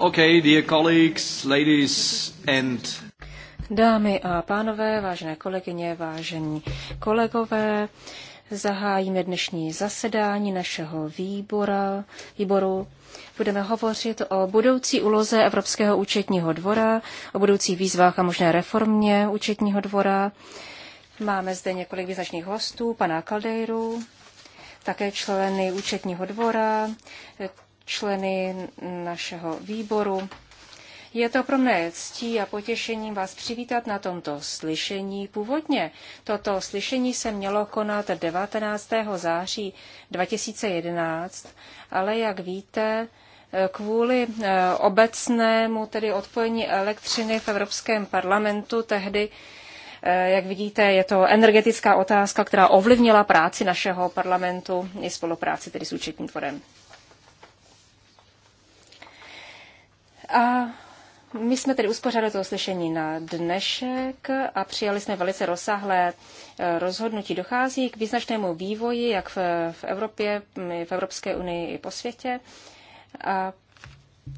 Okay, dear colleagues, ladies and... Dámy a pánové, vážené kolegyně, vážení kolegové, zahájíme dnešní zasedání našeho výbora, výboru. Budeme hovořit o budoucí úloze Evropského účetního dvora, o budoucích výzvách a možné reformě účetního dvora. Máme zde několik význačných hostů, pana Kaldejru, také členy účetního dvora, členy našeho výboru. Je to pro mne ctí a potěšením vás přivítat na tomto slyšení. Původně toto slyšení se mělo konat 19. září 2011, ale jak víte, eh, kvůli eh, obecnému tedy odpojení elektřiny v Evropském parlamentu tehdy eh, jak vidíte, je to energetická otázka, která ovlivnila práci našeho parlamentu i spolupráci tedy s účetním tvorem. A my jsme tedy uspořádali to slyšení na dnešek a přijali jsme velice rozsáhlé eh, rozhodnutí. Dochází k význačnému vývoji, jak v, v Evropě, mm, v Evropské unii i po světě. A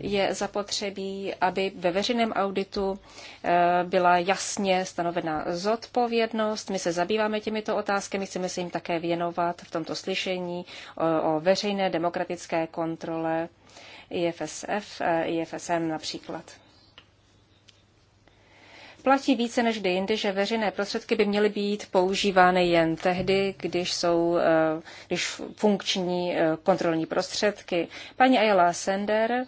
je zapotřebí, aby ve veřejném auditu eh, byla jasně stanovena zodpovědnost. My se zabýváme těmito otázkami, chceme se jim také věnovat v tomto slyšení o, eh, o veřejné demokratické kontrole IFSF, eh, IFSM například. Platí více než kdy jindy, že veřejné prostředky by měly být používány jen tehdy, když jsou eh, když funkční eh, kontrolní prostředky. Paní Ayala Sender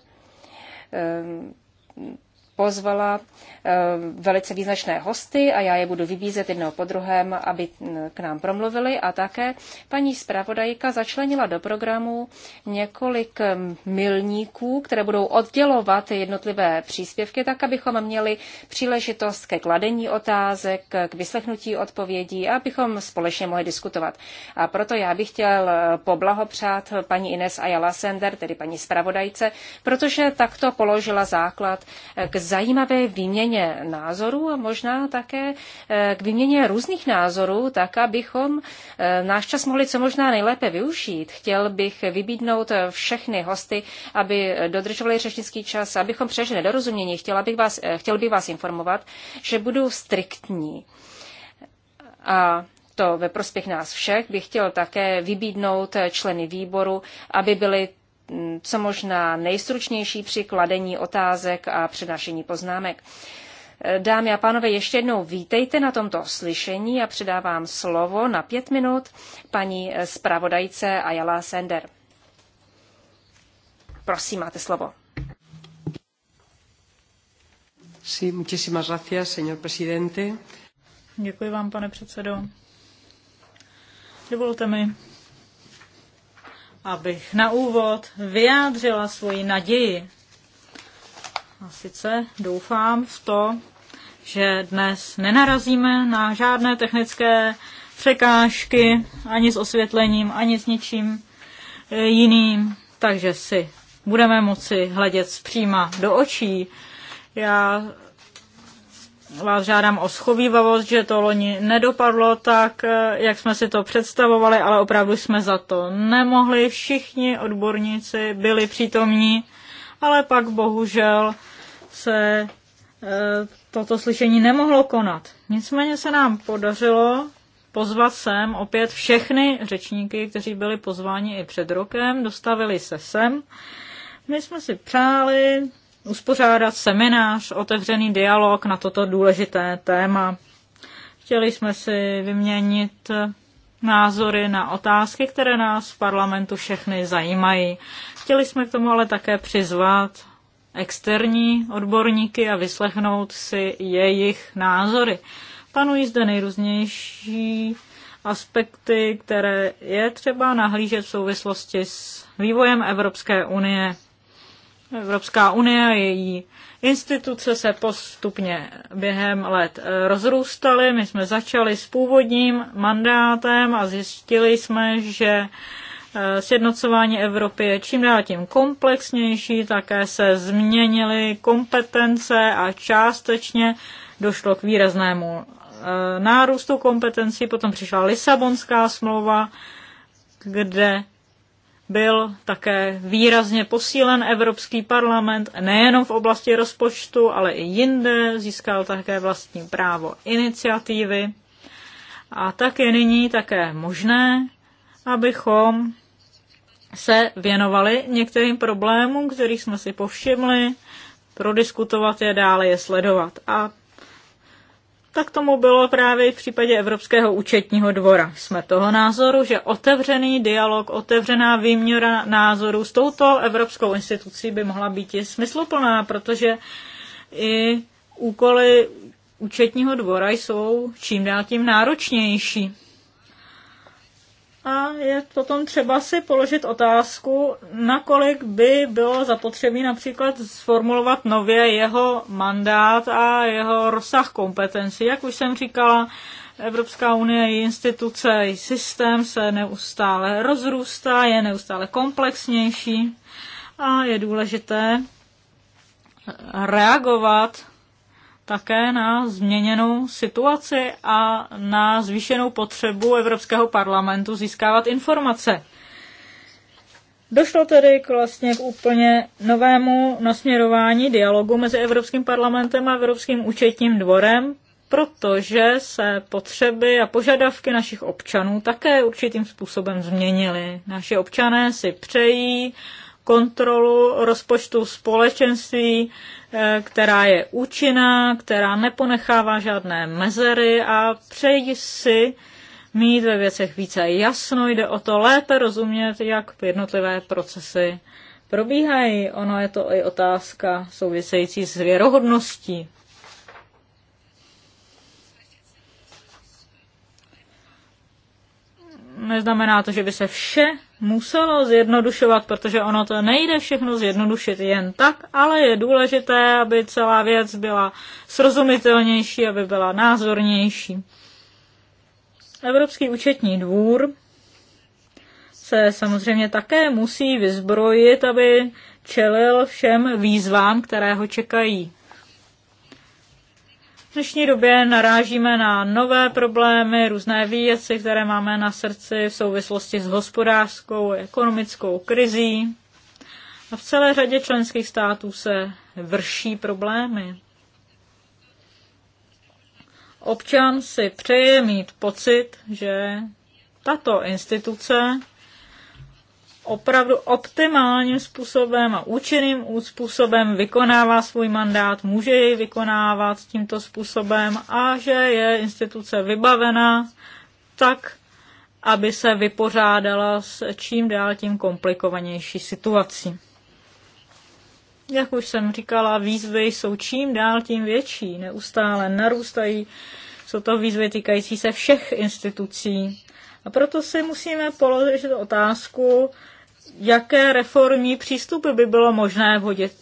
pozvala eh, velice význačné hosty a já je budu vybízet jednoho po druhém, aby mm, k nám promluvili. A také paní zpravodajka začlenila do programu několik mm, milníků, které budou oddělovat jednotlivé příspěvky, tak abychom měli příležitost ke kladení otázek, k vyslechnutí odpovědí a abychom společně mohli diskutovat. A proto já bych chtěl eh, poblahopřát paní Ines Ayala Sender, tedy paní zpravodajce, protože takto položila základ eh, k zajímavé výměně názorů a možná také eh, k výměně různých názorů, tak abychom eh, náš čas mohli co možná nejlépe využít. Chtěl bych vybídnout eh, všechny hosty, aby dodržovali řečnický čas, abychom přešli nedorozumění. Chtěl bych vás, chtěl bych vás informovat, že budu striktní. A to ve prospěch nás všech bych chtěl také vybídnout členy výboru, aby byli co možná nejstručnější při kladení otázek a přenášení poznámek. Dámy a pánové, ještě jednou vítejte na tomto slyšení a předávám slovo na pět minut paní zpravodajce Ayala Sender. Prosím, máte slovo. Sí, muchísimas gracias, señor presidente. Děkuji vám, pane předsedo. Dovolte mi abych na úvod vyjádřila svoji naději. A sice doufám v to, že dnes nenarazíme na žádné technické překážky, ani s osvětlením, ani s ničím eh, jiným, takže si budeme moci hledět zpříma do očí. Já vás žádám o schovývavost, že to loni nedopadlo tak, eh, jak jsme si to představovali, ale opravdu jsme za to nemohli. Všichni odborníci byli přítomní, ale pak bohužel se eh, toto slyšení nemohlo konat. Nicméně se nám podařilo pozvat sem opět všechny řečníky, kteří byli pozváni i před rokem, dostavili se sem. My jsme si přáli uspořádat seminář, otevřený dialog na toto důležité téma. Chtěli jsme si vyměnit názory na otázky, které nás v parlamentu všechny zajímají. Chtěli jsme k tomu ale také přizvat externí odborníky a vyslechnout si jejich názory. Panují zde nejrůznější aspekty, které je třeba nahlížet v souvislosti s vývojem Evropské unie Evropská unie a její instituce se postupně během let eh, rozrůstaly. My jsme začali s původním mandátem a zjistili jsme, že eh, sjednocování Evropy je čím dál tím komplexnější, také se změnily kompetence a částečně došlo k výraznému eh, nárůstu kompetencí. Potom přišla Lisabonská smlouva, kde byl také výrazně posílen Evropský parlament, nejenom v oblasti rozpočtu, ale i jinde, získal také vlastní právo iniciativy. A tak je nyní také možné, abychom se věnovali některým problémům, kterých jsme si povšimli, prodiskutovat je dále, je sledovat. A tak tomu bylo právě v případě Evropského účetního dvora. Jsme toho názoru, že otevřený dialog, otevřená výměra názorů s touto evropskou institucí by mohla být i smysluplná, protože i úkoly účetního dvora jsou čím dál tím náročnější a je potom třeba si položit otázku, nakolik by bylo zapotřebí například sformulovat nově jeho mandát a jeho rozsah kompetencí. Jak už jsem říkala, Evropská unie, její instituce, její systém se neustále rozrůstá, je neustále komplexnější a je důležité reagovat také na změněnou situaci a na zvýšenou potřebu Evropského parlamentu získávat informace. Došlo tedy k vlastně k úplně novému nasměrování dialogu mezi Evropským parlamentem a Evropským účetním dvorem, protože se potřeby a požadavky našich občanů také určitým způsobem změnily. Naši občané si přejí, kontrolu rozpočtu společenství, eh, která je účinná, která neponechává žádné mezery a přeji si mít ve věcech více jasno, jde o to lépe rozumět, jak jednotlivé procesy probíhají. Ono je to i otázka související s věrohodností. Neznamená to, že by se vše muselo zjednodušovat, protože ono to nejde všechno zjednodušit jen tak, ale je důležité, aby celá věc byla srozumitelnější, aby byla názornější. Evropský účetní dvůr se samozřejmě také musí vyzbrojit, aby čelil všem výzvám, které ho čekají. V dnešní době narážíme na nové problémy, různé výjezdy, které máme na srdci v souvislosti s hospodářskou a ekonomickou krizí. A v celé řadě členských států se vrší problémy. Občan si přeje mít pocit, že tato instituce opravdu optimálním způsobem a účinným způsobem vykonává svůj mandát, může jej vykonávat tímto způsobem a že je instituce vybavena tak, aby se vypořádala s čím dál tím komplikovanější situací. Jak už jsem říkala, výzvy jsou čím dál tím větší, neustále narůstají. Jsou to výzvy týkající se všech institucí a proto si musíme položit otázku, jaké reformní přístupy by bylo možné vodit,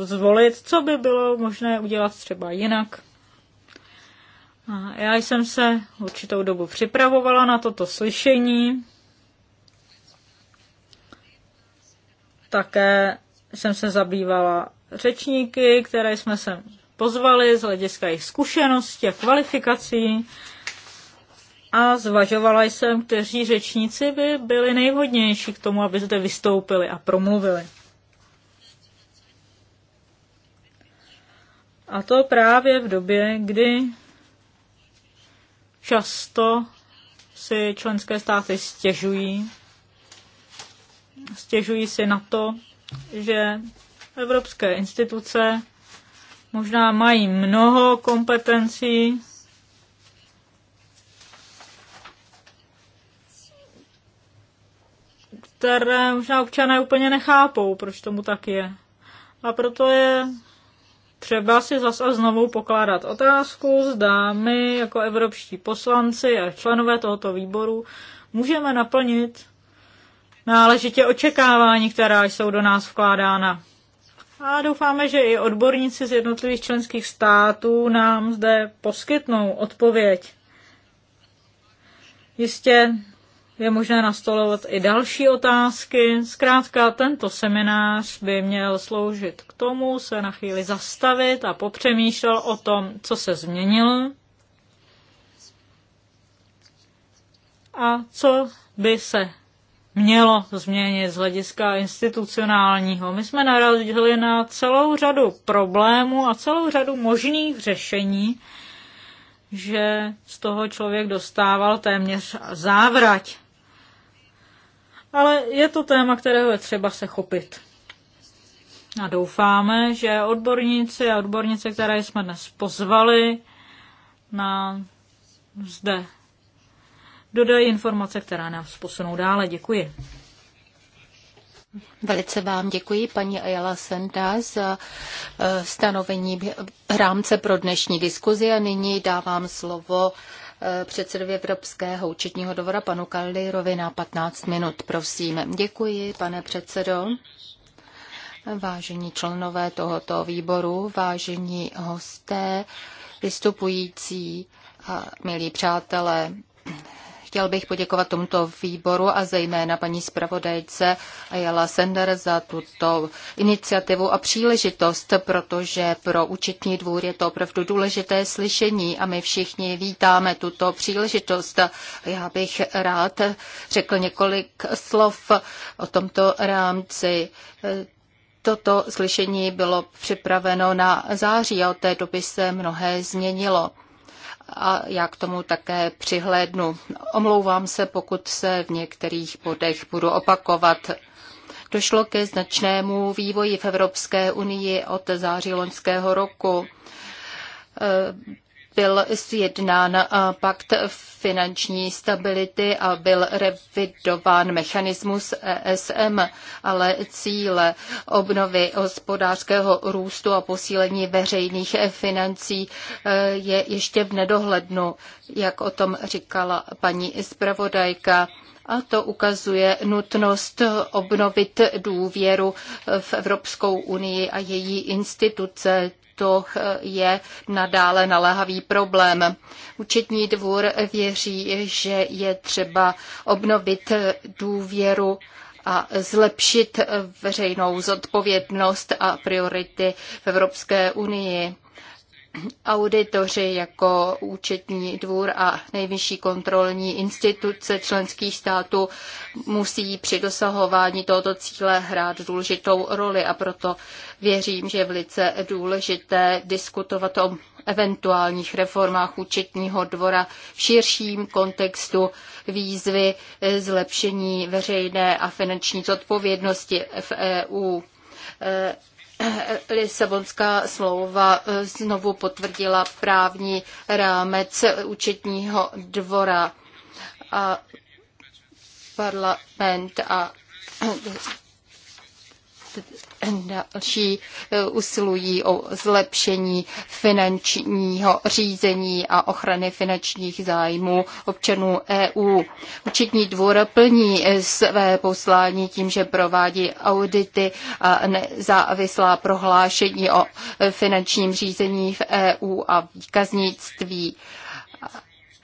zvolit, co by bylo možné udělat třeba jinak. A já jsem se určitou dobu připravovala na toto slyšení. Také jsem se zabývala řečníky, které jsme sem pozvali z hlediska jejich zkušeností a kvalifikací a zvažovala jsem, kteří řečníci by byli nejvhodnější k tomu, aby zde vystoupili a promluvili. A to právě v době, kdy často si členské státy stěžují. Stěžují si na to, že evropské instituce možná mají mnoho kompetencí, které možná občané úplně nechápou, proč tomu tak je. A proto je třeba si zase a znovu pokládat otázku, zda my jako evropští poslanci a členové tohoto výboru můžeme naplnit náležitě očekávání, která jsou do nás vkládána. A doufáme, že i odborníci z jednotlivých členských států nám zde poskytnou odpověď. Jistě je možné nastolovat i další otázky. Zkrátka, tento seminář by měl sloužit k tomu se na chvíli zastavit a popřemýšlel o tom, co se změnilo a co by se mělo změnit z hlediska institucionálního. My jsme narazili na celou řadu problémů a celou řadu možných řešení, že z toho člověk dostával téměř závrať ale je to téma, kterého je třeba se chopit. A doufáme, že odborníci a odbornice, které jsme dnes pozvali, na zde dodají informace, která nás posunou dále. Děkuji. Velice vám děkuji, paní Ayala Senda, za eh, stanovení rámce pro dnešní diskuzi a nyní dávám slovo Eh, předsedovi Evropského účetního dvora panu Kaldirovi na 15 minut. Prosím. Děkuji, pane předsedo. Vážení členové tohoto výboru, vážení hosté, vystupující a milí přátelé, Chtěl bych poděkovat tomuto výboru a zejména paní zpravodajce Ayala Sender za tuto iniciativu a příležitost, protože pro účetní dvůr je to opravdu důležité slyšení a my všichni vítáme tuto příležitost. Já bych rád řekl několik slov o tomto rámci. Toto slyšení bylo připraveno na září a od té doby se mnohé změnilo a já k tomu také přihlédnu. Omlouvám se, pokud se v některých bodech budu opakovat. Došlo ke značnému vývoji v Evropské unii od září loňského roku byl sjednán eh, pakt finanční stability a byl revidován mechanismus ESM, ale cíle obnovy hospodářského růstu a posílení veřejných financí eh, je ještě v nedohlednu, jak o tom říkala paní zpravodajka a to ukazuje nutnost obnovit důvěru v Evropskou unii a její instituce, to je nadále naléhavý problém. Účetní dvůr věří, že je třeba obnovit důvěru a zlepšit veřejnou zodpovědnost a priority v Evropské unii auditoři jako účetní dvůr a nejvyšší kontrolní instituce členských států musí při dosahování tohoto cíle hrát důležitou roli a proto věřím, že je velice důležité diskutovat o eventuálních reformách účetního dvora v širším kontextu výzvy zlepšení veřejné a finanční zodpovědnosti v EU Lisabonská smlouva eh, znovu potvrdila právní rámec účetního dvora a parlament a další eh, usilují o zlepšení finančního řízení a ochrany finančních zájmů občanů EU. Učitní dvůr plní eh, své poslání tím, že provádí audity a nezávislá prohlášení o eh, finančním řízení v EU a výkaznictví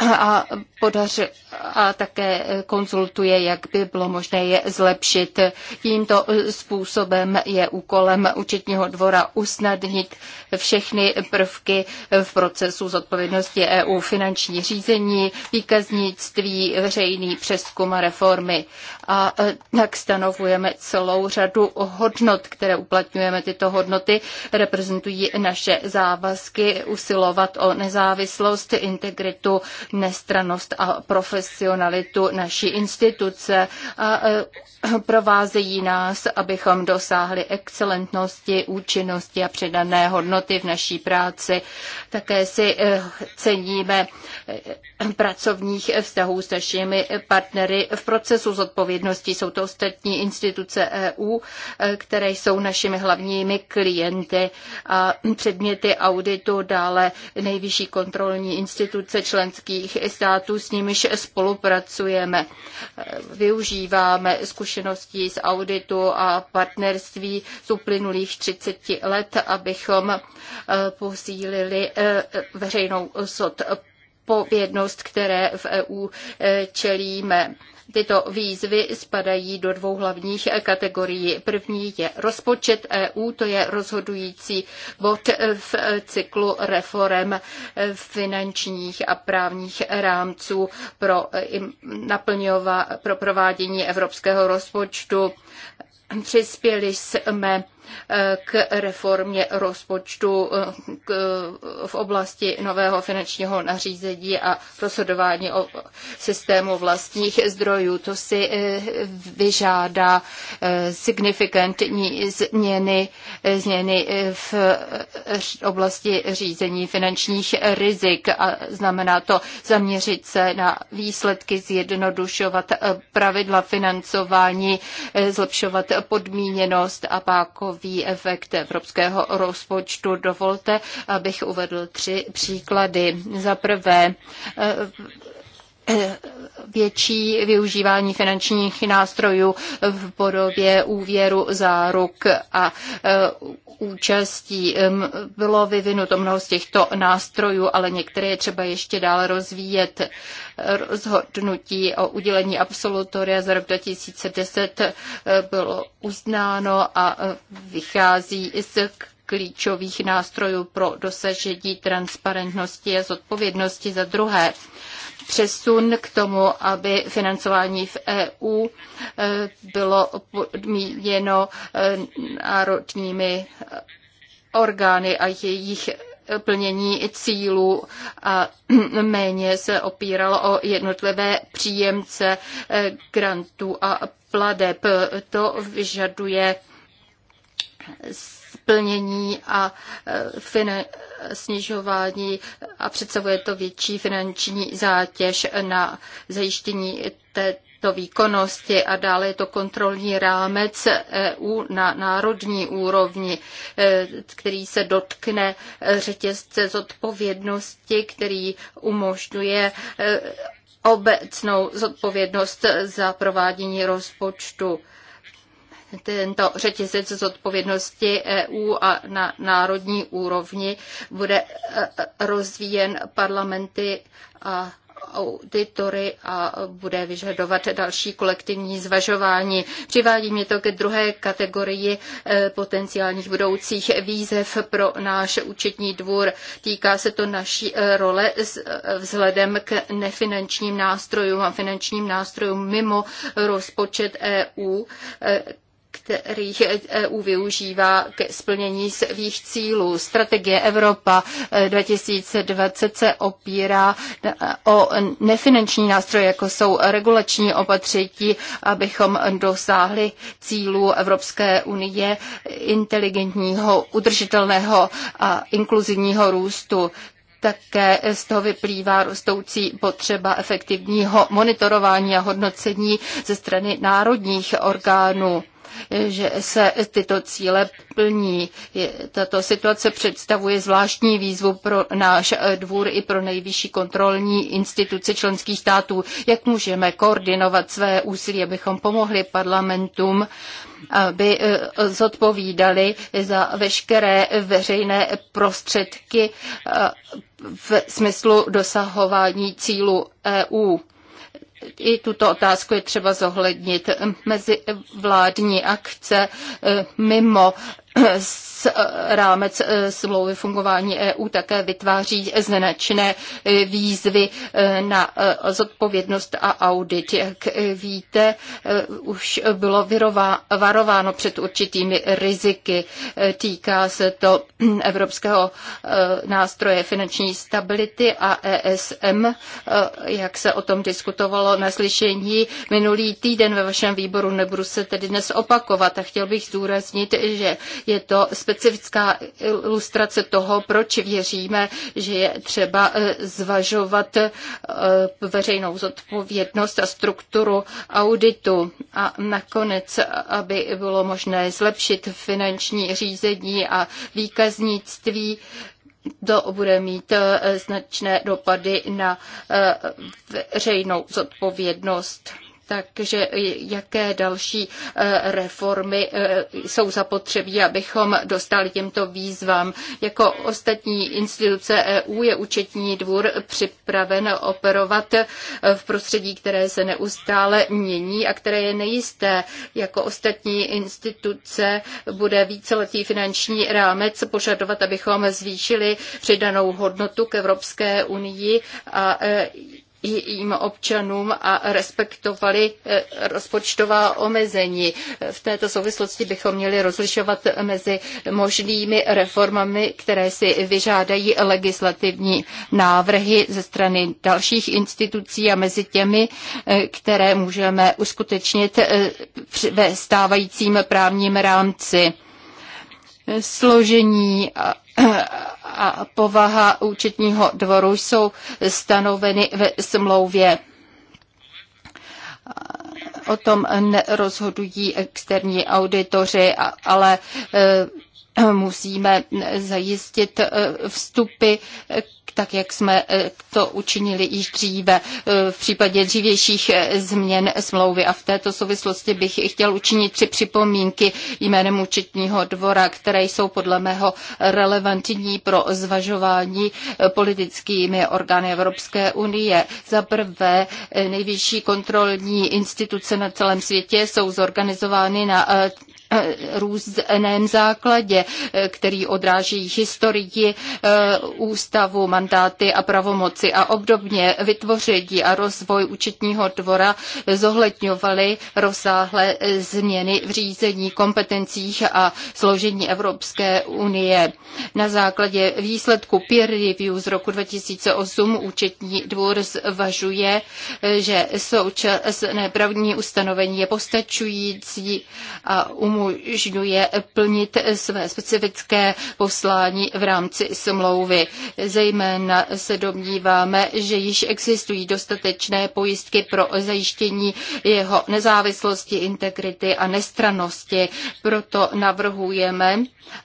a, podař, a také konzultuje, jak by bylo možné je zlepšit. Tímto způsobem je úkolem účetního dvora usnadnit všechny prvky v procesu zodpovědnosti EU, finanční řízení, výkaznictví, veřejný přeskum a reformy. A e, tak stanovujeme celou řadu hodnot, které uplatňujeme. Tyto hodnoty reprezentují naše závazky usilovat o nezávislost, integritu nestranost a profesionalitu naší instituce a eh, provázejí nás, abychom dosáhli excelentnosti, účinnosti a předané hodnoty v naší práci. Také si eh, ceníme eh, pracovních vztahů s našimi partnery v procesu zodpovědnosti. Jsou to ostatní instituce EU, které jsou našimi hlavními klienty a předměty auditu dále nejvyšší kontrolní instituce členských členských států, s nimiž spolupracujeme. Využíváme zkušenosti z auditu a partnerství z uplynulých 30 let, abychom eh, posílili eh, veřejnou sod odpovědnost, které v EU e, čelíme. Tyto výzvy spadají do dvou hlavních kategorií. První je rozpočet EU, to je rozhodující bod v cyklu reform finančních a právních rámců pro, naplňova, pro provádění evropského rozpočtu. Přispěli jsme Eh, k reformě rozpočtu eh, v oblasti nového finančního nařízení a rozhodování o systému vlastních zdrojů. To si eh, vyžádá signifikantní změny, změny v oblasti řízení finančních rizik a znamená to zaměřit se na výsledky, zjednodušovat pravidla financování, zlepšovat podmíněnost a pákov nový efekt evropského rozpočtu. Dovolte, abych uvedl tři příklady. Za prvé, větší využívání finančních nástrojů v podobě úvěru, záruk a e, účastí. Bylo vyvinuto mnoho z těchto nástrojů, ale některé je třeba ještě dál rozvíjet. Rozhodnutí o udělení absolutoria za rok 2010 e, bylo uznáno a e, vychází z klíčových nástrojů pro dosažení transparentnosti a zodpovědnosti za druhé přesun k tomu, aby financování v EU eh, bylo podmíněno eh, národními eh, orgány a jejich plnění cílů a méně se opíralo o jednotlivé příjemce grantů a pladeb. To vyžaduje plnění a e, fin- snižování a představuje to větší finanční zátěž na zajištění této výkonnosti a dále je to kontrolní rámec EU na národní úrovni, e, který se dotkne e, řetězce zodpovědnosti, který umožňuje obecnou zodpovědnost za provádění rozpočtu tento řetězec z odpovědnosti EU a na národní úrovni bude e, e, rozvíjen parlamenty a auditory a bude vyžadovat další kolektivní zvažování. Přivádí mě to ke druhé kategorii e, potenciálních budoucích výzev pro náš účetní dvůr. Týká se to naší role vzhledem k nefinančním nástrojům a finančním nástrojům mimo rozpočet EU, kterých EU využívá ke splnění svých cílů. Strategie Evropa 2020 eh, se opírá eh, o nefinanční nástroje, jako jsou regulační opatření, abychom dosáhli cílů Evropské unie inteligentního, udržitelného a inkluzivního růstu. Také z toho vyplývá rostoucí potřeba efektivního monitorování a hodnocení ze strany národních orgánů že se tyto cíle plní. Tato situace představuje zvláštní výzvu pro náš dvůr i pro nejvyšší kontrolní instituce členských států. Jak můžeme koordinovat své úsilí, abychom pomohli parlamentům, aby eh, zodpovídali za veškeré veřejné prostředky eh, v smyslu dosahování cílu EU i tuto otázku je třeba zohlednit. Mezi vládní akce eh, mimo s eh, rámec eh, smlouvy fungování EU také vytváří značné eh, výzvy na zodpovědnost a audit. Jak víte, už bylo varováno před určitými riziky. Týká se to hm, Evropského nástroje finanční stability a ESM, jak se o tom diskutovalo na slyšení minulý týden ve vašem výboru. Nebudu se tedy dnes opakovat a chtěl bych zdůraznit, že je to specifická ilustrace toho, proč věříme, že je třeba eh, zvažovat eh, veřejnou zodpovědnost a strukturu auditu a nakonec, aby bylo možné zlepšit finanční řízení a výkaznictví, to bude mít eh, značné dopady na veřejnou zodpovědnost. Takže jaké další e, reformy e, jsou zapotřebí, abychom dostali těmto výzvám? Jako ostatní instituce EU je účetní dvůr připraven operovat e, v prostředí, které se neustále mění a které je nejisté. Jako ostatní instituce bude víceletý finanční rámec požadovat, abychom zvýšili přidanou hodnotu k Evropské unii a jejím občanům a respektovali eh, rozpočtová omezení. V této souvislosti bychom měli rozlišovat mezi možnými reformami, které si vyžádají legislativní návrhy ze strany dalších institucí a mezi těmi, eh, které můžeme uskutečnit eh, ve stávajícím právním rámci složení a a povaha účetního dvoru jsou stanoveny ve smlouvě. O tom nerozhodují externí auditoři, ale eh, musíme zajistit eh, vstupy, eh, tak jak jsme eh, to učinili již dříve v případě dřívějších změn smlouvy. A v této souvislosti bych chtěl učinit tři připomínky jménem účetního dvora, které jsou podle mého relevantní pro zvažování politickými orgány Evropské unie. Za prvé, nejvyšší kontrolní instituce na celém světě jsou zorganizovány na různém základě, který odráží historii eh, ústavu, mandáty a pravomoci a obdobně vytvoření a rozvoj účetního dvora zohledňovaly rozsáhlé změny v řízení kompetencích a složení Evropské unie. Na základě výsledku peer review z roku 2008 účetní dvůr zvažuje, eh, že současné pravní ustanovení je postačující a umožňuje umožňuje plnit své specifické poslání v rámci smlouvy. Zejména se domníváme, že již existují dostatečné pojistky pro zajištění jeho nezávislosti, integrity a nestranosti. Proto navrhujeme,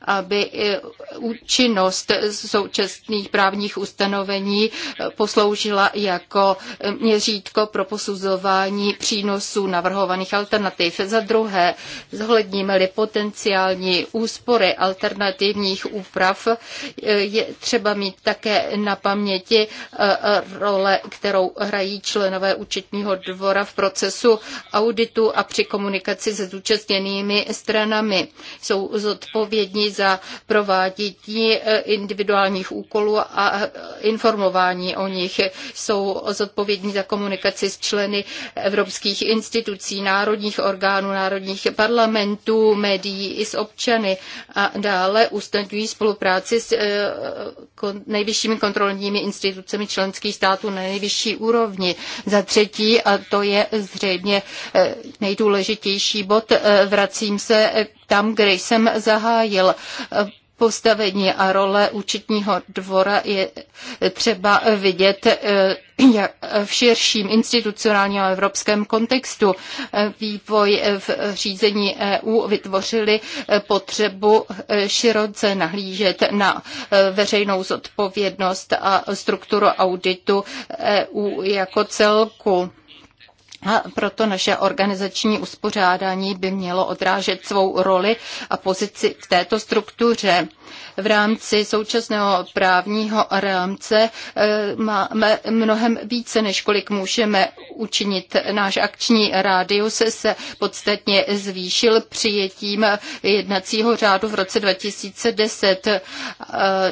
aby eh, účinnost současných právních ustanovení posloužila jako eh, měřítko pro posuzování přínosů navrhovaných alternativ. Za druhé, zohledníme zohledníme-li potenciální úspory alternativních úprav, eh, je třeba mít také na paměti eh, role, kterou hrají členové účetního dvora v procesu auditu a při komunikaci se zúčastněnými stranami. Jsou zodpovědní za provádění eh, individuálních úkolů a informování o nich. Jsou zodpovědní za komunikaci s členy evropských institucí, národních orgánů, národních parlamentů, zdrojů, médií i s občany a dále usnadňují spolupráci s eh, nejvyššími kontrolními institucemi členských států na nejvyšší úrovni. Za třetí, a to je zřejmě eh, nejdůležitější bod, eh, vracím se tam, kde jsem zahájil postavení a role účetního dvora je třeba vidět eh, v širším institucionálním a evropském kontextu. Vývoj v řízení EU vytvořili eh, potřebu eh, široce nahlížet na veřejnou zodpovědnost a strukturu auditu EU jako celku a proto naše organizační uspořádání by mělo odrážet svou roli a pozici v této struktuře. V rámci současného právního rámce eh, máme mnohem více, než kolik můžeme učinit. Náš akční rádius se podstatně zvýšil přijetím jednacího řádu v roce 2010. Eh,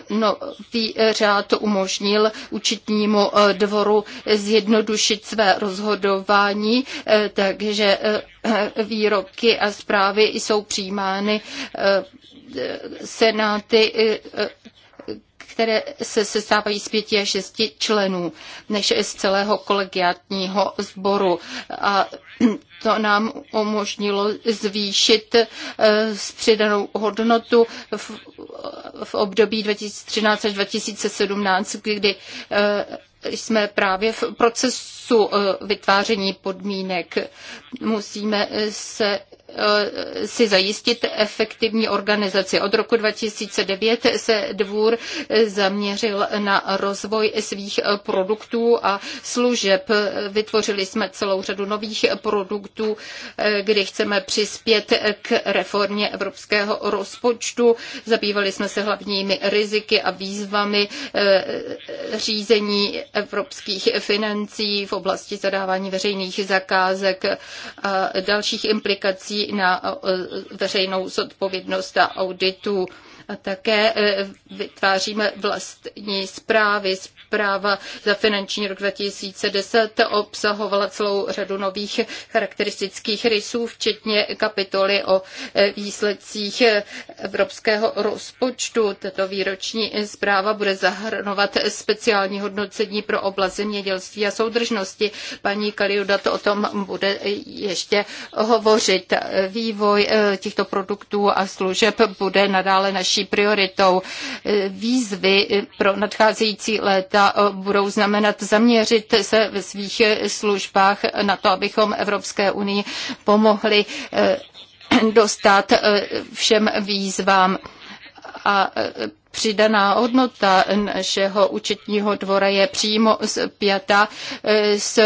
nový řád umožnil učitnímu eh, dvoru zjednodušit své rozhodování řízení, eh, takže eh, výroky a zprávy jsou přijímány eh, senáty které se sestávají z pěti a šesti členů, než z celého kolegiátního sboru. A to nám umožnilo zvýšit s přidanou hodnotu v, v období 2013 až 2017, kdy jsme právě v procesu eh, vytváření podmínek. Musíme se Eh, si zajistit efektivní organizaci. Od roku 2009 se dvůr zaměřil na rozvoj svých produktů a služeb. Vytvořili jsme celou řadu nových produktů, eh, kdy chceme přispět k reformě evropského rozpočtu. Zabývali jsme se hlavními riziky a výzvami eh, řízení evropských financí v oblasti zadávání veřejných zakázek a dalších implikací na veřejnou zodpovědnost a auditu a také e, vytváříme vlastní zprávy. Zpráva za finanční rok 2010 obsahovala celou řadu nových charakteristických rysů, včetně kapitoly o e, výsledcích e, evropského rozpočtu. Tato výroční zpráva bude zahrnovat speciální hodnocení pro oblast zemědělství a soudržnosti. Paní Kaliuda to o tom bude ještě hovořit. Vývoj těchto produktů a služeb bude nadále naší naší prioritou. Výzvy pro nadcházející léta eh, budou znamenat zaměřit se ve svých službách na to, abychom Evropské unii pomohli eh, dostat eh, všem výzvám a přidaná hodnota našeho účetního dvora je přímo zpěta s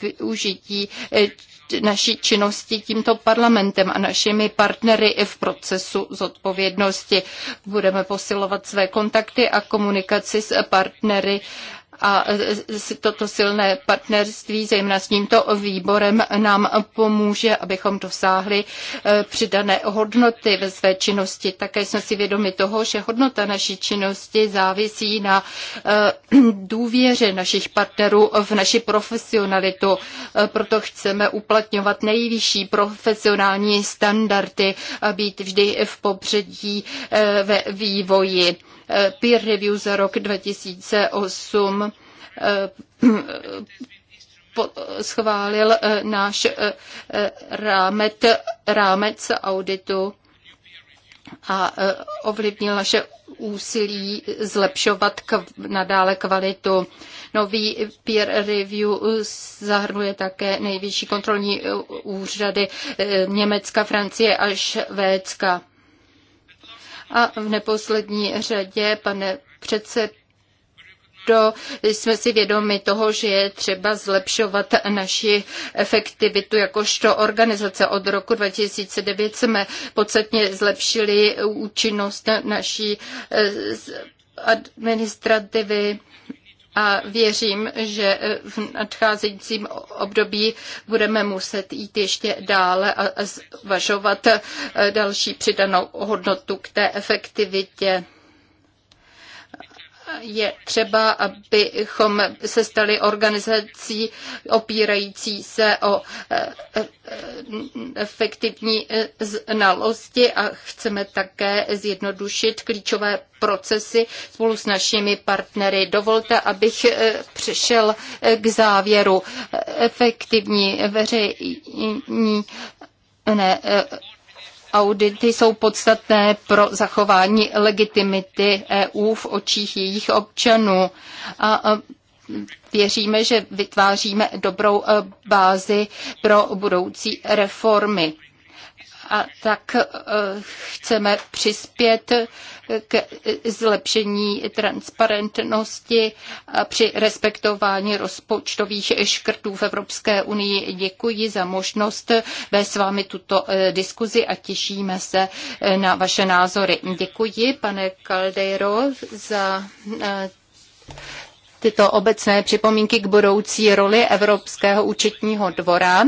využití naší činnosti tímto parlamentem a našimi partnery i v procesu zodpovědnosti. Budeme posilovat své kontakty a komunikaci s partnery a toto silné partnerství, zejména s tímto výborem, nám pomůže, abychom dosáhli e, přidané hodnoty ve své činnosti. Také jsme si vědomi toho, že hodnota naší činnosti závisí na e, důvěře našich partnerů v naši profesionalitu. E, proto chceme uplatňovat nejvyšší profesionální standardy a být vždy v popředí ve vývoji. Eh, peer review za rok 2008 eh, eh, schválil náš rámec, rámec auditu a ovlivnil naše úsilí zlepšovat kv, nadále kvalitu. Nový peer review zahrnuje také nejvyšší kontrolní úřady Německa, Francie a Švédska. A v neposlední řadě, pane předsedo, do, jsme si vědomi toho, že je třeba zlepšovat naši efektivitu jakožto organizace. Od roku 2009 jsme podstatně zlepšili účinnost naší eh, administrativy a věřím, že eh, v nadcházejícím období budeme muset jít ještě dále a zvažovat eh, další přidanou hodnotu k té efektivitě je třeba, abychom se stali organizací opírající se o eh, eh, efektivní eh, znalosti a chceme také zjednodušit klíčové procesy spolu s našimi partnery. Dovolte, abych přešel k závěru. Efektivní veřejní ne, Audity jsou podstatné pro zachování legitimity EU v očích jejich občanů. A věříme, že vytváříme dobrou e, bázi pro budoucí reformy a tak eh, chceme přispět k zlepšení transparentnosti a při respektování rozpočtových škrtů v Evropské unii. Děkuji za možnost vést s vámi tuto eh, diskuzi a těšíme se eh, na vaše názory. Děkuji, pane Caldeiro, za tyto obecné připomínky k budoucí roli Evropského účetního dvora.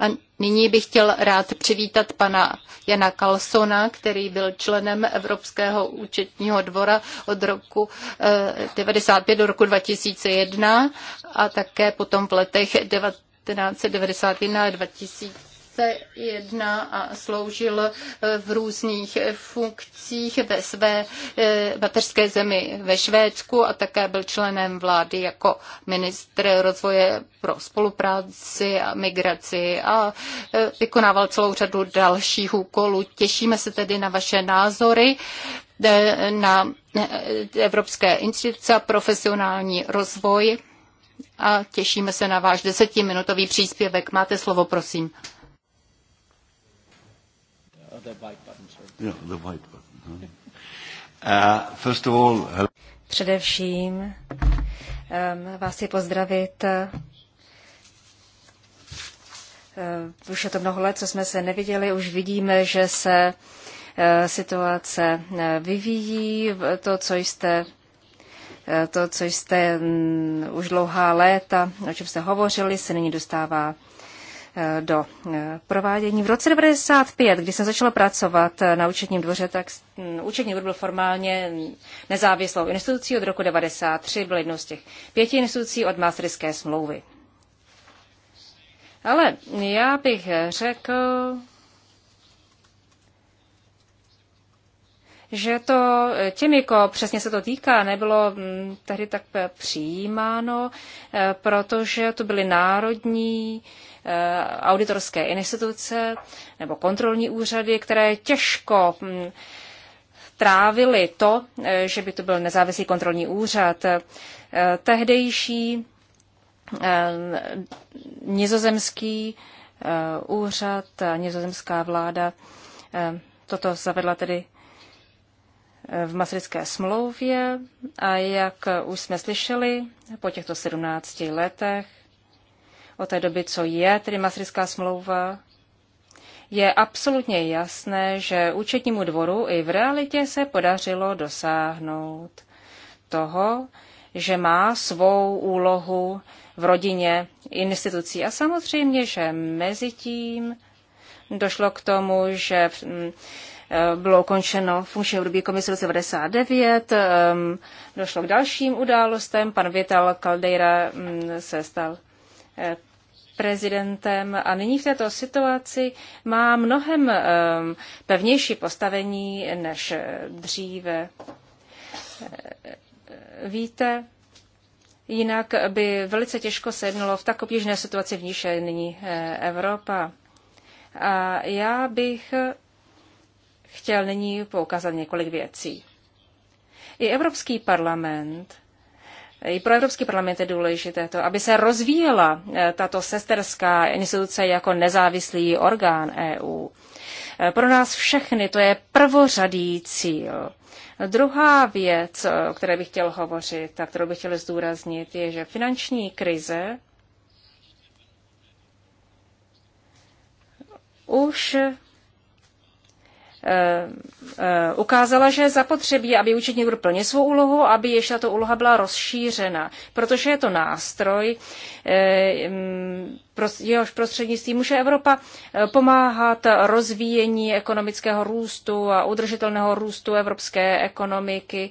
A nyní bych chtěl rád přivítat pana Jana Kalsona, který byl členem Evropského účetního dvora od roku 1995 eh, do roku 2001 a také potom v letech 1991 a 2000 2001 a sloužil eh, v různých funkcích ve své eh, mateřské zemi ve Švédsku a také byl členem vlády jako ministr rozvoje pro spolupráci a migraci a eh, vykonával celou řadu dalších úkolů. Těšíme se tedy na vaše názory na evropské instituce a profesionální rozvoj a těšíme se na váš desetiminutový příspěvek. Máte slovo, prosím. Uh, Především um, vás je pozdravit. Uh, už je to mnoho let, co jsme se neviděli, už vidíme, že se uh, situace uh, vyvíjí. To, co jste uh, to, co jste mm, už dlouhá léta, o čem jste hovořili, se nyní dostává Eh, do eh, provádění. V roce 1995, kdy jsem začala pracovat eh, na účetním dvoře, tak účetní byl formálně nezávislou institucí od roku 1993, byl jednou z těch pěti institucí od Maastrichtské smlouvy. Ale já bych řekl, že to eh, těmi, jako přesně se to týká, nebylo mm, tehdy tak eh, přijímáno, eh, protože to byly národní auditorské instituce nebo kontrolní úřady, které těžko mm, trávily to, že by to byl nezávislý kontrolní úřad. Tehdejší nizozemský úřad, nizozemská vláda toto zavedla tedy v Masrické smlouvě a jak už jsme slyšeli po těchto 17 letech, od té doby, co je tedy Masrická smlouva, je absolutně jasné, že účetnímu dvoru i v realitě se podařilo dosáhnout toho, že má svou úlohu v rodině institucí. A samozřejmě, že mezi tím došlo k tomu, že Eh, bylo ukončeno funkční období komise 99, ehm, došlo k dalším událostem, pan Vital Caldeira mm, se stal eh, prezidentem a nyní v této situaci má mnohem ehm, pevnější postavení než eh, dříve. Víte, jinak by velice těžko se jednalo v tak obtížné situaci, v níž je nyní Evropa. A já bych chtěl nyní poukázat několik věcí. I Evropský parlament i pro Evropský parlament je důležité to, aby se rozvíjela eh, tato sesterská instituce jako nezávislý orgán EU. Eh, pro nás všechny to je prvořadý cíl. Druhá věc, eh, o které bych chtěl hovořit a kterou bych chtěl zdůraznit, je, že finanční krize už Eh, eh, ukázala, že zapotřebí, aby účetní dvůr plně svou úlohu, aby ještě tato úloha byla rozšířena, protože je to nástroj, eh, jehož prostřednictvím může Evropa pomáhat rozvíjení ekonomického růstu a udržitelného růstu evropské ekonomiky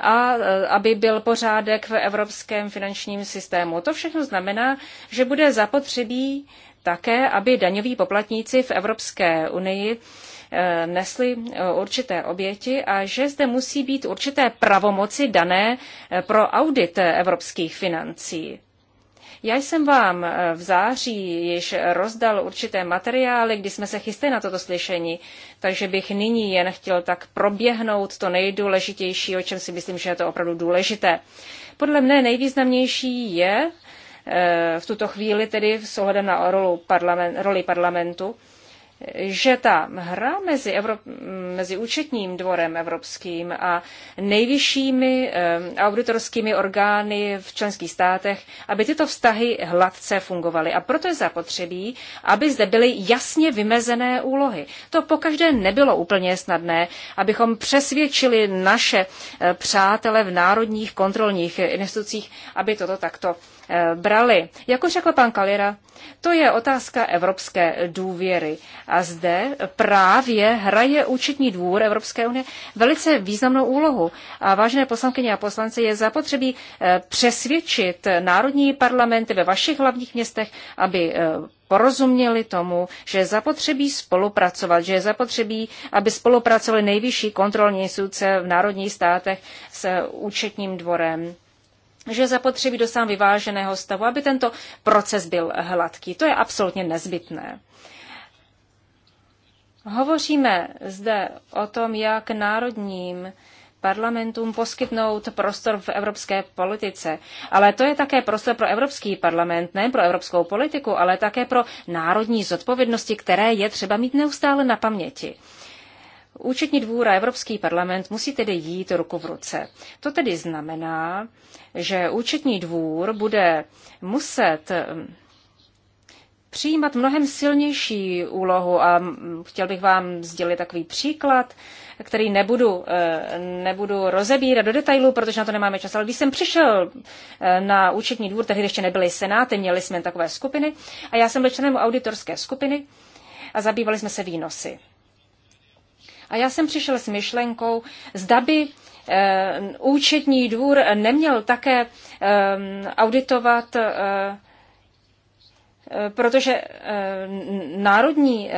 a aby byl pořádek v evropském finančním systému. To všechno znamená, že bude zapotřebí také, aby daňoví poplatníci v Evropské unii Eh, nesly eh, určité oběti a že zde musí být určité pravomoci dané eh, pro audit evropských financí. Já jsem vám v září již rozdal určité materiály, kdy jsme se chystali na toto slyšení, takže bych nyní jen chtěl tak proběhnout to nejdůležitější, o čem si myslím, že je to opravdu důležité. Podle mne nejvýznamnější je v tuto chvíli tedy s ohledem na roli parlamentu že ta hra mezi, Evrop, mezi účetním dvorem evropským a nejvyššími eh, auditorskými orgány v členských státech, aby tyto vztahy hladce fungovaly. A proto je zapotřebí, aby zde byly jasně vymezené úlohy. To pokaždé nebylo úplně snadné, abychom přesvědčili naše eh, přátele v národních kontrolních institucích, aby toto takto Eh, brali. Jako řekl pan Kalira, to je otázka evropské důvěry. A zde právě hraje účetní dvůr Evropské unie velice významnou úlohu. A vážené poslankyně a poslanci, je zapotřebí eh, přesvědčit národní parlamenty ve vašich hlavních městech, aby eh, porozuměli tomu, že je zapotřebí spolupracovat, že je zapotřebí, aby spolupracovali nejvyšší kontrolní instituce v národních státech s účetním dvorem že zapotřebí sám vyváženého stavu, aby tento proces byl hladký. To je absolutně nezbytné. Hovoříme zde o tom, jak národním parlamentům poskytnout prostor v evropské politice. Ale to je také prostor pro Evropský parlament, ne pro evropskou politiku, ale také pro národní zodpovědnosti, které je třeba mít neustále na paměti. Účetní dvůr a Evropský parlament musí tedy jít ruku v ruce. To tedy znamená, že účetní dvůr bude muset mm, přijímat mnohem silnější úlohu a mm, chtěl bych vám sdělit takový příklad, který nebudu, eh, nebudu rozebírat do detailů, protože na to nemáme čas. Ale když jsem přišel eh, na účetní dvůr, tehdy ještě nebyly senáty, měli jsme takové skupiny a já jsem byl členem auditorské skupiny a zabývali jsme se výnosy. A já jsem přišel s myšlenkou, zda by eh, účetní dvůr neměl také eh, auditovat, eh, protože národní,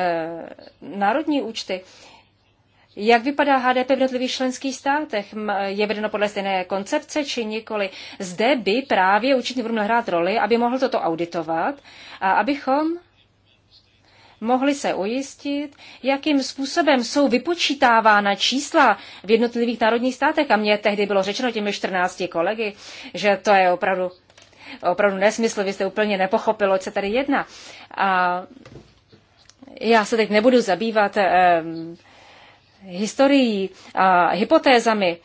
národní účty jak vypadá HDP v jednotlivých členských státech? Je vedeno podle stejné koncepce či nikoli? Zde by právě určitě budeme hrát roli, aby mohl toto auditovat a abychom mohli se ujistit, jakým způsobem jsou vypočítávána čísla v jednotlivých národních státech. A mně tehdy bylo řečeno těmi 14 kolegy, že to je opravdu, opravdu nesmysl, vy jste úplně nepochopilo, o co tady jedná. A já se teď nebudu zabývat eh, historií a hypotézami,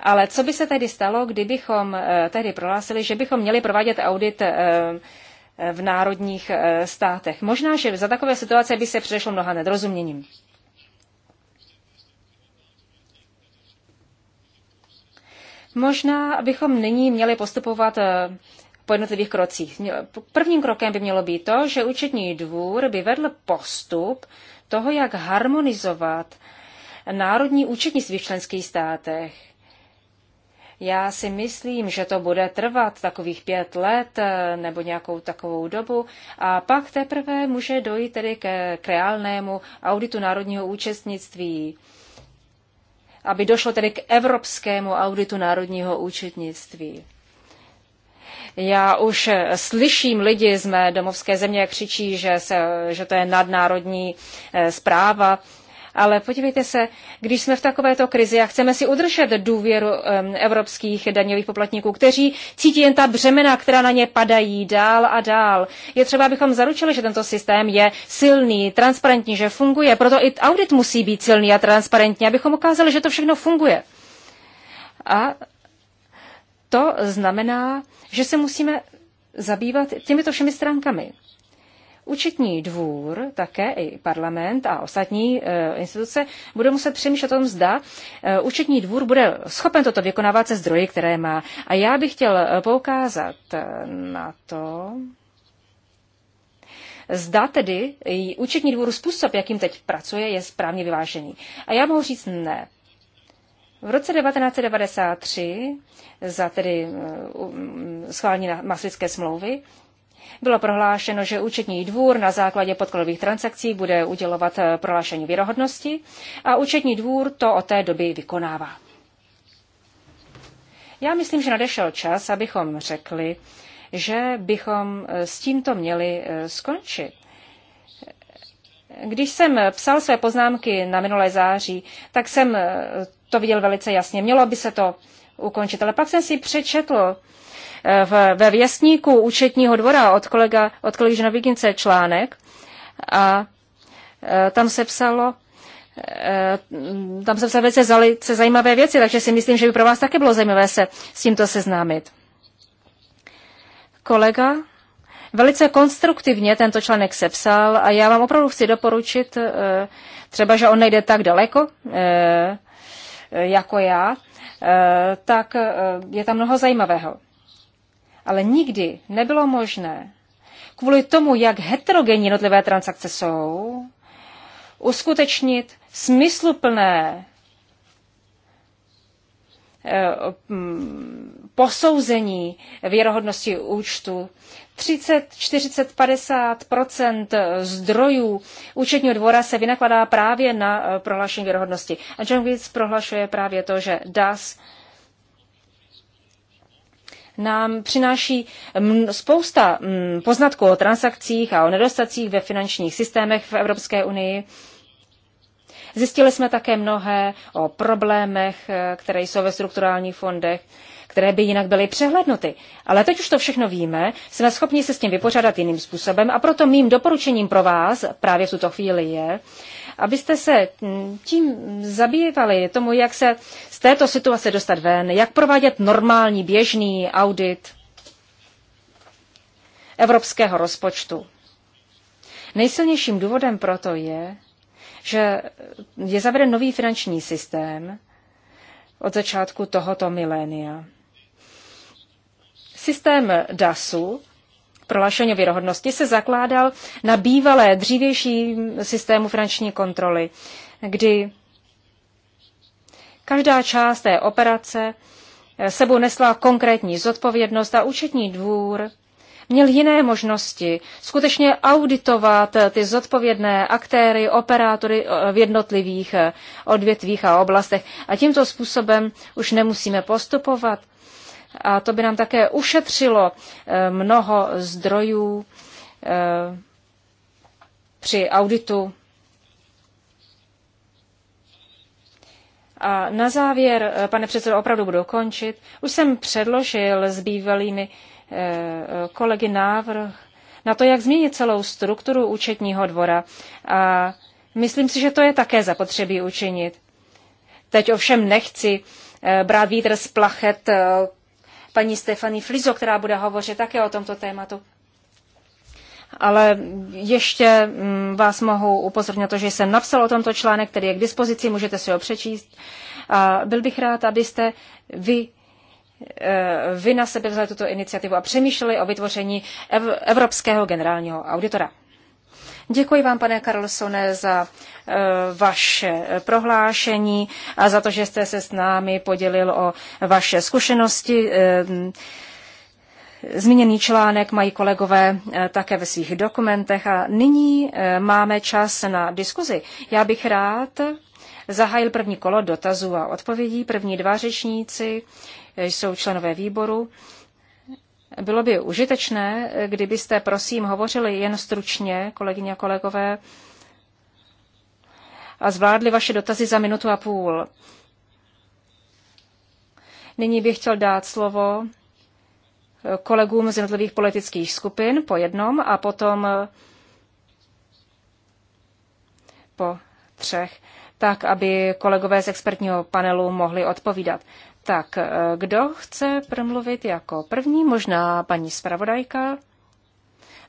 ale co by se tedy stalo, kdybychom eh, tehdy prohlásili, že bychom měli provádět audit eh, v národních eh, státech. Možná, že za takové situace by se přešlo mnoha nedrozuměním. Možná bychom nyní měli postupovat eh, po jednotlivých krocích. Prvním krokem by mělo být to, že účetní dvůr by vedl postup toho, jak harmonizovat národní účetnictví v členských státech já si myslím, že to bude trvat takových pět let eh, nebo nějakou takovou dobu a pak teprve může dojít tedy k, k reálnému auditu národního účetnictví aby došlo tedy k evropskému auditu národního účetnictví. Já už eh, slyším lidi z mé domovské země, jak křičí, že, se, že to je nadnárodní eh, zpráva. Ale podívejte se, když jsme v takovéto krizi a chceme si udržet důvěru evropských daňových poplatníků, kteří cítí jen ta břemena, která na ně padají dál a dál. Je třeba, abychom zaručili, že tento systém je silný, transparentní, že funguje. Proto i audit musí být silný a transparentní, abychom ukázali, že to všechno funguje. A to znamená, že se musíme zabývat těmito všemi stránkami. Účetní dvůr, také i parlament a ostatní eh, instituce budou muset přemýšlet o tom, zda eh, účetní dvůr bude schopen toto vykonávat se zdroji, které má. A já bych chtěl eh, poukázat na to, Zda tedy účetní dvůr způsob, jakým teď pracuje, je správně vyvážený. A já mohu říct ne. V roce 1993, za tedy mm, schválení Maslické smlouvy, bylo prohlášeno, že účetní dvůr na základě podkladových transakcí bude udělovat eh, prohlášení věrohodnosti a účetní dvůr to od té doby vykonává. Já myslím, že nadešel čas, abychom řekli, že bychom eh, s tímto měli eh, skončit. Když jsem psal své poznámky na minulé září, tak jsem to viděl velice jasně. Mělo by se to ukončit, ale pak jsem si přečetl ve věstníku účetního dvora od, kolega, od kolegy Vigince článek a e, tam se psalo, e, tam se psalo velice zajímavé věci, takže si myslím, že by pro vás také bylo zajímavé se s tímto seznámit. Kolega velice konstruktivně tento článek sepsal a já vám opravdu chci doporučit, e, třeba, že on nejde tak daleko jako já, tak je tam mnoho zajímavého ale nikdy nebylo možné kvůli tomu, jak heterogenní jednotlivé transakce jsou, uskutečnit smysluplné eh, posouzení věrohodnosti účtu. 30, 40, 50 zdrojů účetního dvora se vynakladá právě na eh, prohlášení věrohodnosti. A John Wills prohlašuje právě to, že DAS nám přináší spousta mm, poznatků o transakcích a o nedostacích ve finančních systémech v Evropské unii. Zjistili jsme také mnohé o problémech, eh, které jsou ve strukturálních fondech, které by jinak byly přehlednuty. Ale teď už to všechno víme, jsme schopni se s tím vypořádat jiným způsobem a proto mým doporučením pro vás právě v tuto chvíli je, abyste se mm, tím zabývali, tomu, jak se z této situace dostat ven, jak provádět normální, běžný audit evropského rozpočtu. Nejsilnějším důvodem proto je, že je zaveden nový finanční systém od začátku tohoto milénia. Systém DASu prohlášení o věrohodnosti se zakládal na bývalé, dřívější systému finanční kontroly, kdy každá část té operace eh, sebou nesla konkrétní zodpovědnost a účetní dvůr měl jiné možnosti skutečně auditovat eh, ty zodpovědné aktéry, operátory eh, v jednotlivých odvětvích a oblastech. A tímto způsobem už nemusíme postupovat. A to by nám také ušetřilo eh, mnoho zdrojů eh, při auditu. A na závěr, eh, pane předsedo, opravdu budu končit. Už jsem předložil s bývalými kolegy návrh na to, jak změnit celou strukturu účetního dvora. A myslím si, že to je také zapotřebí učinit. Teď ovšem nechci brát vítr z plachet paní Stefany Flizo, která bude hovořit také o tomto tématu. Ale ještě mm, vás mohu upozornit na to, že jsem napsal o tomto článek, který je k dispozici, můžete si ho přečíst. A byl bych rád, abyste vy e, vy na sebe vzali tuto iniciativu a přemýšleli o vytvoření Evropského generálního auditora. Děkuji vám, pane Karlsone, za eh, vaše prohlášení a za to, že jste se s námi podělil o vaše zkušenosti. Eh, zmíněný článek mají kolegové eh, také ve svých dokumentech a nyní máme čas na diskuzi. Já bych rád zahájil první kolo dotazů a odpovědí. První dva řečníci jsou členové výboru bylo by užitečné, kdybyste, prosím, hovořili jen stručně, kolegyně a kolegové, a zvládli vaše dotazy za minutu a půl. Nyní bych chtěl dát slovo kolegům z jednotlivých politických skupin po jednom a potom po třech, tak aby kolegové z expertního panelu mohli odpovídat. Tak eh, kdo chce promluvit jako první? Možná paní zpravodajka.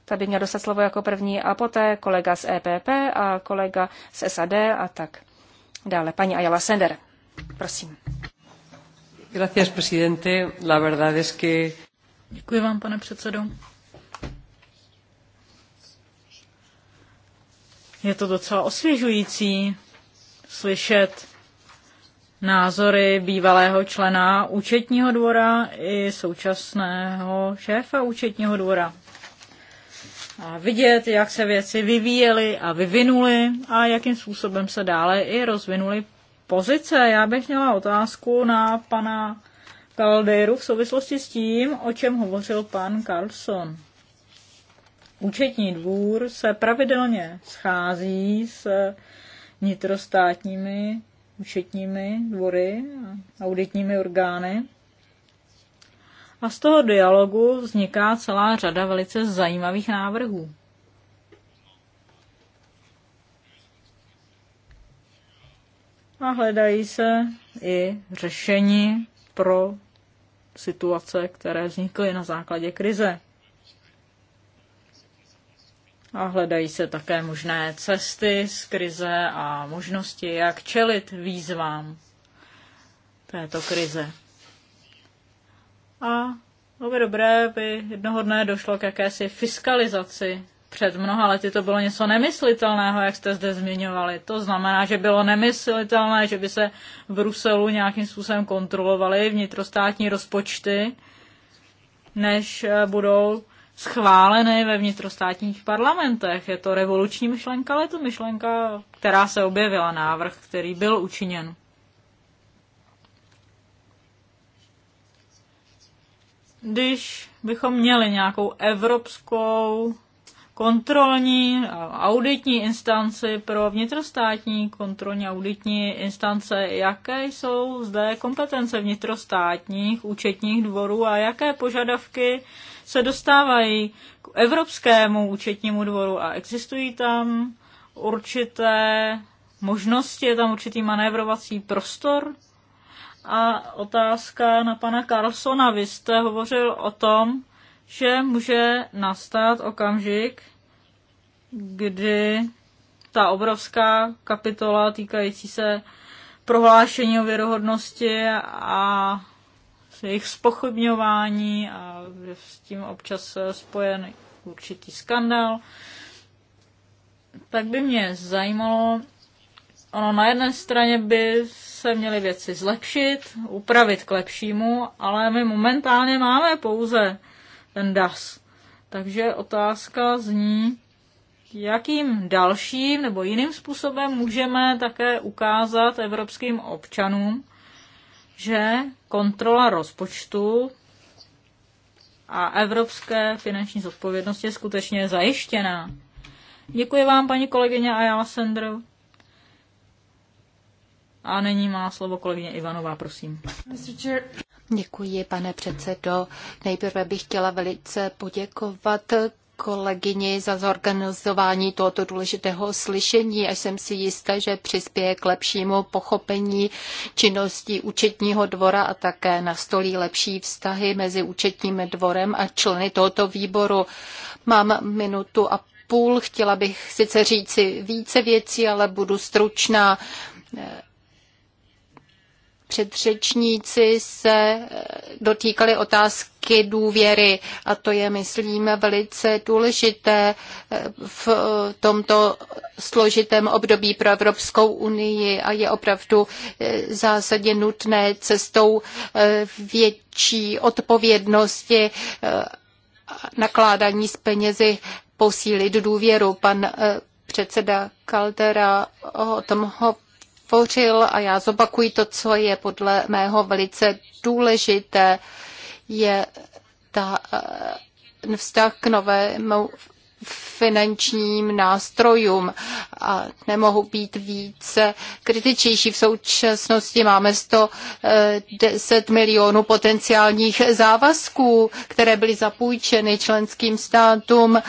Ta by měla dostat slovo jako první a poté kolega z EPP a kolega z SAD a tak dále. Paní Ayala Sender, prosím. Gracias, presidente. La verdad es que... Děkuji vám, pane předsedo. Je to docela osvěžující slyšet názory bývalého člena účetního dvora i současného šéfa účetního dvora. A vidět, jak se věci vyvíjely a vyvinuly a jakým způsobem se dále i rozvinuly pozice. Já bych měla otázku na pana Kaldéru v souvislosti s tím, o čem hovořil pan Carlson. Účetní dvůr se pravidelně schází s nitrostátními účetními dvory a auditními orgány. A z toho dialogu vzniká celá řada velice zajímavých návrhů. A hledají se i řešení pro situace, které vznikly na základě krize a hledají se také možné cesty z krize a možnosti, jak čelit výzvám této krize. A bylo by dobré, by jednoho dne došlo k jakési fiskalizaci. Před mnoha lety to bylo něco nemyslitelného, jak jste zde zmiňovali. To znamená, že bylo nemyslitelné, že by se v Bruselu nějakým způsobem kontrolovaly vnitrostátní rozpočty, než eh, budou schválené ve vnitrostátních parlamentech. Je to revoluční myšlenka, ale je to myšlenka, která se objevila, návrh, který byl učiněn. Když bychom měli nějakou evropskou kontrolní auditní instanci pro vnitrostátní kontrolní auditní instance, jaké jsou zde kompetence vnitrostátních účetních dvorů a jaké požadavky se dostávají k Evropskému účetnímu dvoru a existují tam určité možnosti, je tam určitý manévrovací prostor. A otázka na pana Carlsona. Vy jste hovořil o tom, že může nastat okamžik, kdy ta obrovská kapitola týkající se prohlášení o věrohodnosti a jejich spochybňování a s tím občas eh, spojen určitý skandal. Tak by mě zajímalo, ono na jedné straně by se měly věci zlepšit, upravit k lepšímu, ale my momentálně máme pouze ten DAS. Takže otázka zní, jakým dalším nebo jiným způsobem můžeme také ukázat evropským občanům, že kontrola rozpočtu a evropské finanční zodpovědnosti je skutečně zajištěná. Děkuji vám, paní kolegyně já, Sandro. A nyní má slovo kolegyně Ivanová, prosím. Děkuji, pane předsedo. Nejprve bych chtěla velice poděkovat kolegyni za zorganizování tohoto důležitého slyšení a jsem si jistá, že přispěje k lepšímu pochopení činností účetního dvora a také nastolí lepší vztahy mezi účetním dvorem a členy tohoto výboru. Mám minutu a půl, chtěla bych sice říci více věcí, ale budu stručná předřečníci se eh, dotýkali otázky důvěry a to je, myslím, velice důležité eh, v eh, tomto složitém období pro Evropskou unii a je opravdu zásadně nutné cestou větší odpovědnosti nakládání s penězi posílit důvěru. Pan předseda Caldera o tom ho vytvořil a já zopakuji to, co je podle mého velice důležité, je ta, eh, vztah k novému finančním nástrojům. A nemohu být více kritičtější. V současnosti máme 110 eh, milionů potenciálních závazků, které byly zapůjčeny členským státům eh,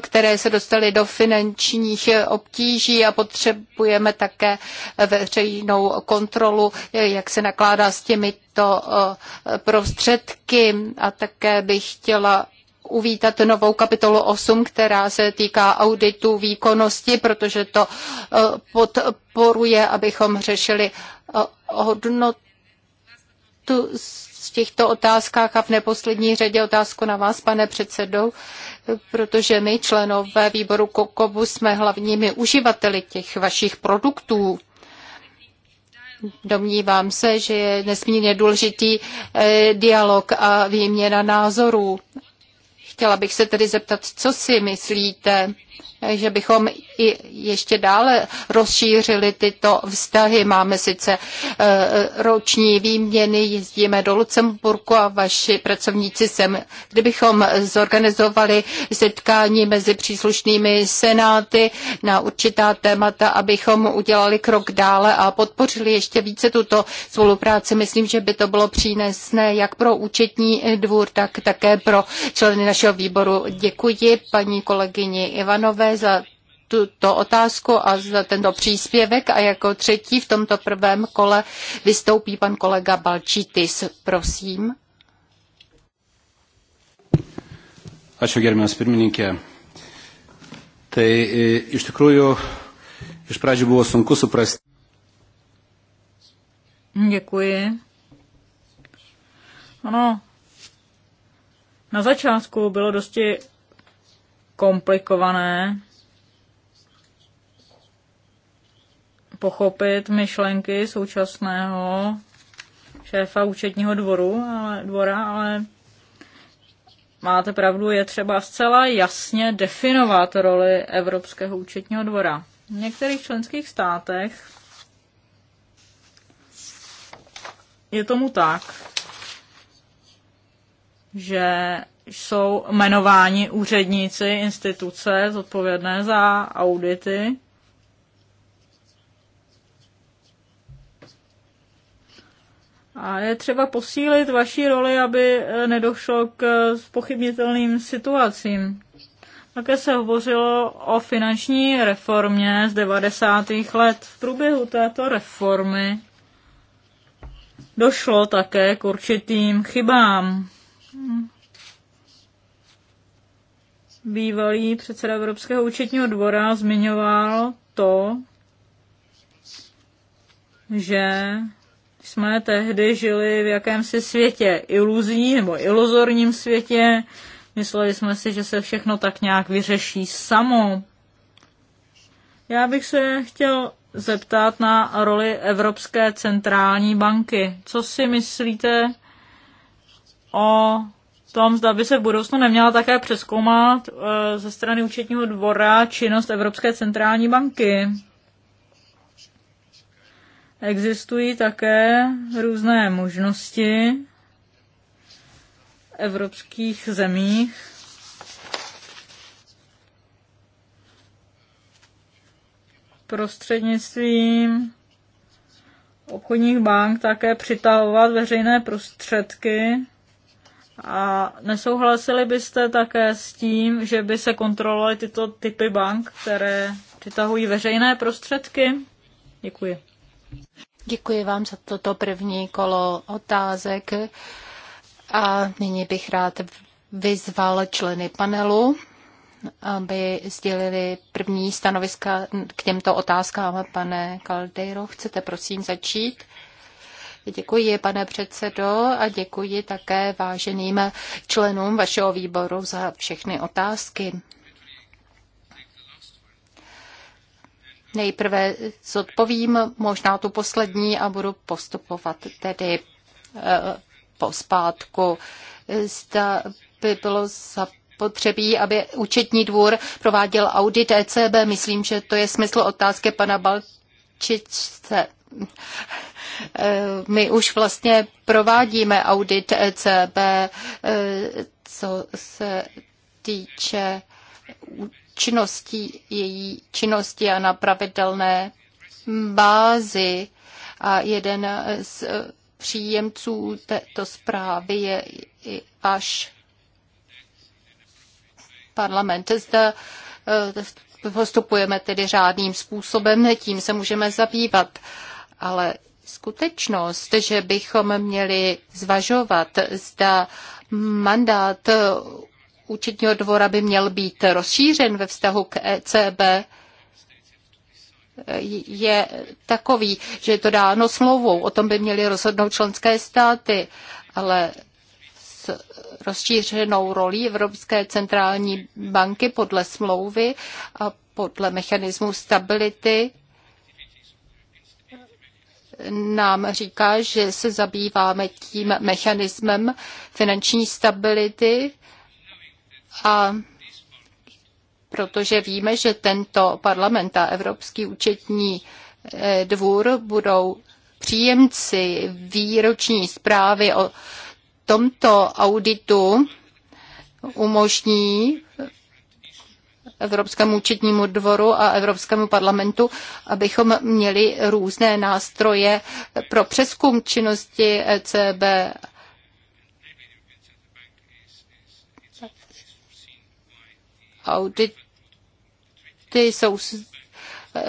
které se dostaly do finančních obtíží a potřebujeme také veřejnou kontrolu, eh, jak se nakládá s těmito prostředky. A také bych chtěla uvítat novou kapitolu 8, která se týká auditu výkonnosti, protože to eh, podporuje, abychom řešili eh, hodnotu z těchto otázkách a v neposlední řadě otázku na vás, pane předsedo, protože my, členové výboru Kokobu, jsme hlavními uživateli těch vašich produktů. Domnívám se, že je nesmírně důležitý eh, dialog a výměna názorů Chtěla bych se tedy zeptat, co si myslíte že bychom i ještě dále rozšířili tyto vztahy. Máme sice eh, roční výměny, jezdíme do Lucemburku a vaši pracovníci sem. Kdybychom zorganizovali setkání mezi příslušnými senáty na určitá témata, abychom udělali krok dále a podpořili ještě více tuto spolupráci, myslím, že by to bylo přínesné jak pro účetní dvůr, tak také pro členy našeho výboru. Děkuji paní kolegyni Ivanovi. Pánové, za tuto otázku a za tento příspěvek a jako třetí v tomto prvém kole vystoupí pan kolega Balčitis. Prosím. Ačiū gerbiamas pirmininkė. Tai e, iš tikrųjų iš pradžių buvo sunku suprasti. Děkuji. Ano, na začátku bylo dosti komplikované pochopit myšlenky současného šéfa účetního dvoru, ale, dvora, ale máte pravdu, je třeba zcela jasně definovat roli Evropského účetního dvora. V některých členských státech je tomu tak, že jsou jmenováni úředníci instituce zodpovědné za audity. A je třeba posílit vaší roli, aby eh, nedošlo k eh, pochybnitelným situacím. Také se hovořilo o finanční reformě z 90. let. V průběhu této reformy došlo také k určitým chybám bývalý předseda Evropského účetního dvora zmiňoval to, že jsme tehdy žili v jakémsi světě iluzí nebo iluzorním světě. Mysleli jsme si, že se všechno tak nějak vyřeší samo. Já bych se chtěl zeptat na roli Evropské centrální banky. Co si myslíte o tom, zda by se v budoucnu neměla také přeskoumat eh, ze strany účetního dvora činnost Evropské centrální banky. Existují také různé možnosti v evropských zemích. Prostřednictvím obchodních bank také přitahovat veřejné prostředky a nesouhlasili byste také s tím, že by se kontrolovaly tyto typy bank, které přitahují veřejné prostředky? Děkuji. Děkuji vám za toto první kolo otázek. A nyní bych rád vyzval členy panelu, aby sdělili první stanoviska k těmto otázkám. Pane Kaldejro, chcete prosím začít? Děkuji, pane předsedo, a děkuji také váženým členům vašeho výboru za všechny otázky. Nejprve zodpovím možná tu poslední a budu postupovat tedy eh, po zpátku. Zda by bylo zapotřebí, aby účetní dvůr prováděl audit ECB. Myslím, že to je smysl otázky pana Balčice. Eh, my už vlastně provádíme audit ECB, eh, co se týče činnosti, její činnosti a na pravidelné bázi. A jeden z příjemců této zprávy je i až parlament. Zde eh, postupujeme tedy řádným způsobem, tím se můžeme zabývat. Uh, ale skutečnost, že bychom měli zvažovat, zda mandát účetního dvora by měl být rozšířen ve vztahu k ECB, je takový, že je to dáno smlouvou. O tom by měly rozhodnout členské státy, ale s rozšířenou rolí Evropské centrální banky podle smlouvy a podle mechanismu stability nám říká, že se zabýváme tím mechanismem finanční stability a protože víme, že tento parlament a Evropský účetní eh, dvůr budou příjemci výroční zprávy o tomto auditu umožní Evropskému účetnímu dvoru a Evropskému parlamentu, abychom měli různé nástroje pro přeskum činnosti ECB. Audity jsou,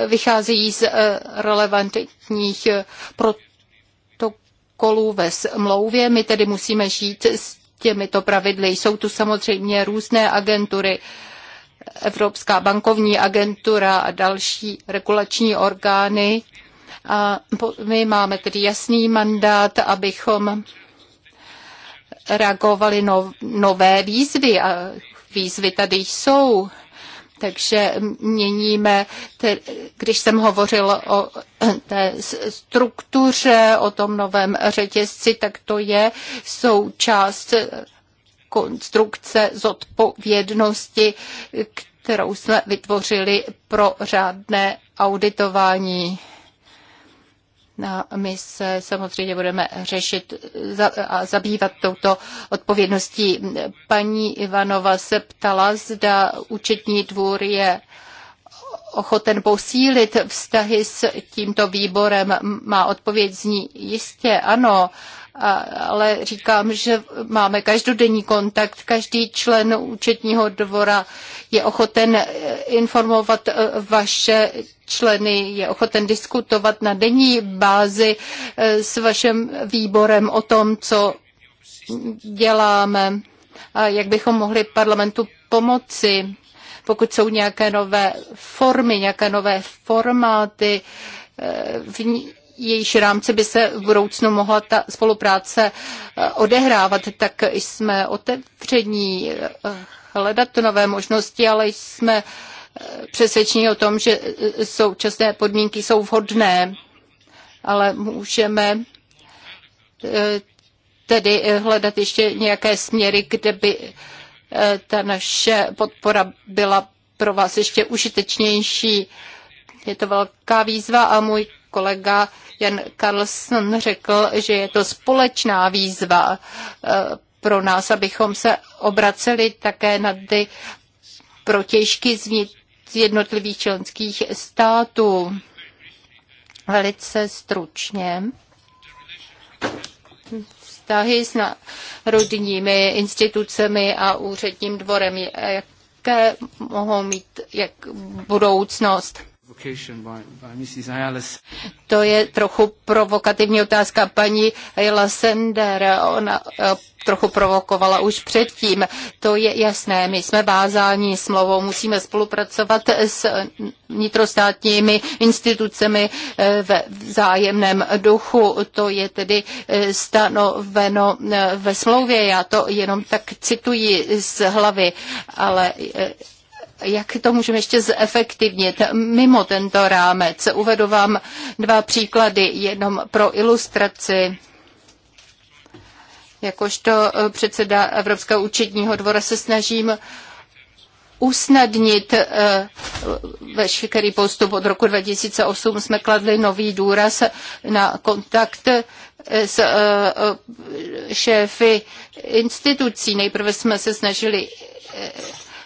vycházejí z eh, relevantních eh, protokolů ve smlouvě. My tedy musíme žít s těmito pravidly. Jsou tu samozřejmě různé agentury, Evropská bankovní agentura a další regulační orgány. A my máme tedy jasný mandát, abychom reagovali no, nové výzvy a výzvy tady jsou. Takže měníme, když jsem hovořil o té struktuře, o tom novém řetězci, tak to je součást konstrukce zodpovědnosti, kterou jsme vytvořili pro řádné auditování. A no, my se samozřejmě budeme řešit a zabývat touto odpovědností. Paní Ivanova se ptala, zda účetní dvůr je ochoten posílit vztahy s tímto výborem. Má odpověď zní jistě ano, ale říkám, že máme každodenní kontakt. Každý člen účetního dvora je ochoten eh, informovat eh, vaše členy, je ochoten diskutovat na denní bázi eh, s vaším výborem o tom, co děláme a jak bychom mohli parlamentu pomoci, pokud jsou nějaké nové formy, nějaké nové formáty, v ní jejíž rámci by se v budoucnu mohla ta spolupráce eh, odehrávat, tak jsme otevření eh, hledat nové možnosti, ale jsme eh, přesvědčení o tom, že současné podmínky jsou vhodné, ale můžeme tedy hledat ještě nějaké směry, kde by ta naše podpora byla pro vás ještě užitečnější. Je to velká výzva a můj kolega Jan Carlson řekl, že je to společná výzva eh, pro nás, abychom se obraceli také na ty protěžky z jednotlivých členských států. Velice stručně vztahy s rodinními institucemi a úředním dvorem, jaké mohou mít jak budoucnost. To je trochu provokativní otázka paní Ayla Sender. Ona eh, trochu provokovala už předtím. To je jasné, my jsme vázáni smlouvou, musíme spolupracovat s vnitrostátními institucemi eh, ve vzájemném duchu. To je tedy eh, stanoveno ve smlouvě. Já to jenom tak cituji z hlavy, ale jak to můžeme ještě zefektivnit mimo tento rámec. Uvedu vám dva příklady jenom pro ilustraci. Jakožto eh, předseda Evropského účetního dvora se snažím usnadnit eh, veškerý postup. Od roku 2008 jsme kladli nový důraz na kontakt eh, s šéfy institucí. Nejprve jsme se snažili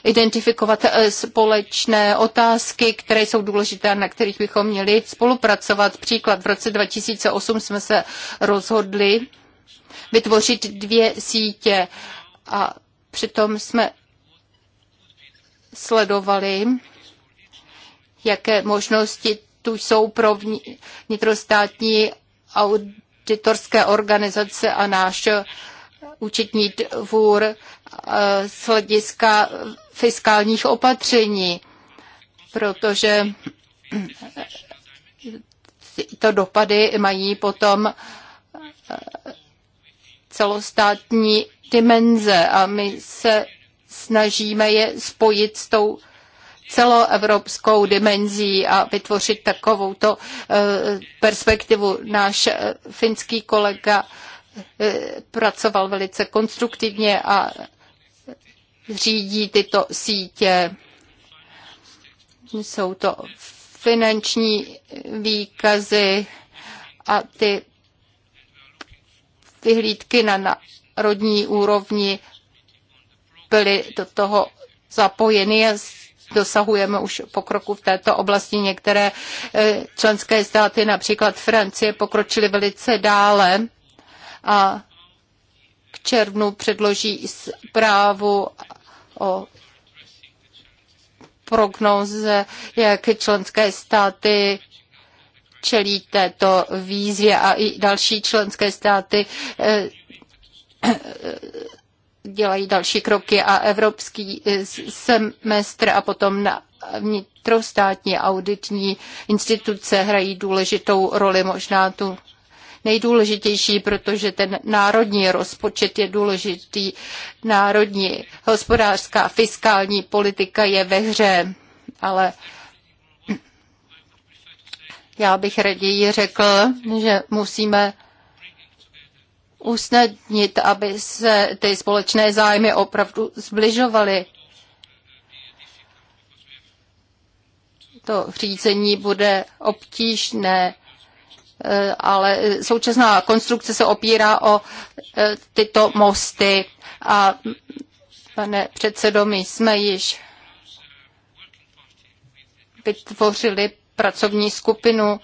identifikovat eh, společné otázky, které jsou důležité, a na kterých bychom měli spolupracovat. Příklad v roce 2008 jsme se rozhodli vytvořit dvě sítě a přitom jsme sledovali, jaké možnosti tu jsou pro vnitrostátní auditorské organizace a náš účetní dvůr eh, z hlediska fiskálních opatření, protože tyto dopady mají potom eh, celostátní dimenze a my se snažíme je spojit s tou celoevropskou dimenzí a vytvořit takovouto eh, perspektivu. Náš eh, finský kolega pracoval velice konstruktivně a řídí tyto sítě. Jsou to finanční výkazy a ty vyhlídky na národní úrovni byly do toho zapojeny a dosahujeme už pokroku v této oblasti. Některé eh, členské státy, například Francie, pokročily velice dále a k červnu předloží zprávu o prognóze, jak členské státy čelí této výzvě a i další členské státy eh, dělají další kroky a evropský eh, semestr a potom na vnitrostátní auditní instituce hrají důležitou roli. Možná tu nejdůležitější, protože ten národní rozpočet je důležitý. Národní hospodářská fiskální politika je ve hře, ale já bych raději řekl, že musíme usnadnit, aby se ty společné zájmy opravdu zbližovaly. To řízení bude obtížné. Eh, ale eh, současná konstrukce se opírá o eh, tyto mosty. A pane předsedo, my jsme již vytvořili pracovní skupinu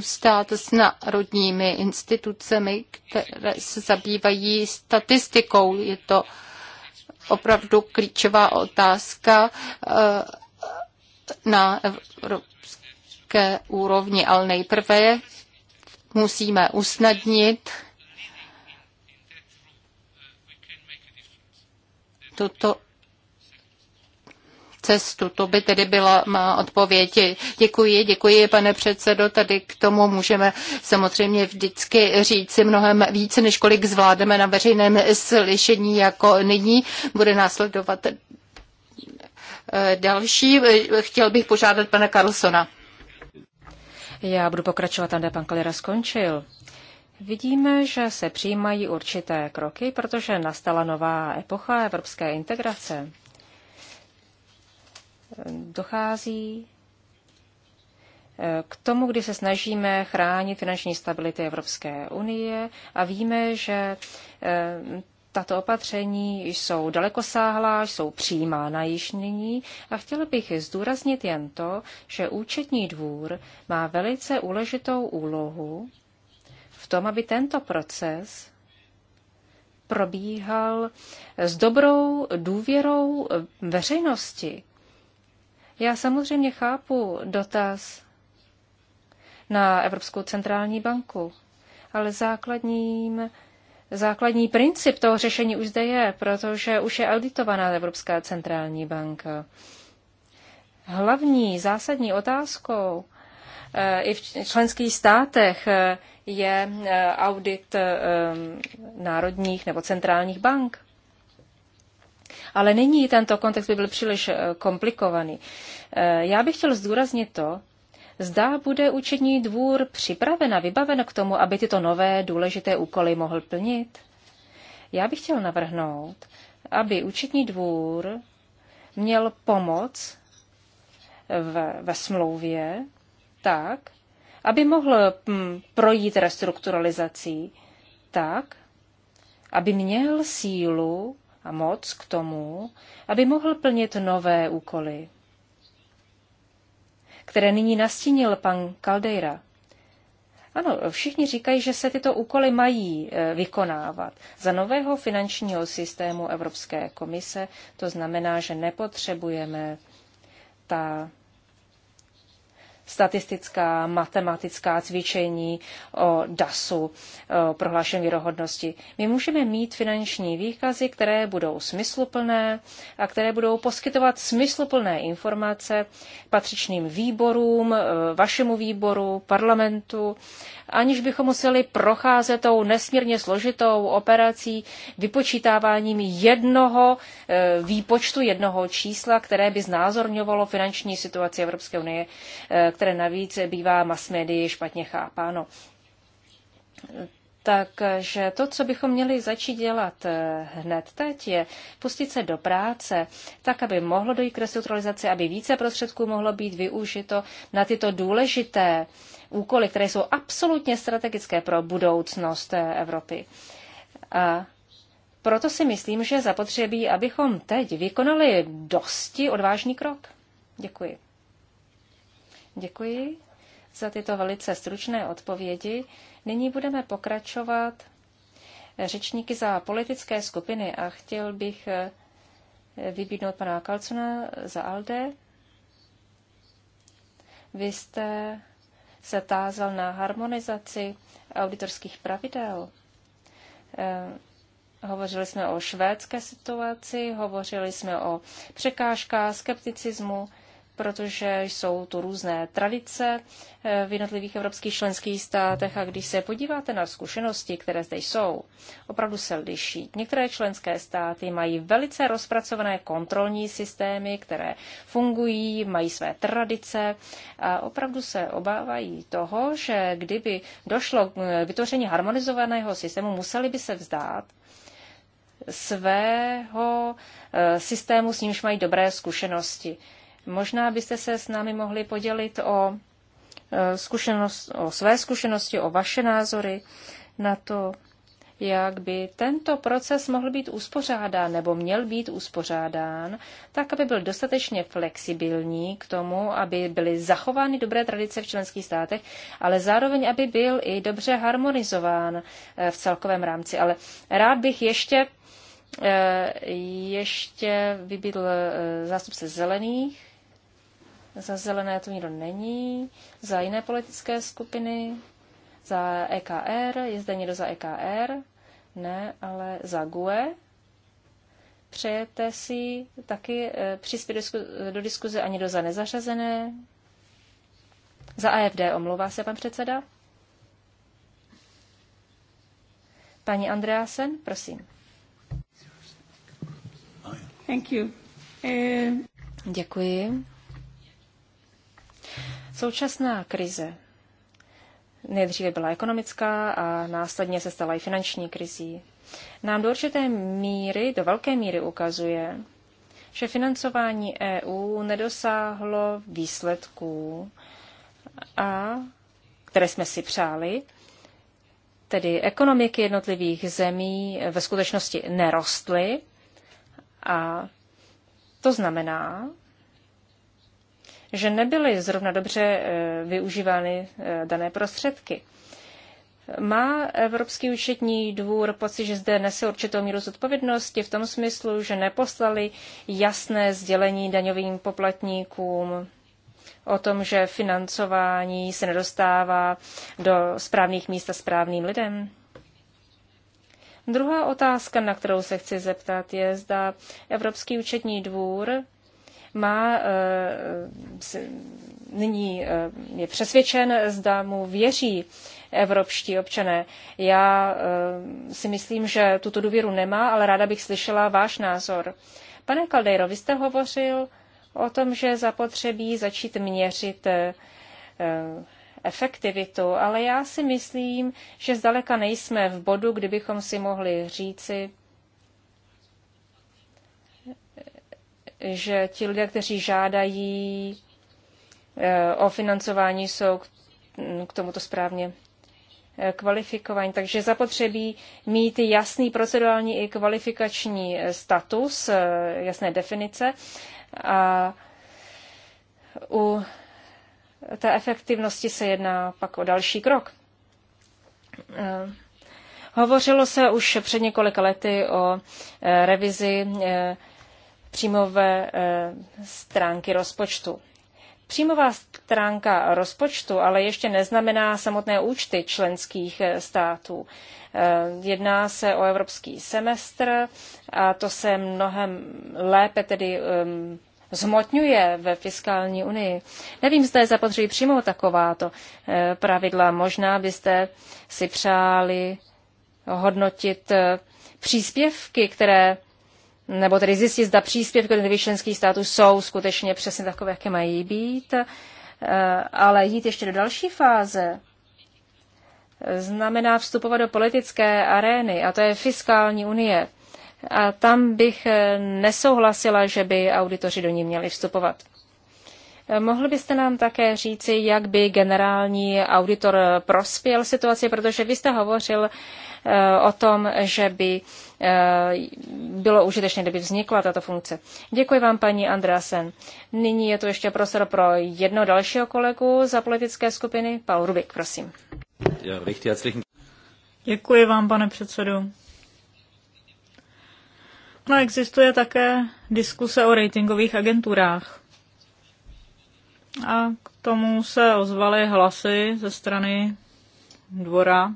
stát s národními institucemi, které se zabývají statistikou. Je to opravdu klíčová otázka na Evropě evropské úrovni, ale nejprve musíme usnadnit tuto cestu. To by tedy byla má odpověď. Děkuji, děkuji, pane předsedo. Tady k tomu můžeme samozřejmě vždycky říci mnohem více, než kolik zvládneme na veřejném slyšení jako nyní. Bude následovat eh, další. Chtěl bych požádat pana Karlsona. Já budu pokračovat tam, kde pan Kalira skončil. Vidíme, že se přijímají určité kroky, protože nastala nová epocha evropské integrace. Dochází eh, k tomu, kdy se snažíme chránit finanční stability Evropské unie a víme, že eh, tato opatření jsou dalekosáhlá, jsou přijímána již nyní a chtěl bych zdůraznit jen to, že účetní dvůr má velice úležitou úlohu v tom, aby tento proces probíhal s dobrou důvěrou veřejnosti. Já samozřejmě chápu dotaz na Evropskou centrální banku, ale základním Základní princip toho řešení už zde je, protože už je auditovaná Evropská centrální banka. Hlavní zásadní otázkou eh, i v členských státech eh, je eh, audit národních nebo centrálních bank. Ale nyní tento kontext by byl příliš komplikovaný. Já bych chtěl zdůraznit to, Zdá bude učení dvůr připraven a vybaven k tomu, aby tyto nové důležité úkoly mohl plnit? Já bych chtěl navrhnout, aby účetní dvůr měl pomoc v, ve smlouvě tak, aby mohl hm, projít restrukturalizací tak, aby měl sílu a moc k tomu, aby mohl plnit nové úkoly které nyní nastínil pan Caldeira. Ano, všichni říkají, že se tyto úkoly mají e, vykonávat. Za nového finančního systému Evropské komise to znamená, že nepotřebujeme ta statistická, matematická cvičení o DASu, o prohlášení věrohodnosti. My můžeme mít finanční výkazy, které budou smysluplné a které budou poskytovat smysluplné informace patřičným výborům, e, vašemu výboru, parlamentu, aniž bychom museli procházet tou nesmírně složitou operací vypočítáváním jednoho e, výpočtu, jednoho čísla, které by znázorňovalo finanční situaci Evropské unie, e, které navíc bývá mass médií špatně chápáno. Takže to, co bychom měli začít dělat eh, hned teď, je pustit se do práce, tak, aby mohlo dojít k restrukturalizaci, aby více prostředků mohlo být využito na tyto důležité úkoly, které jsou absolutně strategické pro budoucnost eh, Evropy. A proto si myslím, že zapotřebí, abychom teď vykonali dosti odvážný krok. Děkuji. Děkuji za tyto velice stručné odpovědi. Nyní budeme pokračovat řečníky za politické skupiny a chtěl bych eh, vybídnout pana Kalcuna za ALDE. Vy jste se tázal na harmonizaci auditorských pravidel. Eh, hovořili jsme o švédské situaci, hovořili jsme o překážkách, skepticismu protože jsou tu různé tradice eh, v jednotlivých evropských členských státech a když se podíváte na zkušenosti, které zde jsou, opravdu se liší. Některé členské státy mají velice rozpracované kontrolní systémy, které fungují, mají své tradice a opravdu se obávají toho, že kdyby došlo k eh, vytvoření harmonizovaného systému, museli by se vzdát svého eh, systému, s nímž mají dobré zkušenosti. Možná byste se s námi mohli podělit o, e, zkušenost, o své zkušenosti, o vaše názory na to, jak by tento proces mohl být uspořádán nebo měl být uspořádán, tak aby byl dostatečně flexibilní k tomu, aby byly zachovány dobré tradice v členských státech, ale zároveň, aby byl i dobře harmonizován e, v celkovém rámci. Ale rád bych ještě e, ještě vybídl zástupce zelených. Za zelené tu nikdo není. Za jiné politické skupiny? Za EKR? Je zde někdo za EKR? Ne, ale za GUE? Přejete si taky eh, přispět do diskuze ani do za nezařazené? Za AFD e omlouvá se pan předseda? Paní Andreasen, prosím. Thank you. Eh, Děkuji. Současná krize nejdříve byla ekonomická a následně se stala i finanční krizí. Nám do určité míry, do velké míry ukazuje, že financování EU nedosáhlo výsledků, a, které jsme si přáli, tedy ekonomiky jednotlivých zemí ve skutečnosti nerostly a to znamená, že nebyly zrovna dobře eh, využívány eh, dané prostředky. Má Evropský účetní dvůr pocit, že zde nese určitou míru zodpovědnosti v tom smyslu, že neposlali jasné sdělení daňovým poplatníkům o tom, že financování se nedostává do správných míst a správným lidem? Druhá otázka, na kterou se chci zeptat, je, zda Evropský účetní dvůr má eh, nyní eh, je přesvědčen, zda mu věří evropští občané. Já eh, si myslím, že tuto důvěru nemá, ale ráda bych slyšela váš názor. Pane Kaldejro, vy jste hovořil o tom, že zapotřebí začít měřit efektivitu, ale já si myslím, že zdaleka nejsme v bodu, kdybychom si mohli říci, že ti lidé, kteří žádají eh, o financování, jsou k mm, tomuto správně eh, kvalifikovaní. Takže zapotřebí mít jasný procedurální i kvalifikační eh, status, jasné definice. A u té efektivnosti se jedná pak o další krok. Hovořilo se už před několika lety o revizi příjmové eh, stránky rozpočtu. Příjmová stránka rozpočtu ale ještě neznamená samotné účty členských eh, států. Eh, jedná se o evropský semestr a to se mnohem lépe tedy um, ehm, zmotňuje ve fiskální unii. Nevím, zda je zapotřebí přímo takováto pravidla. Možná byste si přáli hodnotit příspěvky, které nebo tedy zjistit, zda příspěvky do členských států jsou skutečně přesně takové, jaké mají být, eh, ale jít ještě do další fáze znamená vstupovat do politické arény, a to je fiskální unie. A tam bych eh, nesouhlasila, že by auditoři do ní měli vstupovat. Eh, Mohl byste nám také říci, jak by generální auditor prospěl situaci, protože vy jste hovořil o tom, že by Eh, bylo užitečné, kdyby vznikla tato funkce. Děkuji vám, paní Andrásen. Nyní je tu ještě prostor pro jedno dalšího kolegu za politické skupiny. Paul Rubik, prosím. Děkuji vám, pane předsedu. No, existuje také diskuse o ratingových agenturách. A k tomu se ozvaly hlasy ze strany dvora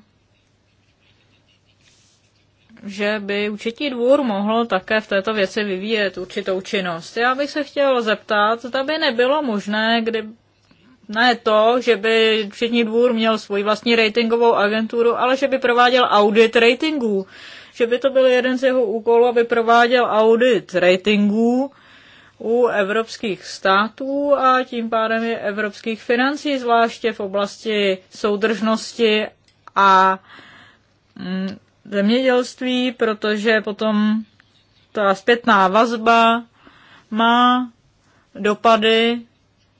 že by účetní dvůr mohl také v této věci vyvíjet určitou činnost. Já bych se chtěl zeptat, zda by nebylo možné, kdy ne to, že by účetní dvůr měl svoji vlastní ratingovou agenturu, ale že by prováděl audit ratingů. Že by to byl jeden z jeho úkolů, aby prováděl audit ratingů u evropských států a tím pádem i evropských financí, zvláště v oblasti soudržnosti a mm, zemědělství, protože potom ta zpětná vazba má dopady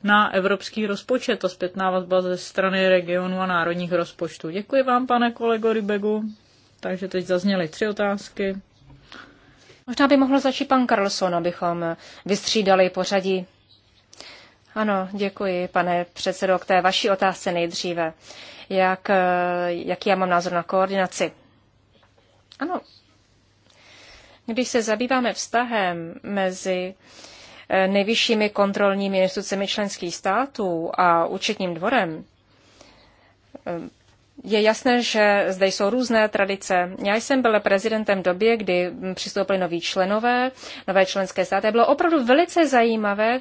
na evropský rozpočet, ta zpětná vazba ze strany regionu a národních rozpočtů. Děkuji vám, pane kolego Rybegu. Takže teď zazněly tři otázky. Možná by mohl začít pan Carlson, abychom vystřídali pořadí. Ano, děkuji, pane předsedo, k té vaší otázce nejdříve. Jak, eh, jaký já mám názor na koordinaci? Ano, když se zabýváme vztahem mezi eh, nejvyššími kontrolními institucemi členských států a účetním dvorem, eh, je jasné, že zde jsou různé tradice. Já jsem byla prezidentem v době, kdy přistoupili noví členové, nové členské státy. Bylo opravdu velice zajímavé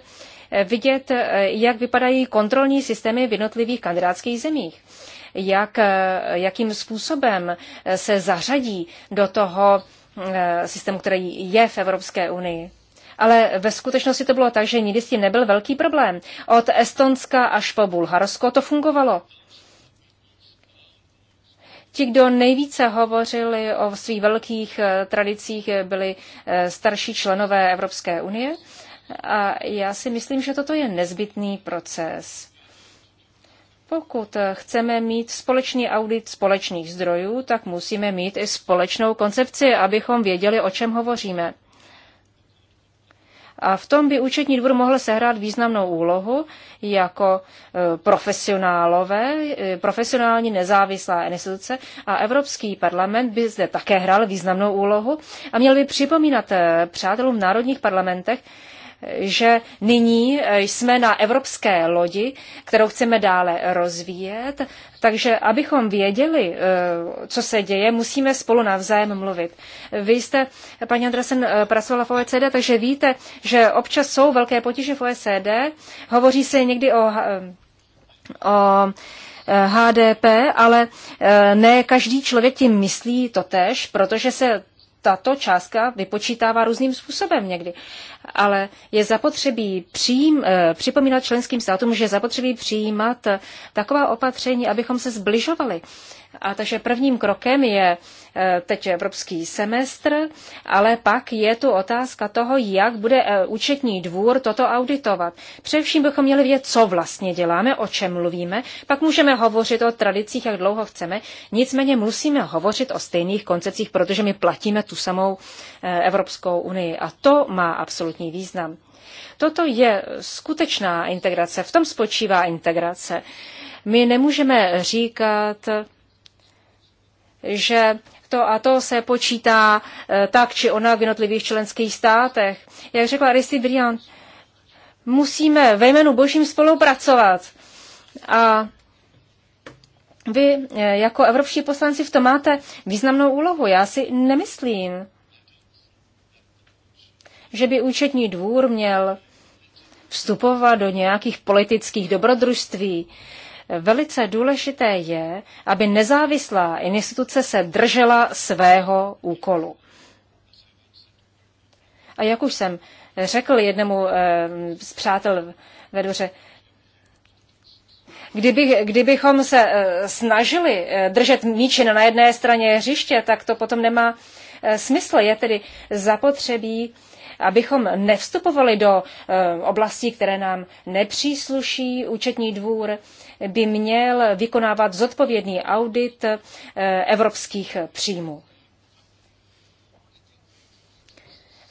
eh, vidět, jak vypadají kontrolní systémy v jednotlivých kandidátských zemích jak, eh, jakým způsobem eh, se zařadí do toho eh, systému, který je v Evropské unii. Ale ve skutečnosti to bylo tak, že nikdy s tím nebyl velký problém. Od Estonska až po Bulharsko to fungovalo. Ti, kdo nejvíce hovořili o svých velkých tradicích, byli starší členové Evropské unie. A já si myslím, že toto je nezbytný proces. Pokud chceme mít společný audit společných zdrojů, tak musíme mít i společnou koncepci, abychom věděli, o čem hovoříme. A v tom by účetní dvůr mohl sehrát významnou úlohu jako e, profesionálové, e, profesionální nezávislá instituce a Evropský parlament by zde také hrál významnou úlohu a měl by připomínat e, přátelům v národních parlamentech, že nyní jsme na evropské lodi, kterou chceme dále rozvíjet, takže abychom věděli, eh, co se děje, musíme spolu navzájem mluvit. Vy jste, paní Andresen, eh, pracovala v OECD, takže víte, že občas jsou velké potíže v OECD. Hovoří se někdy o, eh, o HDP, ale ne každý člověk tím myslí to tež, protože se tato částka vypočítává různým způsobem někdy. Ale je zapotřebí přijím, eh, připomínat členským státům, že je zapotřebí přijímat taková opatření, abychom se zbližovali a takže prvním krokem je e, teď evropský semestr, ale pak je tu otázka toho, jak bude e, účetní dvůr toto auditovat. Především bychom měli vědět, co vlastně děláme, o čem mluvíme, pak můžeme hovořit o tradicích, jak dlouho chceme, nicméně musíme hovořit o stejných koncepcích, protože my platíme tu samou e, Evropskou unii a to má absolutní význam. Toto je skutečná integrace, v tom spočívá integrace. My nemůžeme říkat, že to a to se počítá eh, tak či ona v jednotlivých členských státech. Jak řekla Aristide Briand, musíme ve jménu božím spolupracovat. A vy eh, jako evropští poslanci v tom máte významnou úlohu. Já si nemyslím, že by účetní dvůr měl vstupovat do nějakých politických dobrodružství. Velice důležité je, aby nezávislá instituce se držela svého úkolu. A jak už jsem řekl jednomu eh, z přátel ve dvoře, kdyby, kdybychom se eh, snažili eh, držet míče na jedné straně hřiště, tak to potom nemá Eh, smysl. Je tedy zapotřebí, abychom nevstupovali do eh, oblastí, které nám nepřísluší. Účetní dvůr by měl vykonávat zodpovědný audit eh, evropských příjmů.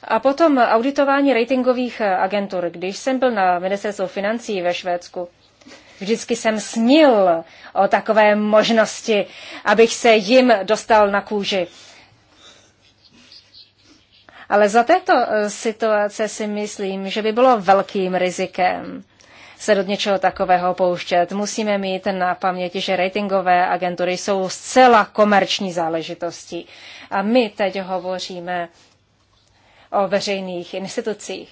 A potom auditování ratingových agentur. Když jsem byl na ministerstvu financí ve Švédsku, vždycky jsem snil o takové možnosti, abych se jim dostal na kůži. Ale za této e, situace si myslím, že by bylo velkým rizikem se do něčeho takového pouštět. Musíme mít na paměti, že ratingové agentury jsou zcela komerční záležitostí. A my teď hovoříme o veřejných institucích.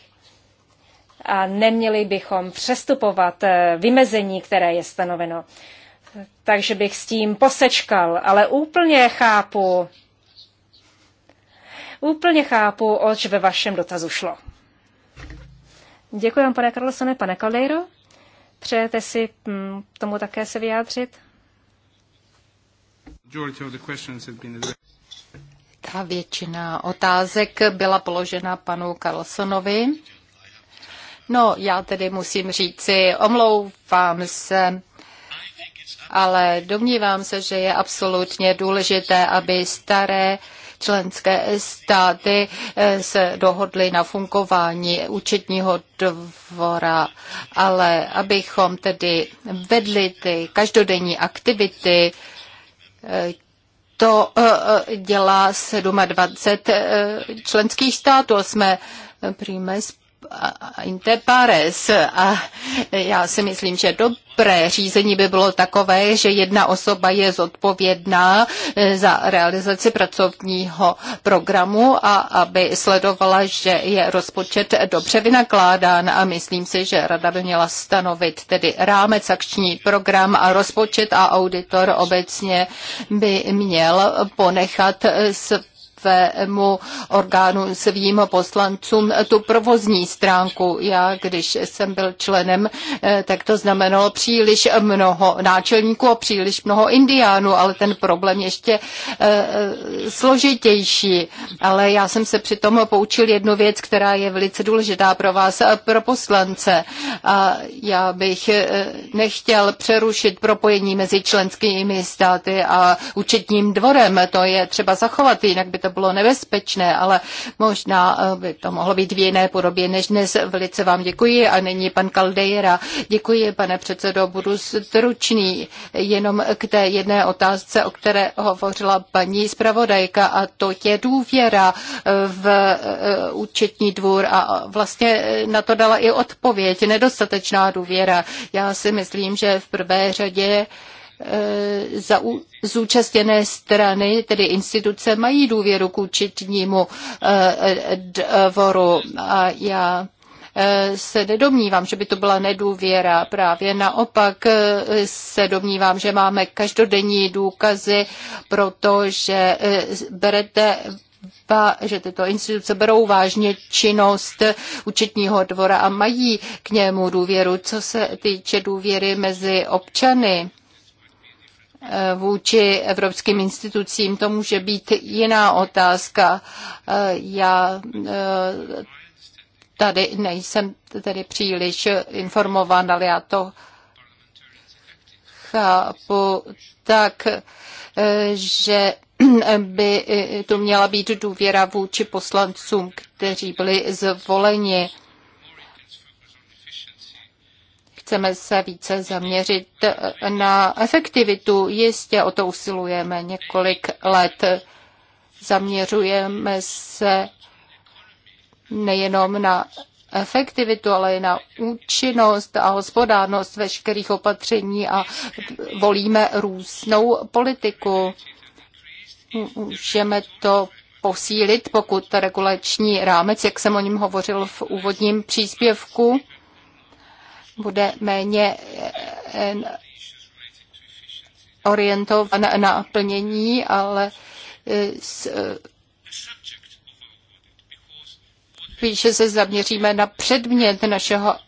A neměli bychom přestupovat e, vymezení, které je stanoveno. Takže bych s tím posečkal, ale úplně chápu Úplně chápu, oč ve vašem dotazu šlo. Děkuji vám, pane Karlsone, pane Caldeiro. Přejete si hm, tomu také se vyjádřit? Ta většina otázek byla položena panu Carlsonovi. No, já tedy musím říci, omlouvám se, ale domnívám se, že je absolutně důležité, aby staré členské státy eh, se dohodly na fungování účetního dvora, ale abychom tedy vedli ty každodenní aktivity, eh, to eh, dělá 27 členských států. Jsme Prime interpares a já si myslím, že dobré řízení by bylo takové, že jedna osoba je zodpovědná e, za realizaci pracovního programu a aby sledovala, že je rozpočet dobře vynakládán a myslím si, že rada by měla stanovit tedy rámec, akční program a rozpočet a auditor obecně by měl ponechat svému orgánu, svým poslancům tu provozní stránku. Já, když jsem byl členem, eh, tak to znamenalo příliš mnoho náčelníků a příliš mnoho indiánů, ale ten problém ještě eh, eh, složitější. Ale já jsem se přitom poučil jednu věc, která je velice důležitá pro vás, pro poslance. A já bych nechtěl přerušit propojení mezi členskými státy a účetním dvorem. To je třeba zachovat, jinak by to bylo nebezpečné, ale možná eh, by to mohlo být v jiné podobě než dnes. Velice vám děkuji a nyní pan Caldeira. Děkuji, pane předsedo, budu stručný jenom k té jedné otázce, o které hovořila paní zpravodajka a to je důvěra eh, v eh, účetní dvůr a vlastně na to dala i odpověď, nedostatečná důvěra. Já si myslím, že v prvé řadě E, za zúčastněné strany, tedy instituce, mají důvěru k účetnímu e, e, dvoru. A já se nedomnívám, že by to byla nedůvěra. Právě naopak se domnívám, že máme každodenní důkazy protože berete že tyto instituce berou vážně činnost účetního dvora a mají k němu důvěru. Co se týče důvěry mezi občany, Eh, vůči evropským institucím, to může být jiná otázka. Eh, já eh, tady nejsem tedy příliš informován, ale já to chápu tak, že by tu měla být důvěra vůči poslancům, kteří byli zvoleni. Chceme se více zaměřit na efektivitu. Jistě o to usilujeme několik let. Zaměřujeme se nejenom na efektivitu, ale i na účinnost a hospodárnost veškerých opatření a volíme různou politiku. Můžeme to posílit, pokud regulační rámec, jak jsem o něm hovořil v úvodním příspěvku, bude méně eh, eh, orientovan na plnění, ale eh, spíše se zaměříme na předmět našeho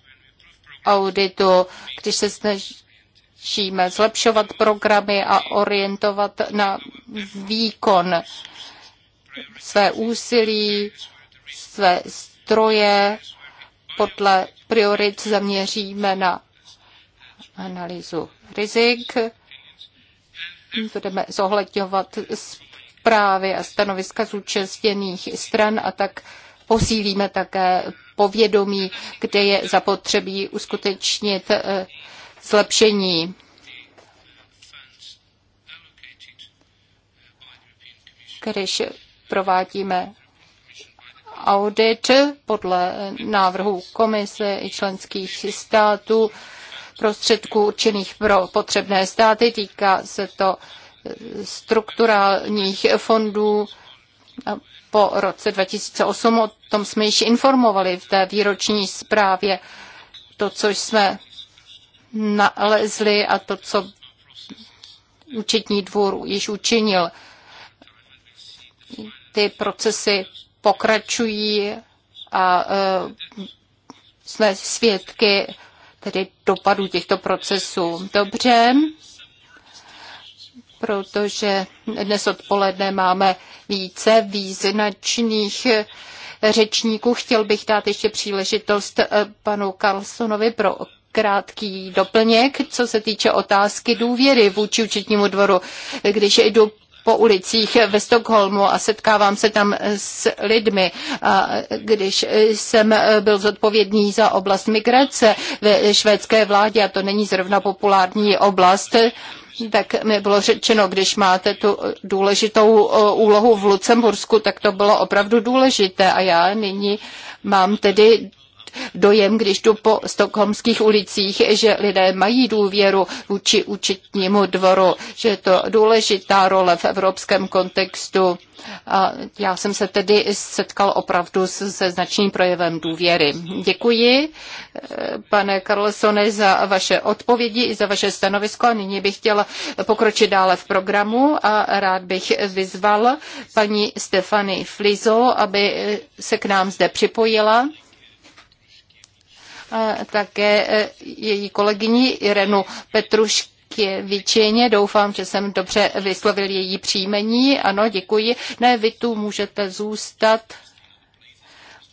auditu, když se snažíme zlepšovat programy a orientovat na výkon své úsilí, své stroje, podle priorit zaměříme na analýzu rizik, budeme zohledňovat zprávy a stanoviska zúčastněných stran a tak posílíme také povědomí, kde je zapotřebí uskutečnit eh, zlepšení. Když provádíme audit podle návrhu komise i členských států prostředků určených pro potřebné státy. Týká se to strukturálních fondů po roce 2008. O tom jsme již informovali v té výroční zprávě. To, co jsme nalezli a to, co účetní dvůr již učinil. Ty procesy pokračují a e, jsme svědky tedy dopadu těchto procesů. Dobře, protože dnes odpoledne máme více význačných řečníků. Chtěl bych dát ještě příležitost e, panu Carlsonovi pro krátký doplněk, co se týče otázky důvěry vůči účetnímu dvoru. Když jdu po ulicích ve Stockholmu a setkávám se tam s lidmi. A když jsem byl zodpovědný za oblast migrace ve švédské vládě, a to není zrovna populární oblast, tak mi bylo řečeno, když máte tu důležitou úlohu v Lucembursku, tak to bylo opravdu důležité a já nyní mám tedy dojem, když jdu po stokholmských ulicích, že lidé mají důvěru vůči účetnímu dvoru, že je to důležitá role v evropském kontextu. A já jsem se tedy setkal opravdu se značným projevem důvěry. Děkuji, eh, pane Carlsone, za vaše odpovědi i za vaše stanovisko. A nyní bych chtěla pokročit dále v programu a rád bych vyzval paní Stefany Flizo, aby eh, se k nám zde připojila také e, její kolegyni Irenu Petrušku. Většině. Doufám, že jsem dobře vyslovil její příjmení. Ano, děkuji. Ne, vy tu můžete zůstat.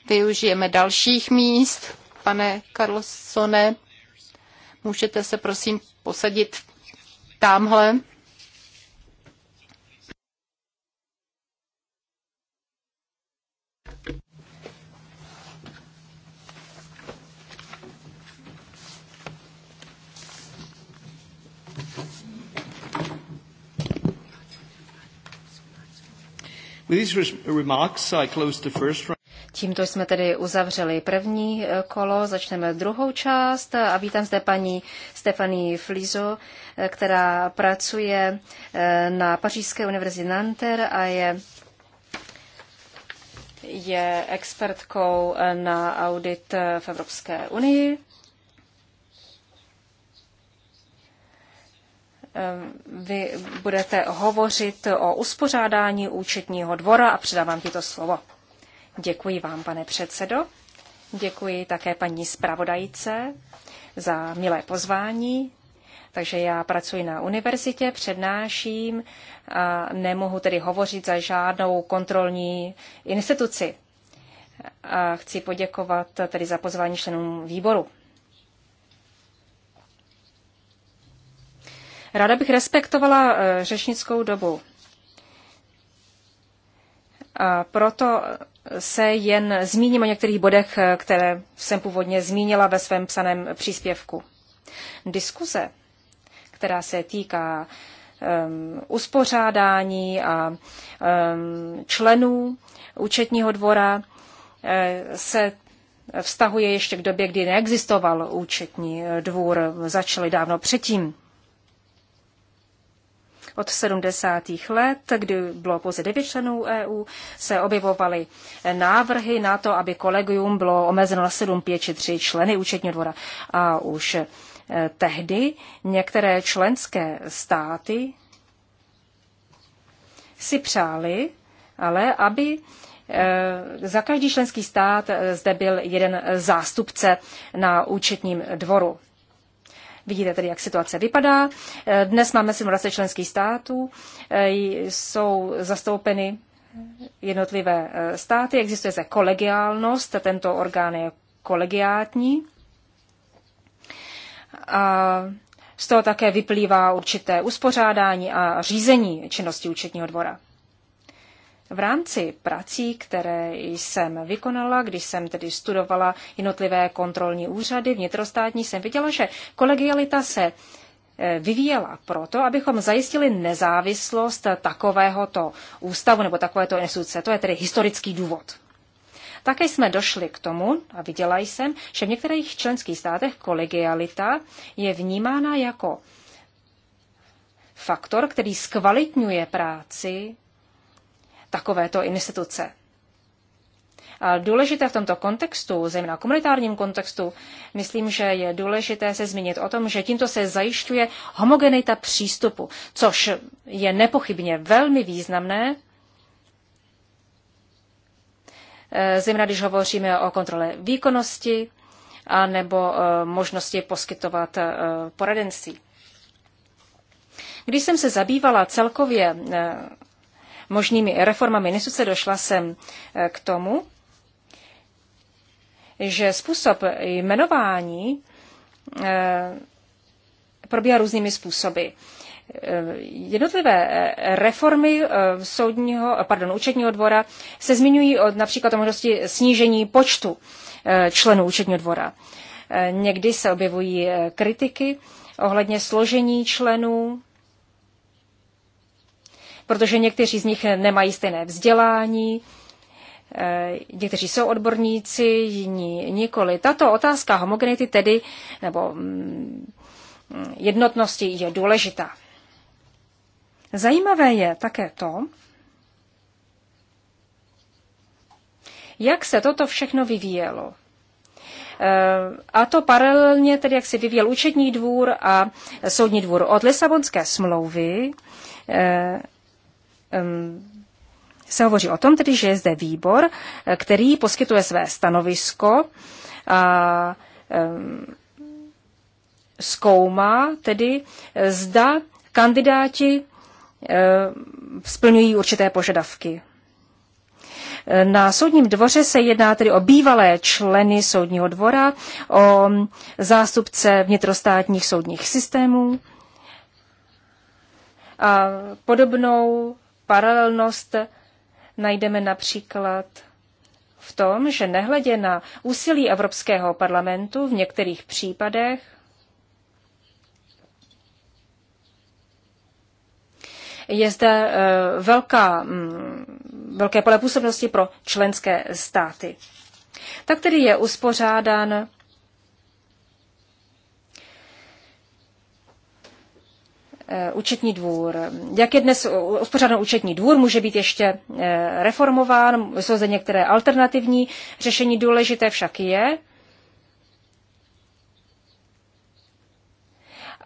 Využijeme dalších míst. Pane Carlosone. můžete se prosím posadit tamhle. Tímto jsme tedy uzavřeli první eh, kolo, začneme druhou část a vítám zde paní Stefanie Flizo, eh, která pracuje eh, na Pařížské univerzitě Nanter a je je expertkou na audit v Evropské unii. Eh, vy budete hovořit o uspořádání účetního dvora a předávám ti to slovo. Děkuji vám, pane předsedo. Děkuji také paní zpravodajce za milé pozvání. Takže já pracuji na univerzitě, přednáším a nemohu tedy hovořit za žádnou kontrolní instituci. A chci poděkovat tedy za pozvání členům výboru. Ráda bych respektovala eh, řečnickou dobu. A proto se jen zmíním o některých bodech, eh, které jsem původně zmínila ve svém psaném příspěvku. Diskuze, která se týká um, uspořádání a um, členů účetního dvora, eh, se vztahuje ještě k době, kdy neexistoval účetní dvůr, začaly dávno předtím od 70. let, kdy bylo pouze 9 členů EU, se objevovaly návrhy na to, aby kolegium bylo omezeno na 7, 5 či 3 členy účetního dvora. A už eh, tehdy některé členské státy si přáli, ale aby eh, za každý členský stát eh, zde byl jeden zástupce na účetním dvoru. Vidíte tedy, jak situace vypadá. Eh, dnes máme 27 členských států, eh, jsou zastoupeny jednotlivé eh, státy, existuje se kolegiálnost, tento orgán je kolegiátní. A z toho také vyplývá určité uspořádání a řízení činnosti účetního dvora. V rámci prací, které jsem vykonala, když jsem tedy studovala jednotlivé kontrolní úřady vnitrostátní, jsem viděla, že kolegialita se eh, vyvíjela proto, abychom zajistili nezávislost takovéhoto ústavu nebo takovéto instituce. To je tedy historický důvod. Také jsme došli k tomu, a viděla jsem, že v některých členských státech kolegialita je vnímána jako faktor, který zkvalitňuje práci takovéto instituce. A důležité v tomto kontextu, zejména komunitárním kontextu, myslím, že je důležité se zmínit o tom, že tímto se zajišťuje homogenita přístupu, což je nepochybně velmi významné, e, zejména když hovoříme o kontrole výkonnosti a nebo e, možnosti poskytovat e, poradenství. Když jsem se zabývala celkově možnými reformami nesuce došla jsem eh, k tomu, že způsob jmenování eh, probíhá různými způsoby. Eh, jednotlivé reformy soudního, pardon, účetního dvora se zmiňují od například o možnosti snížení počtu členů účetního dvora. Někdy se objevují kritiky ohledně složení členů protože někteří z nich nemají stejné vzdělání, eh, někteří jsou odborníci, jiní nikoli. Tato otázka homogenity tedy, nebo mm, jednotnosti je důležitá. Zajímavé je také to, jak se toto všechno vyvíjelo. Eh, a to paralelně, tedy jak se vyvíjel účetní dvůr a soudní dvůr od Lisabonské smlouvy, eh, se hovoří o tom, tedy, že je zde výbor, eh, který poskytuje své stanovisko a zkoumá tedy, eh, zda kandidáti eh, splňují určité požadavky. Na soudním dvoře se jedná tedy o bývalé členy soudního dvora, o zástupce vnitrostátních soudních systémů a podobnou paralelnost najdeme například v tom, že nehledě na úsilí Evropského parlamentu v některých případech je zde e, velká, mm, velké pole působnosti pro členské státy. Tak tedy je uspořádán Eh, účetní dvůr. Jak je dnes uspořádán účetní dvůr, může být ještě eh, reformován, jsou zde některé alternativní řešení, důležité však je,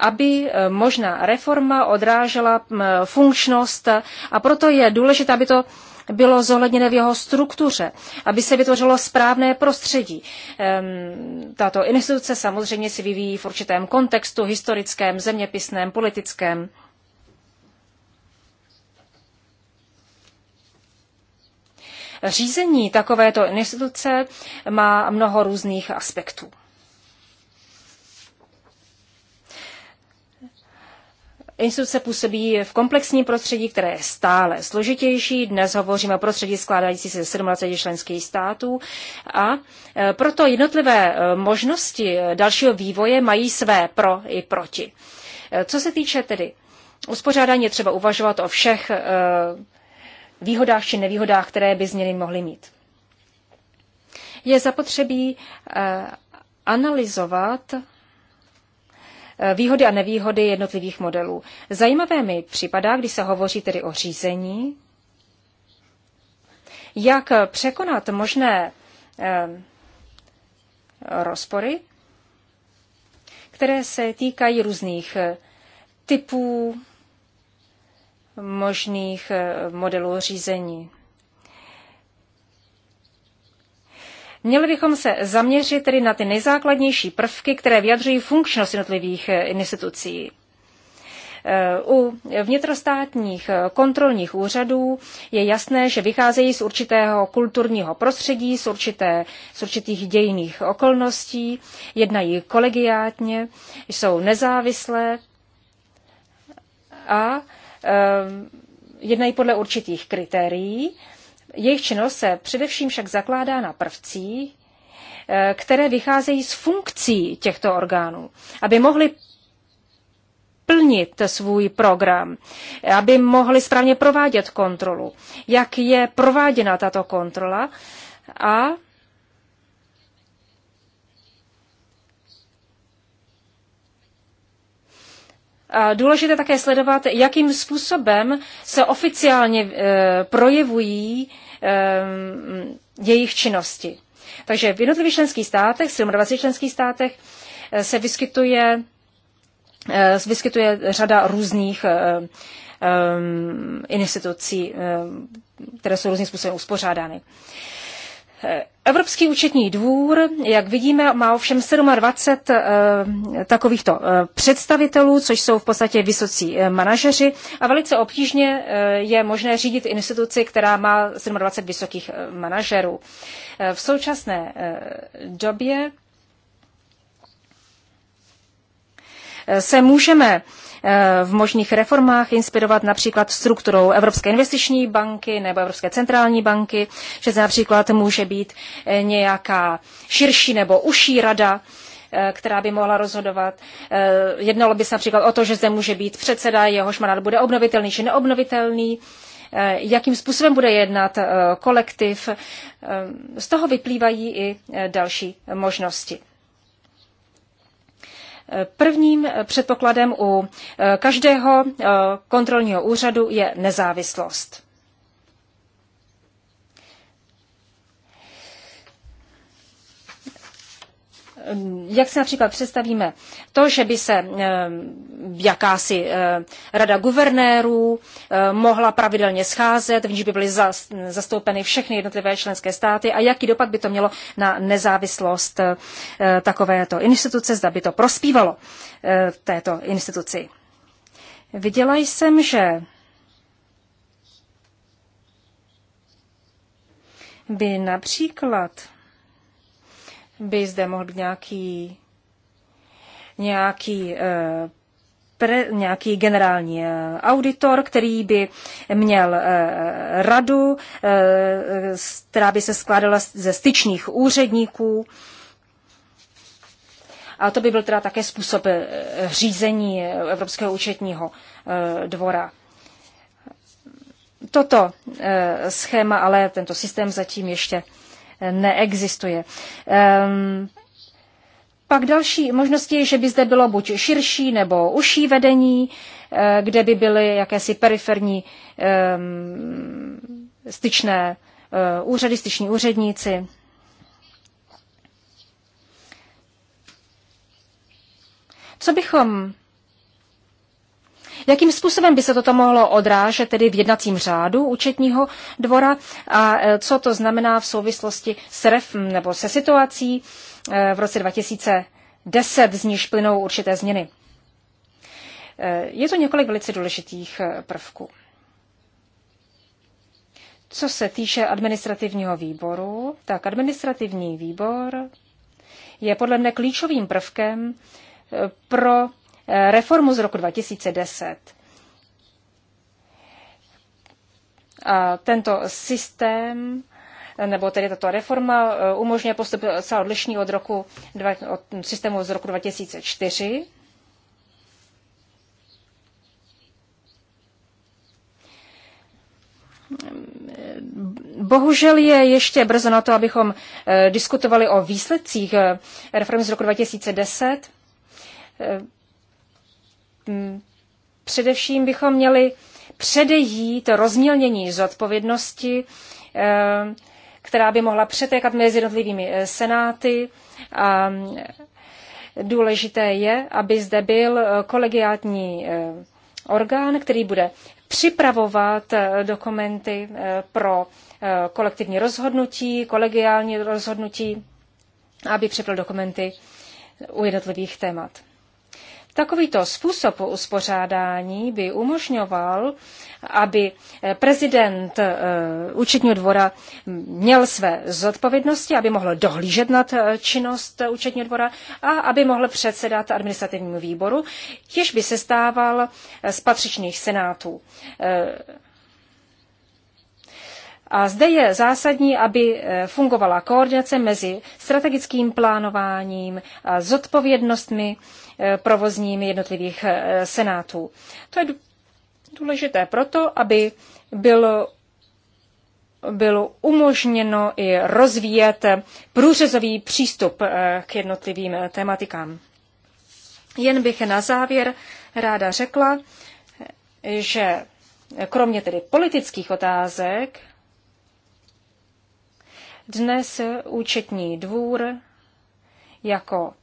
aby eh, možná reforma odrážela funkčnost a proto je důležité, aby to bylo zohledněné v jeho struktuře, aby se vytvořilo správné prostředí. Ehm, tato instituce samozřejmě si vyvíjí v určitém kontextu historickém, zeměpisném, politickém. Řízení takovéto instituce má mnoho různých aspektů. Instituce působí v komplexním prostředí, které je stále složitější. Dnes hovoříme o prostředí skládající se 27 členských států a e, proto jednotlivé e, možnosti e, dalšího vývoje mají své pro i proti. Co se týče tedy uspořádání, je třeba uvažovat o všech výhodách či nevýhodách, které by změny mohly mít. Je zapotřebí analyzovat výhody a nevýhody jednotlivých modelů. Zajímavé mi připadá, když se hovoří tedy o řízení, jak překonat možné eh, rozpory, které se týkají různých eh, typů možných eh, modelů řízení. Měli bychom se zaměřit tedy na ty nejzákladnější prvky, které vyjadřují funkčnost jednotlivých eh, institucí. Eh, u vnitrostátních eh, kontrolních úřadů je jasné, že vycházejí z určitého kulturního prostředí, z, určité, z určitých dějných okolností, jednají kolegiátně, jsou nezávislé a jednají podle určitých kritérií jejich činnost se především však zakládá na prvcí, eh, které vycházejí z funkcí těchto orgánů, aby mohly plnit svůj program, aby mohli správně provádět kontrolu, jak je prováděna tato kontrola a A důležité také sledovat, jakým způsobem se oficiálně eh, projevují Ehm, jejich činnosti. Takže v jednotlivých členských státech, 27 členských státech, eh, se vyskytuje, eh, se vyskytuje řada různých eh, ehm, institucí, které jsou různým způsobem uspořádány. Evropský účetní dvůr, jak vidíme, má ovšem 27 eh, takovýchto eh, představitelů, což jsou v podstatě vysocí eh, manažeři a velice obtížně je možné řídit instituci, která má 27 vysokých manažerů. V současné době se můžeme v možných reformách inspirovat například strukturou Evropské investiční banky nebo Evropské centrální banky, že například může být eh, nějaká širší nebo užší rada, eh, která by mohla rozhodovat. Eh, jednalo by se například o to, že zde může být předseda, jehož mandát bude obnovitelný či neobnovitelný, jakým způsobem bude jednat kolektiv. Z toho vyplývají i další možnosti. Prvním předpokladem u eh, každého eh, kontrolního úřadu je nezávislost. jak si například představíme to, že by se eh, jakási eh, rada guvernérů eh, mohla pravidelně scházet, v níž by byly zastoupeny všechny jednotlivé členské státy a jaký dopad by to mělo na nezávislost takovéto instituce, zda by to prospívalo této instituci. Viděla jsem, že by například by zde mohl být nějaký, nějaký eh, pre, nějaký generální eh, auditor, který by měl eh, radu, která by se skládala ze styčných úředníků. A to by byl teda také způsob řízení Evropského účetního dvora. Toto schéma, ale tento systém zatím ještě neexistuje. Ehm, pak další možnosti je, že by zde bylo buď širší nebo užší vedení, eh, kde by byly jakési periferní ehm, styčné eh, úřady, styční úředníci. Co bychom Jakým způsobem by se toto mohlo odrážet tedy v jednacím řádu účetního dvora a e, co to znamená v souvislosti s ref, nebo se situací e, v roce 2010, z níž plynou určité změny? E, je to několik velice důležitých prvků. Co se týče administrativního výboru, tak administrativní výbor je podle mne klíčovým prvkem pro reformu z roku 2010. A tento systém nebo tedy tato reforma eh, umožňuje postup docela odlišný od, roku, od systému z roku 2004. Bohužel je ještě brzo na to, abychom eh, diskutovali o výsledcích eh, reformy z roku 2010. Mm, především bychom měli předejít rozmělnění zodpovědnosti, eh, která by mohla přetékat mezi jednotlivými eh, senáty. A eh, důležité je, aby zde byl kolegiátní orgán, který bude připravovat dokumenty pro kolektivní rozhodnutí, kolegiální rozhodnutí, aby připravil dokumenty u jednotlivých témat. Takovýto způsob uspořádání by umožňoval, aby eh, prezident eh, účetního dvora měl své zodpovědnosti, aby mohl dohlížet nad eh, činnost účetního dvora a aby mohl předsedat administrativnímu výboru, jež by se stával z patřičných senátů. A zde je zásadní, aby e, fungovala koordinace mezi strategickým plánováním a zodpovědnostmi e, provozními jednotlivých e, senátů. To je důležité proto, aby bylo bylo umožněno i rozvíjet průřezový přístup k jednotlivým tematikám. Jen bych na závěr ráda řekla, že kromě tedy politických otázek, dnes účetní dvůr jako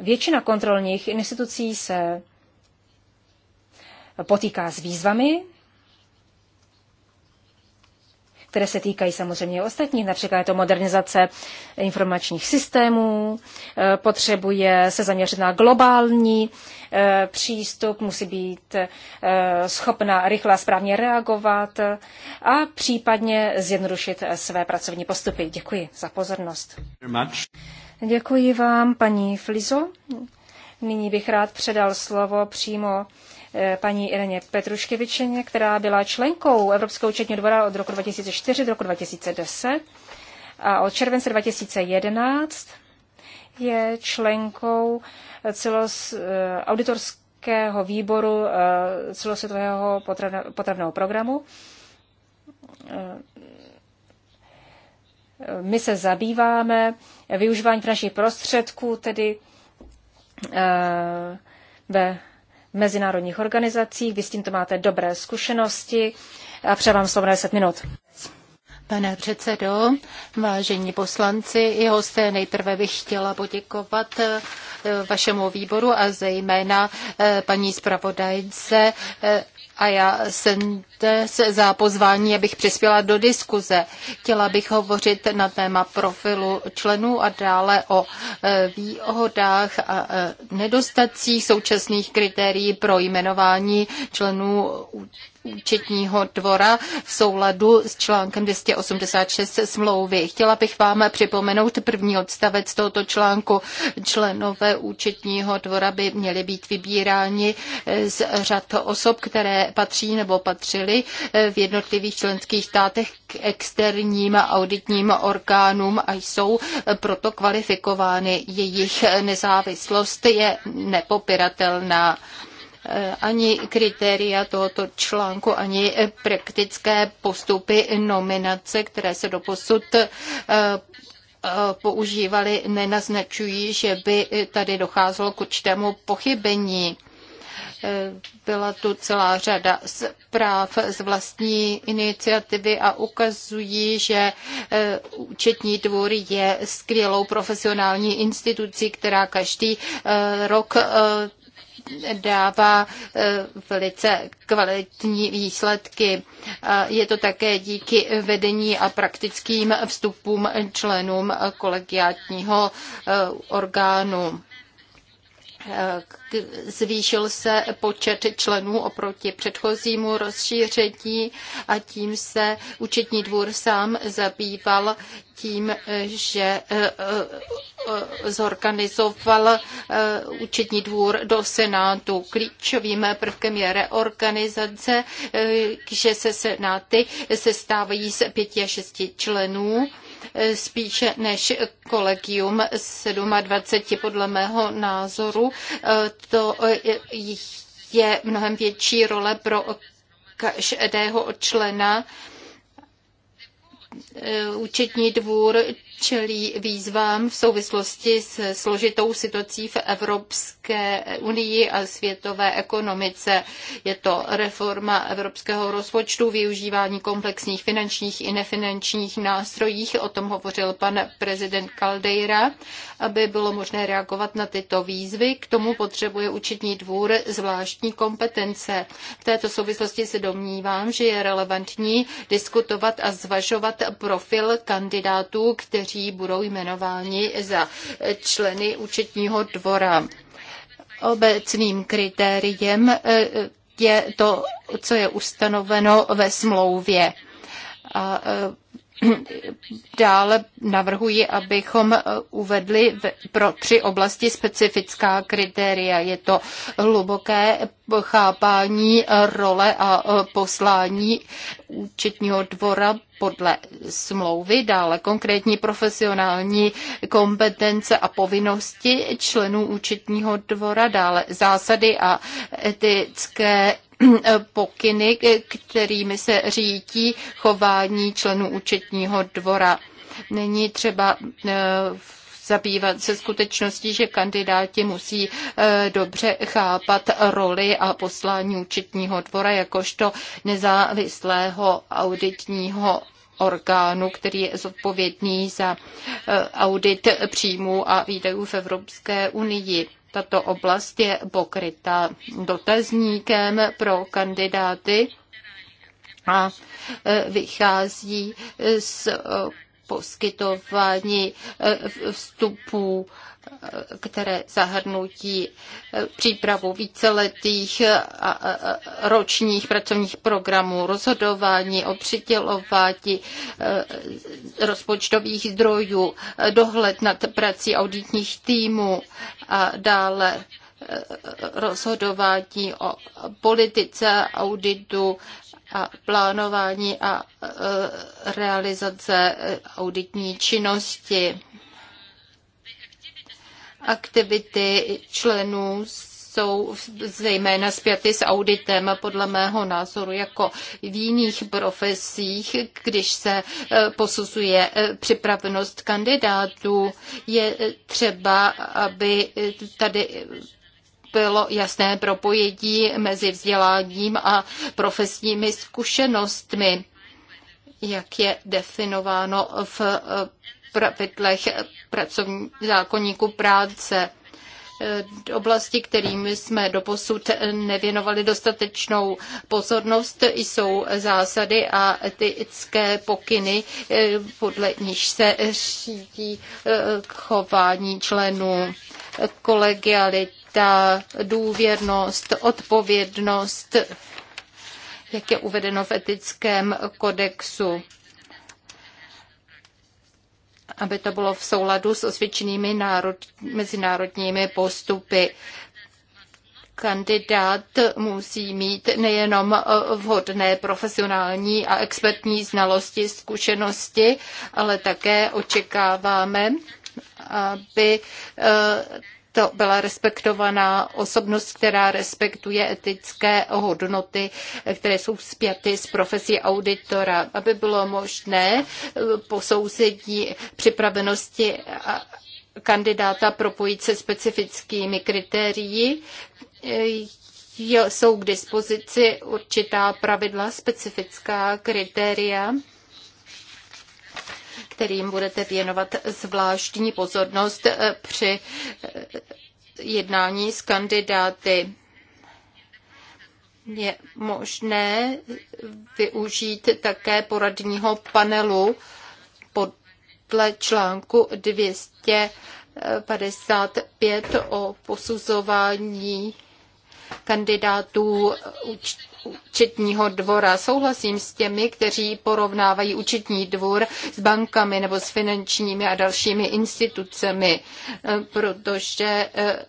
většina kontrolních institucí se potýká s výzvami, které se týkají samozřejmě ostatních, například je to modernizace informačních systémů, eh, potřebuje se zaměřit na globální eh, přístup, musí být eh, schopna rychle a správně reagovat a případně zjednodušit své pracovní postupy. Děkuji za pozornost. Děkuji vám, paní Flizo. Nyní bych rád předal slovo přímo Eh, paní Ireně Petruškevičeně, která byla členkou Evropského účetního dvora od roku 2004 do roku 2010 a od července 2011 je členkou celos, eh, auditorského výboru eh, celosvětového potravného programu. My se zabýváme využíváním našich prostředků, tedy ve mezinárodních organizacích. Vy s tímto máte dobré zkušenosti a přeji vám slovo 10 minut. Pane předsedo, vážení poslanci i hosté, nejprve bych chtěla poděkovat eh, vašemu výboru a zejména eh, paní zpravodajce eh, a já jsem se za pozvání, abych přispěla do diskuze. Chtěla bych hovořit na téma profilu členů a dále o e, výhodách a e, nedostacích současných kritérií pro jmenování členů účetního dvora v souladu s článkem 286 smlouvy. Chtěla bych vám připomenout první odstavec tohoto článku. Členové účetního dvora by měli být vybíráni z řad osob, které patří nebo patřily v jednotlivých členských státech k externím auditním orgánům a jsou proto kvalifikovány. Jejich nezávislost je nepopiratelná. Eh, ani kritéria tohoto článku, ani eh, praktické postupy nominace, které se doposud eh, používali, nenaznačují, že by tady docházelo k určitému pochybení. Byla tu celá řada zpráv z vlastní iniciativy a ukazují, že účetní dvůr je skvělou profesionální institucí, která každý rok dává eh, velice kvalitní výsledky. Je to také díky vedení a praktickým vstupům členům kolegiátního eh, orgánu. Eh, zvýšil se počet členů oproti předchozímu rozšíření a tím se účetní dvůr sám zabýval tím, že eh, eh, zorganizoval účetní dvůr do Senátu. Klíčovým prvkem je reorganizace, že se Senáty sestávají z pěti a šesti členů spíše než kolegium 27 podle mého názoru. To je mnohem větší role pro každého člena účetní dvůr čelí výzvám v souvislosti s složitou situací v Evropské unii a světové ekonomice. Je to reforma evropského rozpočtu, využívání komplexních finančních i nefinančních nástrojích, o tom hovořil pan prezident Caldeira, aby bylo možné reagovat na tyto výzvy. K tomu potřebuje účetní dvůr zvláštní kompetence. V této souvislosti se domnívám, že je relevantní diskutovat a zvažovat profil kandidátů, kteří kteří budou jmenováni za členy účetního dvora. Obecným kritériem eh, je to, co je ustanoveno ve smlouvě. A eh, Dále navrhuji, abychom eh, uvedli pro tři oblasti specifická kritéria. Je to hluboké chápání eh, role a eh, poslání účetního dvora podle smlouvy, dále konkrétní profesionální kompetence a povinnosti členů účetního dvora, dále zásady a etické pokyny, kterými se řídí chování členů účetního dvora. Není třeba e, zabývat se skutečností, že kandidáti musí e, dobře chápat roli a poslání účetního dvora jakožto nezávislého auditního orgánu, který je zodpovědný za e, audit příjmů a výdajů v Evropské unii. Tato oblast je pokryta dotazníkem pro kandidáty a e, vychází z e, poskytování e, vstupů které zahrnutí eh, přípravu víceletých eh, a ročních pracovních programů, rozhodování o přidělování eh, rozpočtových zdrojů, dohled nad prací auditních týmů a dále rozhodování o politice auditu a plánování a realizace auditní činnosti. Aktivity členů jsou zejména zpěty s auditem, podle mého názoru, jako v jiných profesích, když se eh, posuzuje eh, připravenost kandidátů, je třeba, aby eh, tady bylo jasné propojení mezi vzděláním a profesními zkušenostmi, jak je definováno v pravidlech pracovní, zákonníku práce oblasti, kterým jsme doposud nevěnovali dostatečnou pozornost, jsou zásady a etické pokyny, podle níž se řídí eh, chování členů kolegialita, důvěrnost, odpovědnost, jak je uvedeno v etickém kodexu aby to bylo v souladu s osvědčenými národ, mezinárodními postupy. Kandidát musí mít nejenom eh, vhodné profesionální a expertní znalosti, zkušenosti, ale také očekáváme, aby eh, to byla respektovaná osobnost, která respektuje etické hodnoty, které jsou zpěty s profesí auditora, aby bylo možné eh, posouzit připravenosti kandidáta propojit se specifickými kritérií. Eh, jsou k dispozici určitá pravidla, specifická kritéria kterým budete věnovat zvláštní pozornost eh, při eh, jednání s kandidáty. Je možné využít také poradního panelu podle článku 255 o posuzování kandidátů účetního dvora. Souhlasím s těmi, kteří porovnávají účetní dvůr s bankami nebo s finančními a dalšími institucemi, eh, protože eh,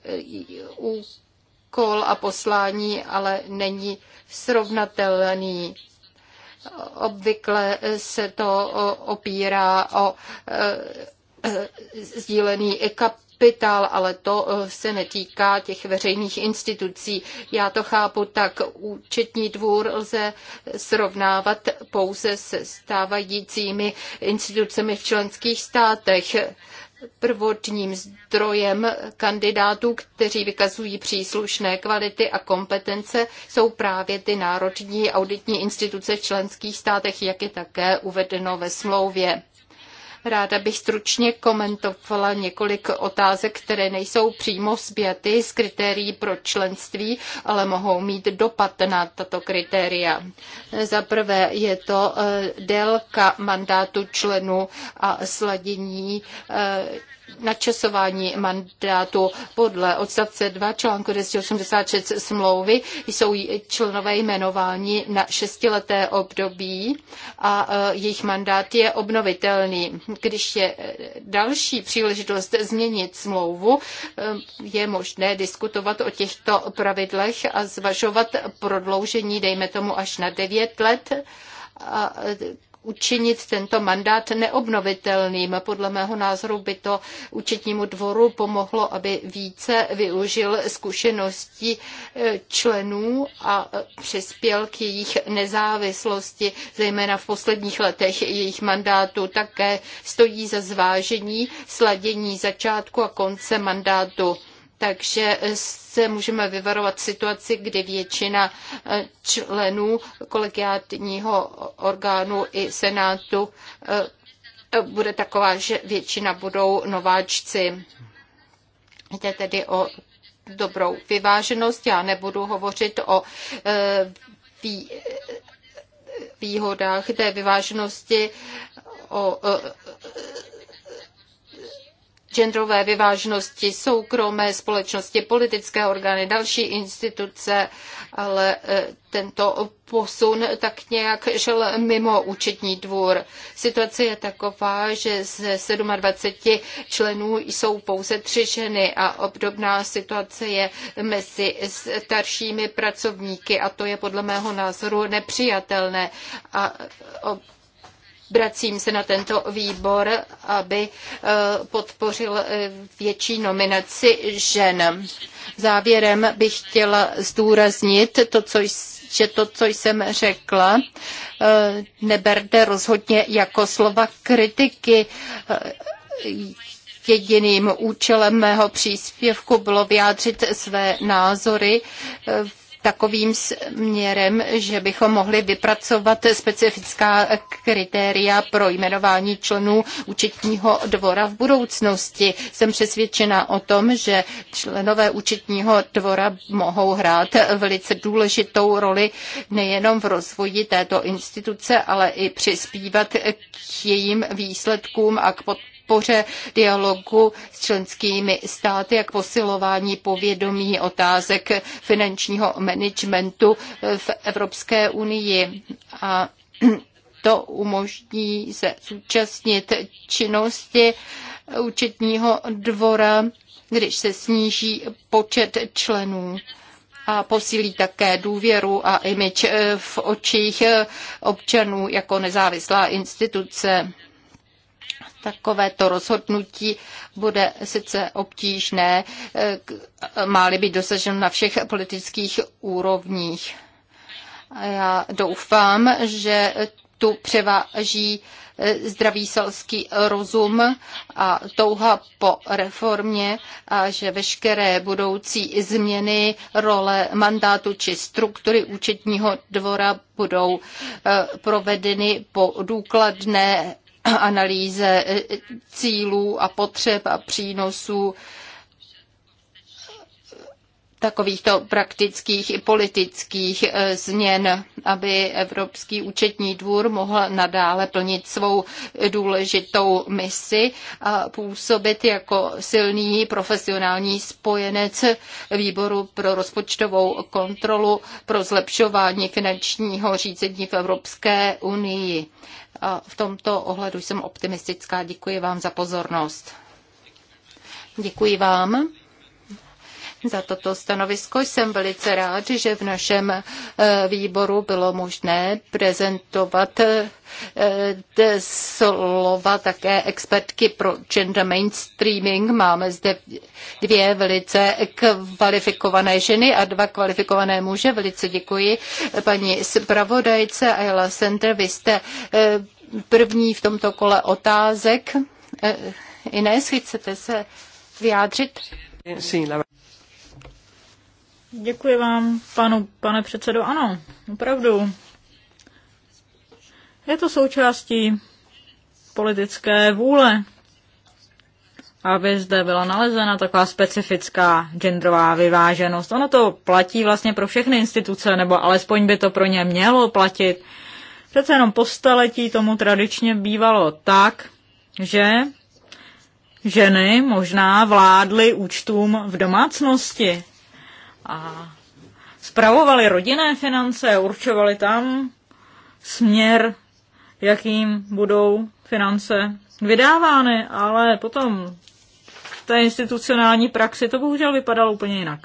úkol a poslání ale není srovnatelný. Obvykle se to opírá o eh, sdílený EKAP. Pytal, ale to eh, se netýká těch veřejných institucí. Já to chápu tak, účetní dvůr lze srovnávat pouze se stávajícími institucemi v členských státech prvotním zdrojem kandidátů, kteří vykazují příslušné kvality a kompetence, jsou právě ty národní auditní instituce v členských státech, jak je také uvedeno ve smlouvě. Ráda bych stručně komentovala několik otázek, které nejsou přímo zpěty z kritérií pro členství, ale mohou mít dopad na tato kritéria. Za prvé je to eh, délka mandátu členů a sladění eh, načasování mandátu podle odstavce 2 článku 286 smlouvy jsou členové jmenováni na šestileté období a e, jejich mandát je obnovitelný. Když je e, další příležitost změnit smlouvu, e, je možné diskutovat o těchto pravidlech a zvažovat prodloužení, dejme tomu, až na 9 let učinit tento mandát neobnovitelným. Podle mého názoru by to účetnímu dvoru pomohlo, aby více využil zkušenosti eh, členů a eh, přispěl k jejich nezávislosti, zejména v posledních letech jejich mandátu. Také stojí za zvážení sladění začátku a konce mandátu takže eh, se můžeme vyvarovat situaci, kdy většina eh, členů kolegiátního orgánu i senátu eh, bude taková, že většina budou nováčci. Jde tedy o dobrou vyváženost. Já nebudu hovořit o výhodách té vyváženosti, o genderové vyváženosti, soukromé společnosti, politické orgány, další instituce, ale eh, tento posun tak nějak šel mimo účetní dvůr. Situace je taková, že z 27 členů jsou pouze tři ženy a obdobná situace je mezi staršími pracovníky a to je podle mého názoru nepřijatelné. A eh, Bracím se na tento výbor, aby eh, podpořil eh, větší nominaci žen. Závěrem bych chtěla zdůraznit to, co že to, co jsem řekla, eh, neberte rozhodně jako slova kritiky. Jediným účelem mého příspěvku bylo vyjádřit své názory takovým směrem, že bychom mohli vypracovat specifická kritéria pro jmenování členů účetního dvora v budoucnosti. Jsem přesvědčena o tom, že členové účetního dvora mohou hrát velice důležitou roli nejenom v rozvoji této instituce, ale i přispívat k jejím výsledkům a k podpoře podpoře dialogu s členskými státy a k posilování povědomí otázek finančního managementu v Evropské unii. A to umožní se zúčastnit činnosti účetního dvora, když se sníží počet členů a posílí také důvěru a imič v očích občanů jako nezávislá instituce. Takovéto rozhodnutí bude sice obtížné, eh, má-li být dosaženo na všech politických úrovních. Já doufám, že tu převáží eh, zdravý selský rozum a touha po reformě a že veškeré budoucí změny role mandátu či struktury účetního dvora budou eh, provedeny po důkladné analýze eh, cílů a potřeb a přínosů takovýchto praktických i politických eh, změn, aby Evropský účetní dvůr mohl nadále plnit svou důležitou misi a působit jako silný profesionální spojenec výboru pro rozpočtovou kontrolu pro zlepšování finančního řízení v Evropské unii v tomto ohledu jsem optimistická. Děkuji vám za pozornost. Děkuji vám za toto stanovisko. Jsem velice rád, že v našem eh, výboru bylo možné prezentovat eh, eh, slova také expertky pro gender mainstreaming. Máme zde dvě velice kvalifikované ženy a dva kvalifikované muže. Velice děkuji paní zpravodajce Ayla Sender. Vy jste první v tomto kole otázek. Eh, Inés, chcete se vyjádřit? Děkuji vám, panu, pane předsedo. Ano, opravdu. Je to součástí politické vůle, aby zde byla nalezena taková specifická genderová vyváženost. Ono to platí vlastně pro všechny instituce, nebo alespoň by to pro ně mělo platit. Přece jenom po staletí tomu tradičně bývalo tak, že ženy možná vládly účtům v domácnosti a spravovali rodinné finance, určovali tam směr, jakým budou finance vydávány, ale potom v té institucionální praxi to bohužel vypadalo úplně jinak.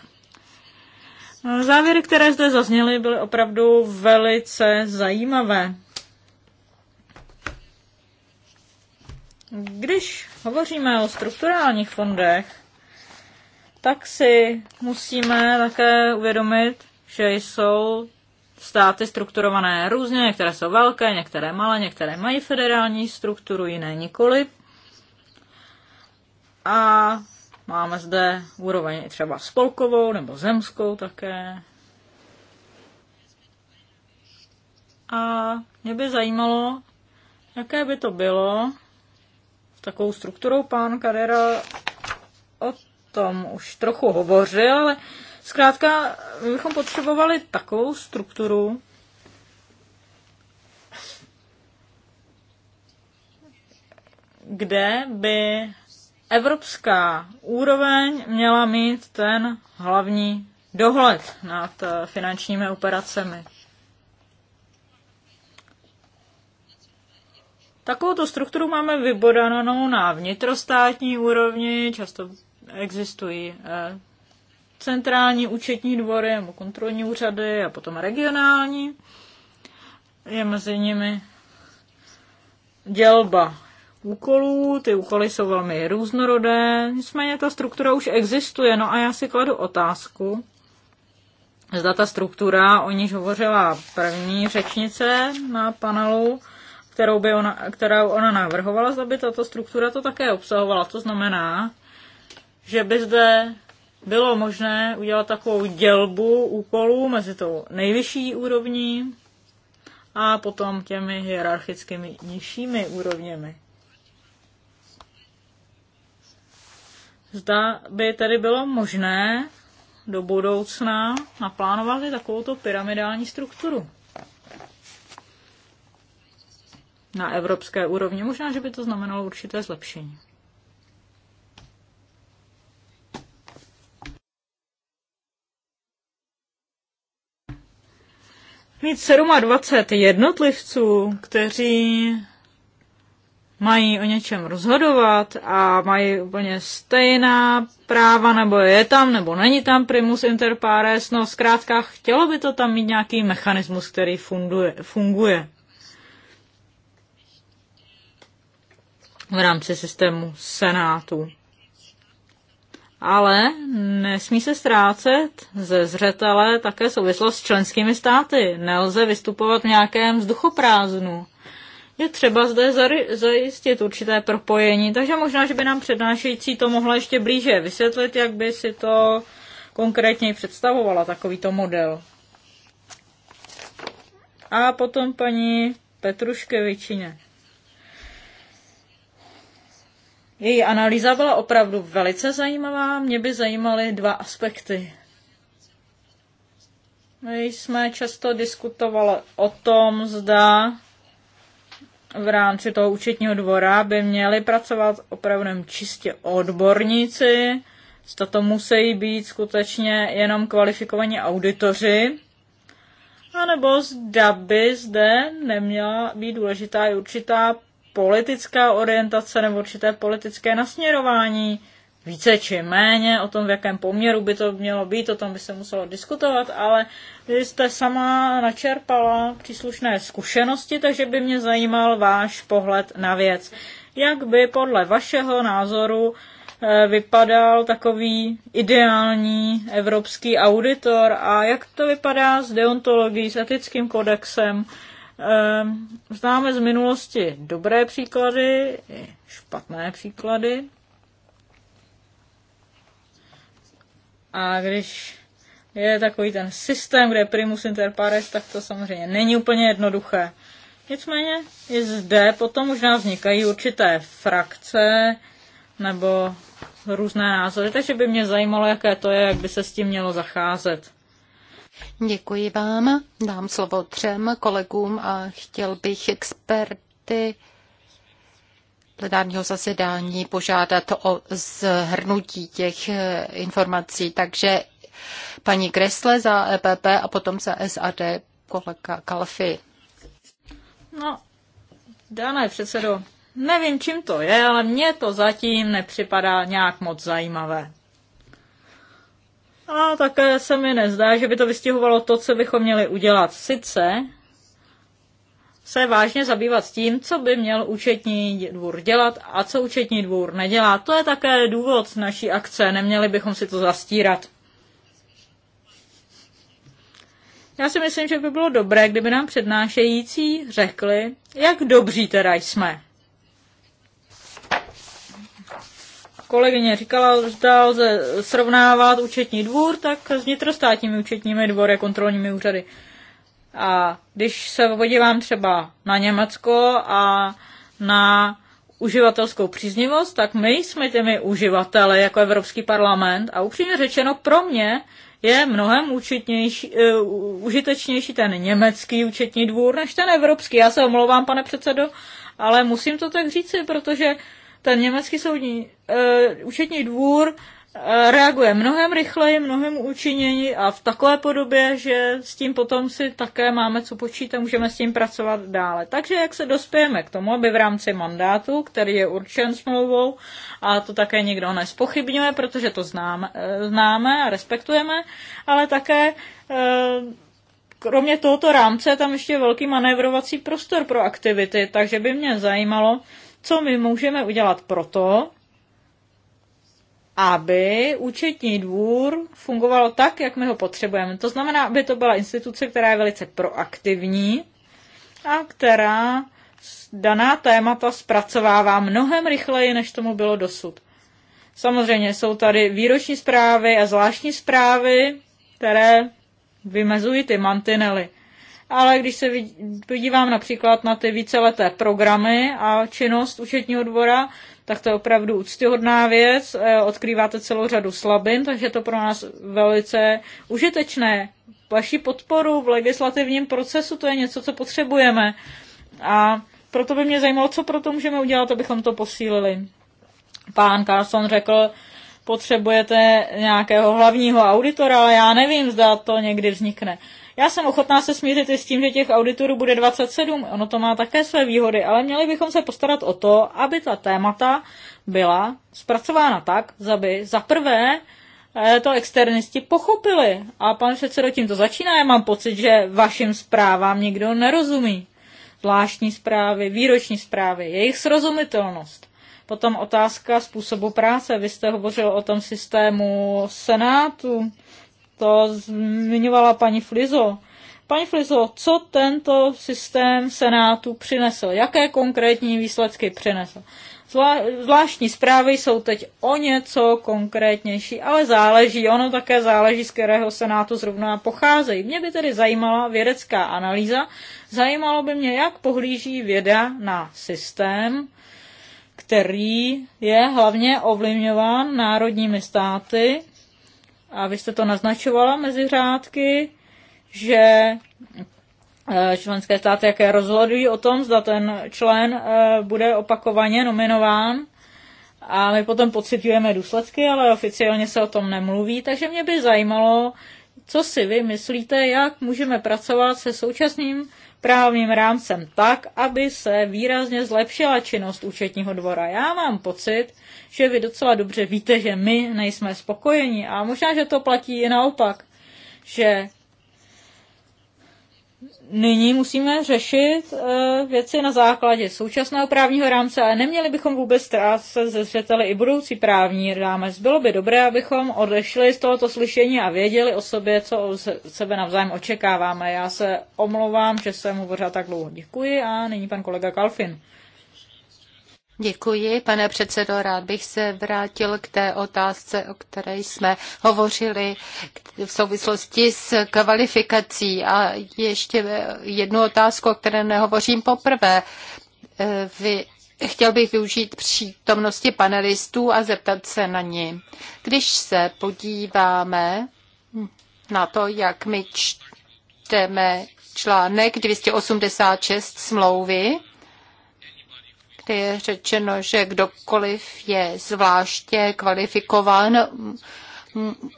No, závěry, které zde zazněly, byly opravdu velice zajímavé. Když hovoříme o strukturálních fondech, tak si musíme také uvědomit, že jsou státy strukturované různě, některé jsou velké, některé malé, některé mají federální strukturu, jiné nikoli. A Máme zde úroveň třeba spolkovou nebo zemskou také. A mě by zajímalo, jaké by to bylo s takovou strukturou. Pán Kadera o tom už trochu hovořil, ale zkrátka my bychom potřebovali takovou strukturu, kde by evropská úroveň měla mít ten hlavní dohled nad eh, finančními operacemi. Takovou tu strukturu máme vybodanou na vnitrostátní úrovni, často existují eh, centrální účetní dvory nebo kontrolní úřady a potom regionální. Je mezi nimi dělba úkolů, ty úkoly jsou velmi různorodé, nicméně ta struktura už existuje, no a já si kladu otázku, zda ta struktura, o níž hovořila první řečnice na panelu, kterou, by ona, kterou ona navrhovala, zda by tato struktura to také obsahovala. To znamená, že by zde bylo možné udělat takovou dělbu úkolů mezi tou nejvyšší úrovní a potom těmi hierarchickými nižšími úrovněmi. Zda by tedy bylo možné do budoucna naplánovat i takovouto pyramidální strukturu na evropské úrovni. Možná, že by to znamenalo určité zlepšení. Mít 27 jednotlivců, kteří mají o něčem rozhodovat a mají úplně stejná práva, nebo je tam, nebo není tam primus inter pares, no zkrátka chtělo by to tam mít nějaký mechanismus, který funduje, funguje v rámci systému Senátu. Ale nesmí se ztrácet ze zřetele také souvislost s členskými státy. Nelze vystupovat v nějakém vzduchoprázdnu je třeba zde zajistit určité propojení, takže možná, že by nám přednášející to mohla ještě blíže vysvětlit, jak by si to konkrétně představovala, takovýto model. A potom paní Petruškevičine. Její analýza byla opravdu velice zajímavá, mě by zajímaly dva aspekty. My jsme často diskutovali o tom, zda v rámci toho účetního dvora by měli pracovat opravdu čistě odborníci, to musí být skutečně jenom kvalifikovaní auditoři, anebo zda by zde neměla být důležitá i určitá politická orientace nebo určité politické nasměrování, více či méně, o tom, v jakém poměru by to mělo být, o tom by se muselo diskutovat, ale vy jste sama načerpala příslušné zkušenosti, takže by mě zajímal váš pohled na věc. Jak by podle vašeho názoru eh, vypadal takový ideální evropský auditor a jak to vypadá s deontologií, s etickým kodexem. Eh, známe z minulosti dobré příklady, špatné příklady, A když je takový ten systém, kde je primus inter pares, tak to samozřejmě není úplně jednoduché. Nicméně i zde potom možná vznikají určité frakce nebo různé názory, takže by mě zajímalo, jaké to je, jak by se s tím mělo zacházet. Děkuji vám. Dám slovo třem kolegům a chtěl bych experty plenárního zasedání požádat o zhrnutí těch eh, informací. Takže paní Kresle za EPP a potom za SAD kolega Kalfi. No, dané předsedo, nevím, čím to je, ale mně to zatím nepřipadá nějak moc zajímavé. A také se mi nezdá, že by to vystihovalo to, co bychom měli udělat. Sice se vážně zabývat tím, co by měl účetní dvůr dělat a co účetní dvůr nedělá. To je také důvod naší akce, neměli bychom si to zastírat. Já si myslím, že by bylo dobré, kdyby nám přednášející řekli, jak dobří teda jsme. Kolegyně říkala, zda lze srovnávat účetní dvůr, tak s vnitrostátními účetními dvory, a kontrolními úřady. A když se podívám třeba na Německo a na uživatelskou příznivost, tak my jsme těmi uživateli jako Evropský parlament a upřímně řečeno pro mě je mnohem účetnější, uh, užitečnější ten německý účetní dvůr než ten evropský. Já se omlouvám, pane předsedo, ale musím to tak říci, protože ten německý soudní uh, účetní dvůr Eh, reaguje mnohem rychleji, mnohem účinněji a v takové podobě, že s tím potom si také máme co počítat, můžeme s tím pracovat dále. Takže jak se dospějeme k tomu, aby v rámci mandátu, který je určen smlouvou, a to také nikdo nespochybňuje, protože to znám, eh, známe a respektujeme, ale také eh, kromě tohoto rámce tam ještě velký manévrovací prostor pro aktivity, takže by mě zajímalo, co my můžeme udělat proto, aby účetní dvůr fungovalo tak, jak my ho potřebujeme. To znamená, aby to byla instituce, která je velice proaktivní a která daná témata zpracovává mnohem rychleji, než tomu bylo dosud. Samozřejmě jsou tady výroční zprávy a zvláštní zprávy, které vymezují ty mantinely. Ale když se podívám například na ty víceleté programy a činnost účetního dvora, tak to je opravdu úctyhodná věc. Eh, odkrýváte celou řadu slabin, takže to pro nás velice užitečné. Vaši podporu v legislativním procesu, to je něco, co potřebujeme. A proto by mě zajímalo, co pro to, můžeme udělat, abychom to posílili. Pán Carson řekl, potřebujete nějakého hlavního auditora, ale já nevím, zda to někdy vznikne. Já jsem ochotná se smířit i s tím, že těch auditorů bude 27, ono to má také své výhody, ale měli bychom se postarat o to, aby ta témata byla zpracována tak, aby za prvé eh, to externisti pochopili. A pan předsedo, tím to začíná. Já mám pocit, že vašim zprávám nikdo nerozumí. Zvláštní zprávy, výroční zprávy, jejich srozumitelnost. Potom otázka způsobu práce. Vy jste hovořil o tom systému Senátu to zmiňovala paní Flizo. Paní Flizo, co tento systém Senátu přinesl? Jaké konkrétní výsledky přinesl? Zvlá- zvláštní zprávy jsou teď o něco konkrétnější, ale záleží, ono také záleží, z kterého senátu zrovna pocházejí. Mě by tedy zajímala vědecká analýza, zajímalo by mě, jak pohlíží věda na systém, který je hlavně ovlivňován národními státy a vy jste to naznačovala mezi řádky, že eh, členské státy, jaké rozhodují o tom, zda ten člen eh, bude opakovaně nominován. A my potom pocitujeme důsledky, ale oficiálně se o tom nemluví, takže mě by zajímalo, co si vy myslíte, jak můžeme pracovat se současným právním rámcem tak, aby se výrazně zlepšila činnost účetního dvora. Já mám pocit, že vy docela dobře víte, že my nejsme spokojeni. A možná, že to platí i naopak, že nyní musíme řešit eh, věci na základě současného právního rámce ale neměli bychom vůbec se ze i budoucí právní rámec. Bylo by dobré, abychom odešli z tohoto slyšení a věděli o sobě, co o sebe navzájem očekáváme. Já se omlouvám, že jsem pořád tak dlouho. Děkuji a nyní pan kolega Kalfin. Děkuji, pane předsedo. Rád bych se vrátil k té otázce, o které jsme hovořili v souvislosti s kvalifikací. A ještě jednu otázku, o které nehovořím poprvé. Vy Chtěl bych využít přítomnosti panelistů a zeptat se na ní. Když se podíváme na to, jak my čteme článek 286 smlouvy, je řečeno, že kdokoliv je zvláště kvalifikován,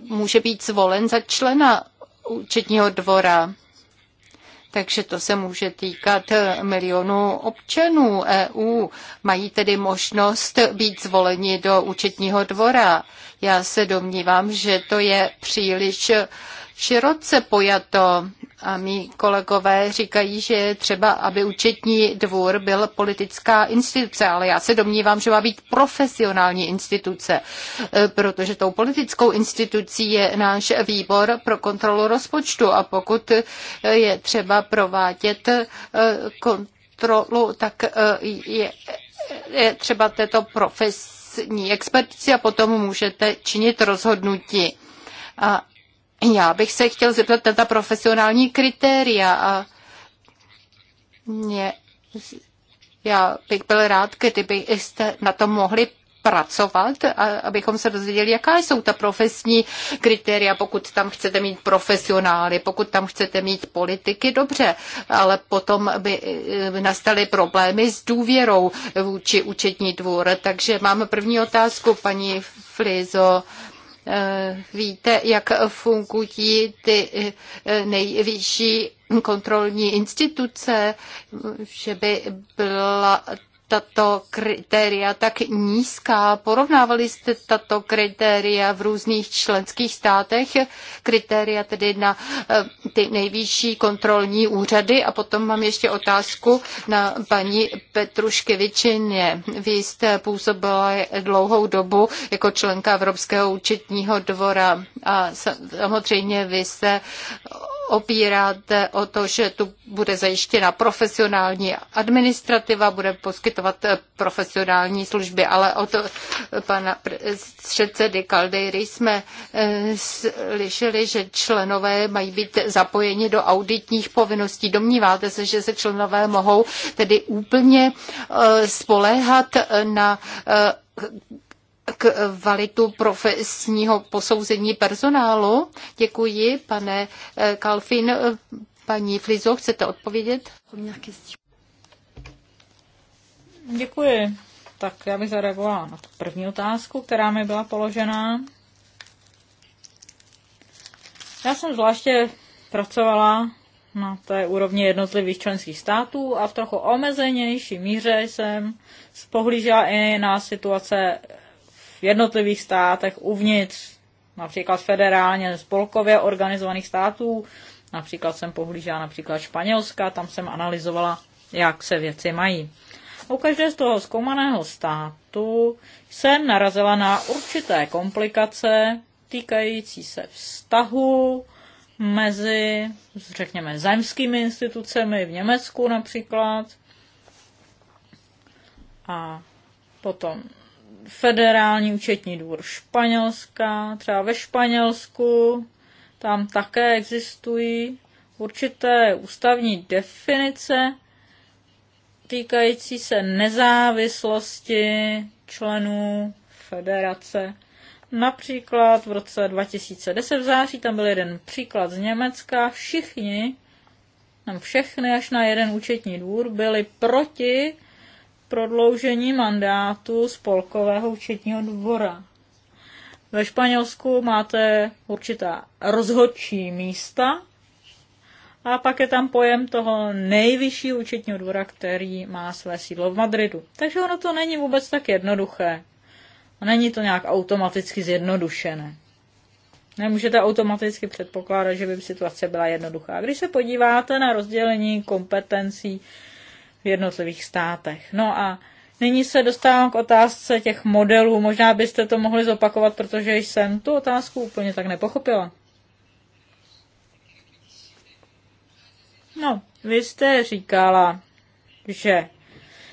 může být zvolen za člena účetního dvora. Takže to se může týkat milionů občanů EU. Mají tedy možnost být zvoleni do účetního dvora. Já se domnívám, že to je příliš široce pojato a mý kolegové říkají, že je třeba, aby účetní dvůr byl politická instituce, ale já se domnívám, že má být profesionální instituce, e, protože tou politickou institucí je náš výbor pro kontrolu rozpočtu a pokud e, je třeba provádět e, kontrolu, tak je, je třeba této profesní expertici a potom můžete činit rozhodnutí. A já bych se chtěl zeptat na ta profesionální kritéria a mě, já bych byl rád, kdybyste na tom mohli pracovat, a abychom se dozvěděli, jaká jsou ta profesní kritéria, pokud tam chcete mít profesionály, pokud tam chcete mít politiky, dobře, ale potom by eh, nastaly problémy s důvěrou vůči účetní dvůr. Takže máme první otázku, paní Flizo, Eh, víte, jak fungují ty eh, nejvyšší kontrolní instituce, že by byla tato kritéria tak nízká? Porovnávali jste tato kritéria v různých členských státech, kritéria tedy na eh, ty nejvyšší kontrolní úřady a potom mám ještě otázku na paní Petruškevičině. Vy jste působila dlouhou dobu jako členka Evropského účetního dvora a samozřejmě vy se opíráte o to, že tu bude zajištěna profesionální administrativa, bude poskytovat eh, profesionální služby, ale o to, eh, pana předsedy Kaldejry jsme eh, slyšeli, že členové mají být zapojeni do auditních povinností. Domníváte se, že se členové mohou tedy úplně spoléhat na kvalitu profesního posouzení personálu. Děkuji, pane eh, Kalfin. Paní Flizo, chcete odpovědět? Děkuji. Tak já bych zareagovala na tu první otázku, která mi byla položena. Já jsem zvláště pracovala na té úrovni jednotlivých členských států a v trochu omezenější míře jsem spohlížela i na situace v jednotlivých státech uvnitř, například federálně spolkově organizovaných států, například jsem pohlížela například Španělska, tam jsem analyzovala, jak se věci mají. U každé z toho zkoumaného státu jsem narazila na určité komplikace týkající se vztahu mezi, řekněme, zemskými institucemi v Německu například a potom federální účetní dvůr Španělska, třeba ve Španělsku, tam také existují určité ústavní definice týkající se nezávislosti členů federace. Například v roce 2010 v září tam byl jeden příklad z Německa. Všichni, tam všechny až na jeden účetní dvůr, byli proti prodloužení mandátu spolkového účetního dvora. Ve Španělsku máte určitá rozhodčí místa a pak je tam pojem toho nejvyššího účetního dvora, který má své sídlo v Madridu. Takže ono to není vůbec tak jednoduché. A není to nějak automaticky zjednodušené. Nemůžete automaticky předpokládat, že by situace byla jednoduchá. Když se podíváte na rozdělení kompetencí v jednotlivých státech. No a nyní se dostávám k otázce těch modelů. Možná byste to mohli zopakovat, protože jsem tu otázku úplně tak nepochopila. No, vy jste říkala, že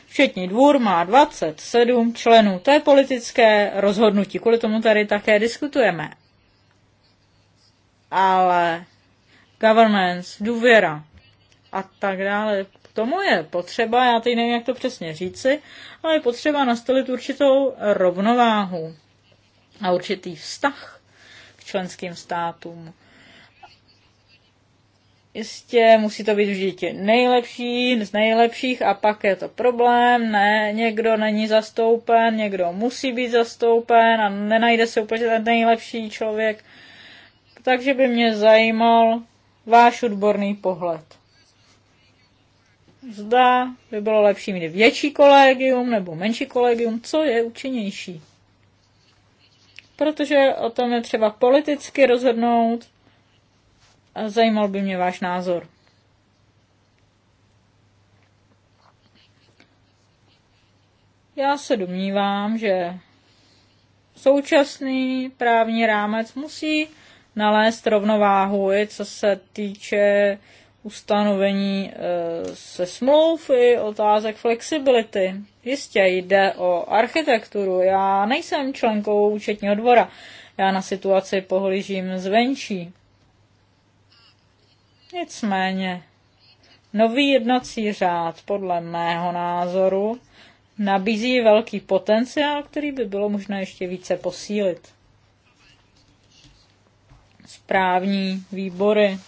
Všetní dvůr má 27 členů. To je politické rozhodnutí, kvůli tomu tady také diskutujeme. Ale governance, důvěra a tak dále, tomu je potřeba, já teď nevím, jak to přesně říci, ale je potřeba nastolit určitou rovnováhu a určitý vztah k členským státům. Jistě musí to být vždycky nejlepší z nejlepších a pak je to problém, ne, někdo není zastoupen, někdo musí být zastoupen a nenajde se úplně ten nejlepší člověk. Takže by mě zajímal váš odborný pohled zda by bylo lepší mít větší kolegium nebo menší kolegium, co je účinnější. Protože o tom je třeba politicky rozhodnout a zajímal by mě váš názor. Já se domnívám, že současný právní rámec musí nalézt rovnováhu co se týče ustanovení eh, se smluv i otázek flexibility. Jistě jde o architekturu. Já nejsem členkou účetního dvora. Já na situaci pohlížím zvenčí. Nicméně, nový jednací řád podle mého názoru nabízí velký potenciál, který by bylo možné ještě více posílit. Správní výbory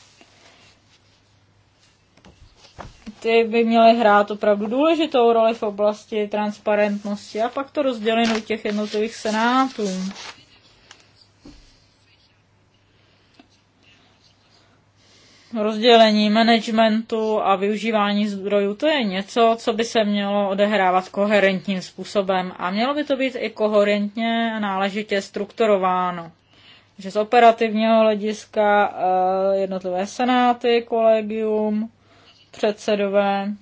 ty by měly hrát opravdu důležitou roli v oblasti transparentnosti a pak to rozděleno těch jednotlivých senátů. Rozdělení managementu a využívání zdrojů, to je něco, co by se mělo odehrávat koherentním způsobem a mělo by to být i koherentně a náležitě strukturováno že z operativního hlediska eh, jednotlivé senáty, kolegium, předsedové.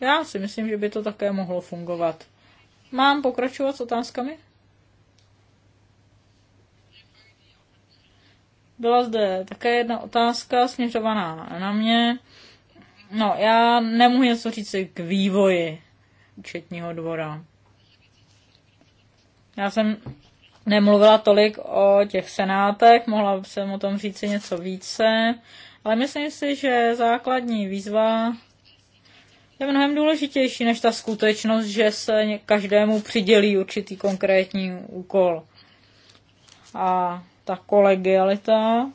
Já si myslím, že by to také mohlo fungovat. Mám pokračovat s otázkami? Byla zde také jedna otázka směřovaná na mě. No, já nemůžu něco říct k vývoji účetního dvora. Já jsem nemluvila tolik o těch senátech, mohla jsem o tom říct něco více. Ale myslím si, že základní výzva je mnohem důležitější než ta skutečnost, že se každému přidělí určitý konkrétní úkol. A ta kolegialita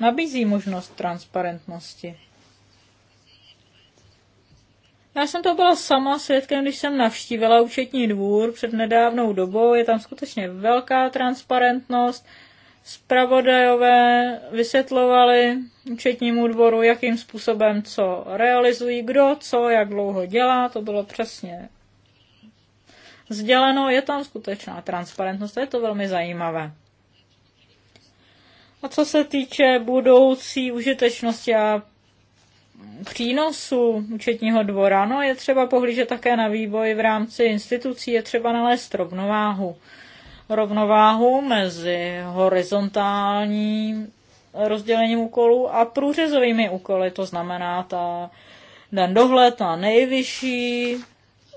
nabízí možnost transparentnosti. Já jsem to byla sama svědkem, když jsem navštívila účetní dvůr před nedávnou dobou. Je tam skutečně velká transparentnost, Spravodajové vysvětlovali účetnímu dvoru, jakým způsobem co realizují, kdo co, jak dlouho dělá, to bylo přesně sděleno, je tam skutečná transparentnost, je to velmi zajímavé. A co se týče budoucí užitečnosti a přínosu účetního dvora, no je třeba pohlížet také na vývoj v rámci institucí, je třeba nalézt rovnováhu rovnováhu mezi horizontálním rozdělením úkolů a průřezovými úkoly, to znamená ta den dohled na nejvyšší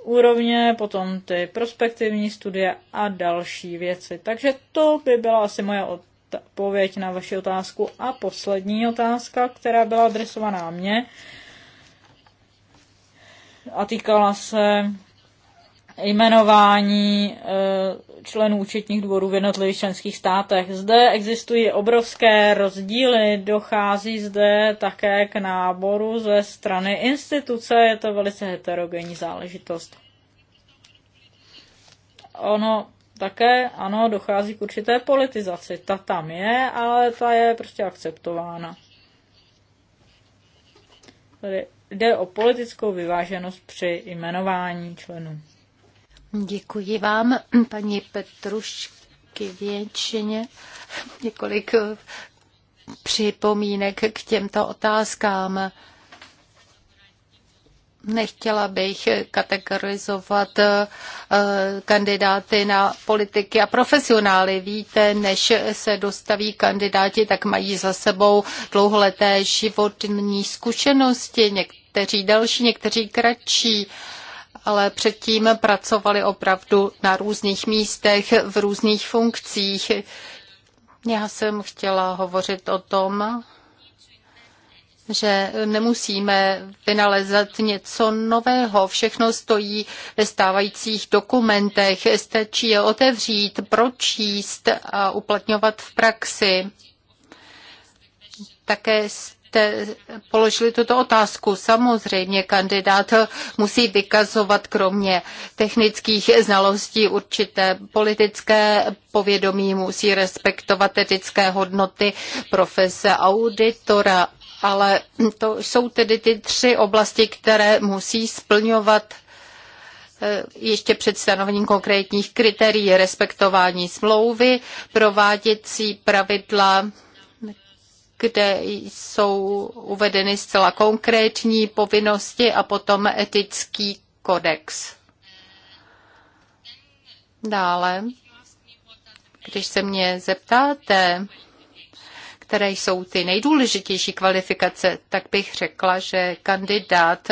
úrovně, potom ty prospektivní studie a další věci. Takže to by byla asi moje odpověď na vaši otázku. A poslední otázka, která byla adresovaná mně a týkala se jmenování eh, členů účetních dvorů v jednotlivých členských státech. Zde existují obrovské rozdíly, dochází zde také k náboru ze strany instituce, je to velice heterogenní záležitost. Ono také, ano, dochází k určité politizaci. Ta tam je, ale ta je prostě akceptována. Tady jde o politickou vyváženost při jmenování členů. Děkuji vám, paní Petrušky Většině. Několik připomínek k těmto otázkám. Nechtěla bych kategorizovat eh, kandidáty na politiky a profesionály. Víte, než se dostaví kandidáti, tak mají za sebou dlouholeté životní zkušenosti, někteří další, někteří kratší ale předtím pracovali opravdu na různých místech, v různých funkcích. Já jsem chtěla hovořit o tom, že nemusíme vynalezat něco nového. Všechno stojí ve stávajících dokumentech. Stačí je otevřít, pročíst a uplatňovat v praxi. Také jste položili tuto otázku. Samozřejmě kandidát musí vykazovat kromě technických znalostí určité politické povědomí, musí respektovat etické hodnoty profese auditora, ale to jsou tedy ty tři oblasti, které musí splňovat eh, ještě před stanovením konkrétních kritérií respektování smlouvy, prováděcí pravidla kde jsou uvedeny zcela konkrétní povinnosti a potom etický kodex. Dále, když se mě zeptáte, které jsou ty nejdůležitější kvalifikace, tak bych řekla, že kandidát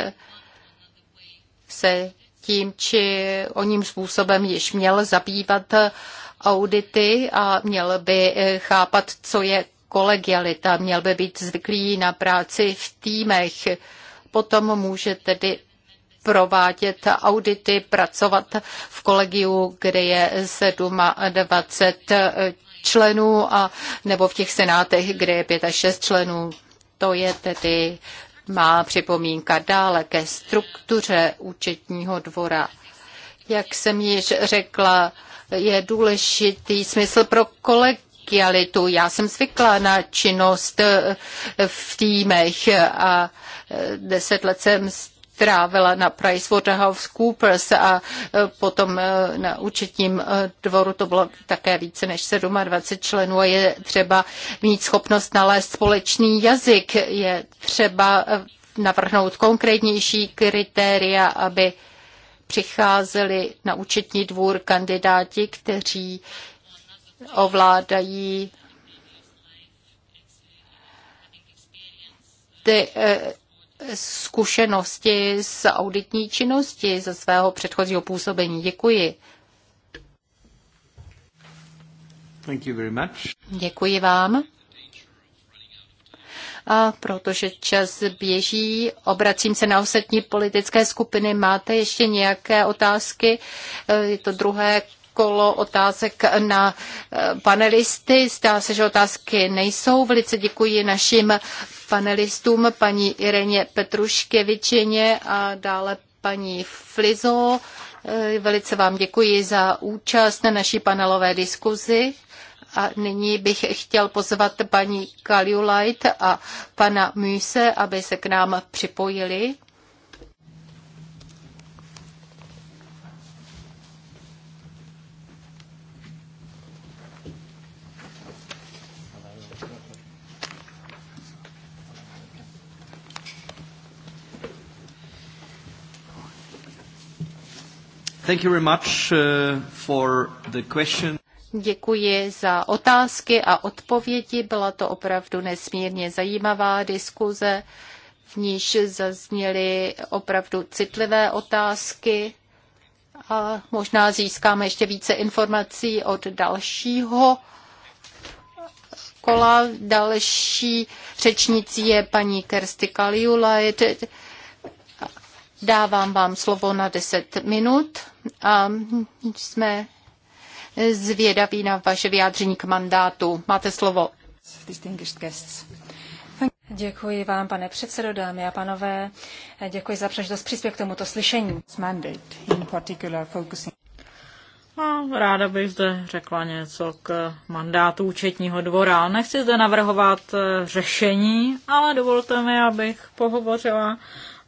se tím či o ním způsobem již měl zabývat audity a měl by chápat, co je kolegialita, měl by být zvyklý na práci v týmech. Potom může tedy provádět audity, pracovat v kolegiu, kde je 27 členů a nebo v těch senátech, kde je 5 až 6 členů. To je tedy má připomínka dále ke struktuře účetního dvora. Jak jsem již řekla, je důležitý smysl pro kolegy kolegialitu. Já jsem zvyklá na činnost eh, v týmech a eh, deset let jsem strávila na PricewaterhouseCoopers a eh, potom na účetním dvoru to bylo také více než 27 členů a je třeba mít schopnost nalézt společný jazyk, je třeba navrhnout konkrétnější kritéria, aby přicházeli na účetní dvůr kandidáti, kteří ovládají ty eh, zkušenosti z auditní činnosti ze svého předchozího působení. Děkuji. Thank you very much. Děkuji vám. A protože čas běží, obracím se na ostatní politické skupiny. Máte ještě nějaké otázky? Eh, je to druhé kolo otázek na eh, panelisty. Zdá se, že otázky nejsou. Velice děkuji našim panelistům, paní Ireně Petruškevičině a dále paní Flizo. Eh, velice vám děkuji za účast na naší panelové diskuzi. A nyní bych chtěl pozvat paní Kaliulajt a pana Muse, aby se k nám připojili. Thank you very much uh, for the question. Děkuji za otázky a odpovědi. Byla to opravdu nesmírně zajímavá diskuze, v níž zazněly opravdu citlivé otázky a možná získáme ještě více informací od dalšího kola. Další řečnicí je paní Kersti Kaliulajt, Dávám vám slovo na 10 minut a jsme zvědaví na vaše vyjádření k mandátu. Máte slovo. Děkuji vám, pane předsedo, dámy a panové. Děkuji za příležitost příspěch k tomuto slyšení. A ráda bych zde řekla něco k mandátu účetního dvora. Nechci zde navrhovat eh, řešení, ale dovolte mi, abych pohovořila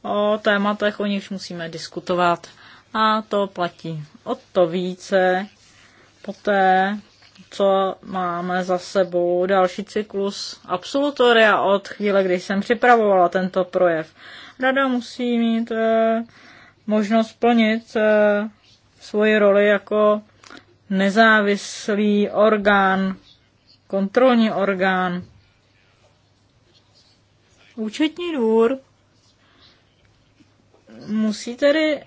o tématech, o nichž musíme diskutovat. A to platí o to více poté, co máme za sebou další cyklus absolutoria od chvíle, kdy jsem připravovala tento projev. Rada musí mít e, možnost plnit e, svoji roli jako nezávislý orgán, kontrolní orgán. Účetní dvůr musí tedy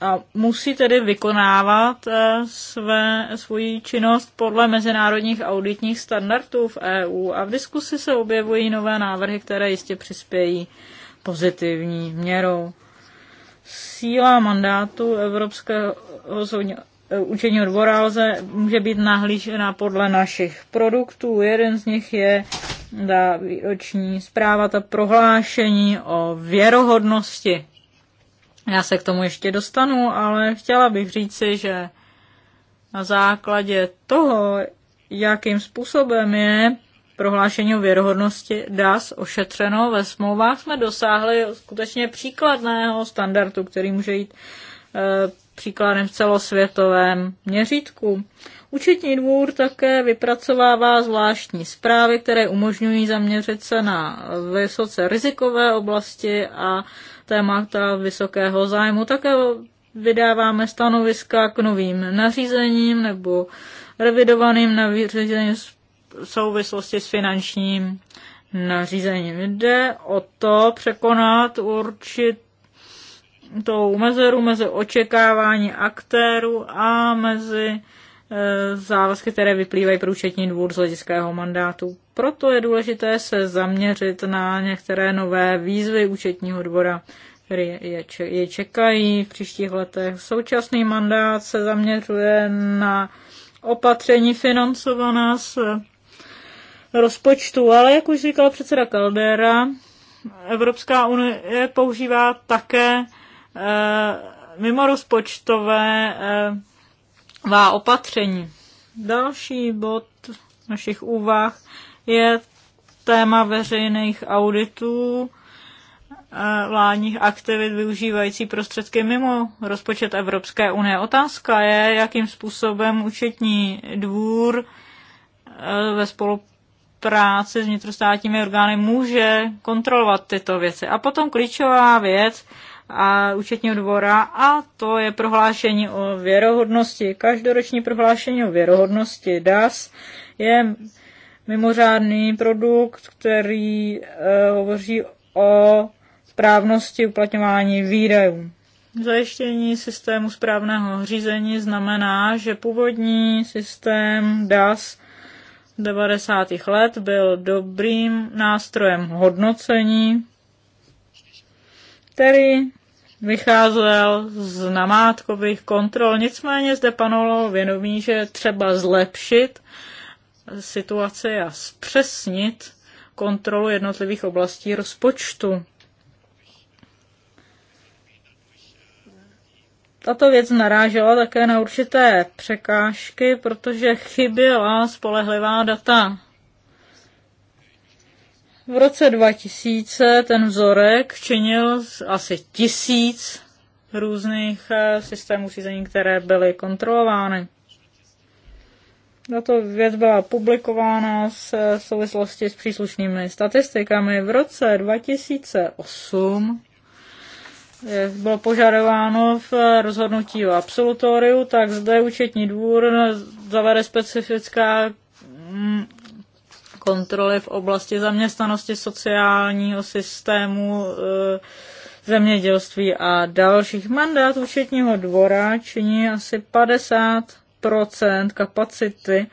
a musí tedy vykonávat eh, své, svoji činnost podle mezinárodních auditních standardů v EU a v diskusi se objevují nové návrhy, které jistě přispějí pozitivní měrou. Síla mandátu Evropského eh, účetního dvora lze, může být nahlížena podle našich produktů. Jeden z nich je ta eh, výroční zpráva, ta prohlášení o věrohodnosti já se k tomu ještě dostanu, ale chtěla bych říci, že na základě toho, jakým způsobem je prohlášení o věrohodnosti DAS ošetřeno, ve smlouvách jsme dosáhli skutečně příkladného standardu, který může jít e, příkladem v celosvětovém měřítku. Učetní dvůr také vypracovává zvláštní zprávy, které umožňují zaměřit se na vysoce rizikové oblasti a témata vysokého zájmu. Také vydáváme stanoviska k novým nařízením nebo revidovaným nařízením v souvislosti s finančním nařízením. Jde o to překonat určitou mezeru mezi očekávání aktérů a mezi Eh, závazky, které vyplývají pro účetní dvůr z hlediska mandátu. Proto je důležité se zaměřit na některé nové výzvy účetního dvora, které je, je čekají v příštích letech. Současný mandát se zaměřuje na opatření financovaná z rozpočtu, ale jak už říkal předseda Caldera, Evropská unie používá také e, mimo rozpočtové e, vá opatření. Další bod našich úvah je téma veřejných auditů eh, vládních aktivit využívající prostředky mimo rozpočet Evropské unie. Otázka je, jakým způsobem účetní dvůr eh, ve spolupráci s vnitrostátními orgány může kontrolovat tyto věci. A potom klíčová věc a účetního dvora a to je prohlášení o věrohodnosti. Každoroční prohlášení o věrohodnosti DAS je mimořádný produkt, který e, hovoří o správnosti uplatňování výdajů. Zajištění systému správného řízení znamená, že původní systém DAS 90. let byl dobrým nástrojem hodnocení, který vycházel z namátkových kontrol. Nicméně zde panovalo vědomí, že třeba zlepšit situaci a zpřesnit kontrolu jednotlivých oblastí rozpočtu. Tato věc narážela také na určité překážky, protože chyběla spolehlivá data v roce 2000 ten vzorek činil asi tisíc různých eh, systémů řízení, které byly kontrolovány. Tato věc byla publikována eh, v souvislosti s příslušnými statistikami. V roce 2008 eh, bylo požadováno v rozhodnutí o absolutoriu, tak zde účetní dvůr zavede specifická mm, kontroly v oblasti zaměstnanosti sociálního systému, e, zemědělství a dalších. Mandát účetního dvora činí asi 50 kapacity.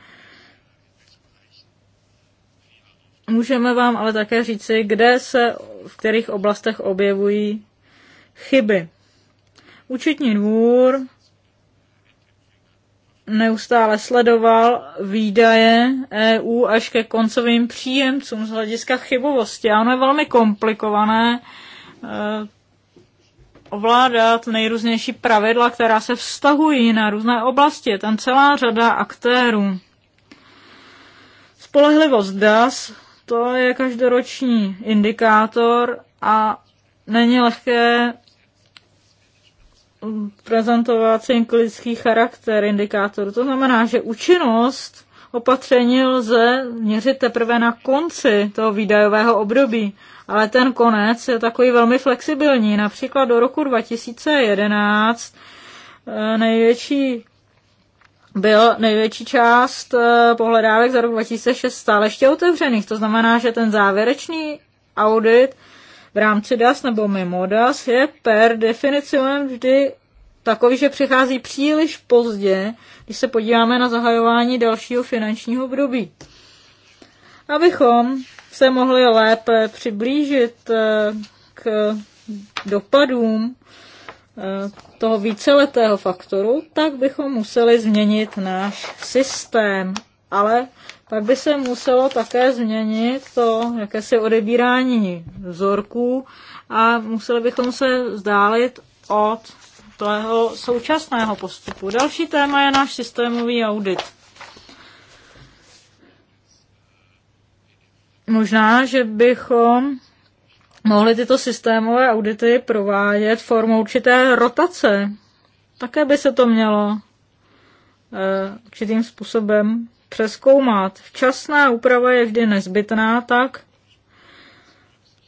Můžeme vám ale také říci, kde se v kterých oblastech objevují chyby. Účetní dvůr neustále sledoval výdaje EU až ke koncovým příjemcům z hlediska chybovosti. A ono je velmi komplikované eh, ovládat nejrůznější pravidla, která se vztahují na různé oblasti. Je tam celá řada aktérů. Spolehlivost DAS, to je každoroční indikátor a není lehké prezentovat synklický charakter indikátoru. To znamená, že účinnost opatření lze měřit teprve na konci toho výdajového období, ale ten konec je takový velmi flexibilní. Například do roku 2011 eh, největší byl největší část eh, pohledávek za rok 2006 stále ještě otevřených. To znamená, že ten závěrečný audit v rámci DAS nebo mimo DAS je per definici vždy takový, že přichází příliš pozdě, když se podíváme na zahajování dalšího finančního období. Abychom se mohli lépe přiblížit eh, k dopadům eh, toho víceletého faktoru, tak bychom museli změnit náš systém. Ale tak by se muselo také změnit to jakési odebírání vzorků a museli bychom se vzdálit od toho současného postupu. Další téma je náš systémový audit. Možná, že bychom mohli tyto systémové audity provádět formou určité rotace. Také by se to mělo eh, určitým způsobem přeskoumat. Včasná úprava je vždy nezbytná tak,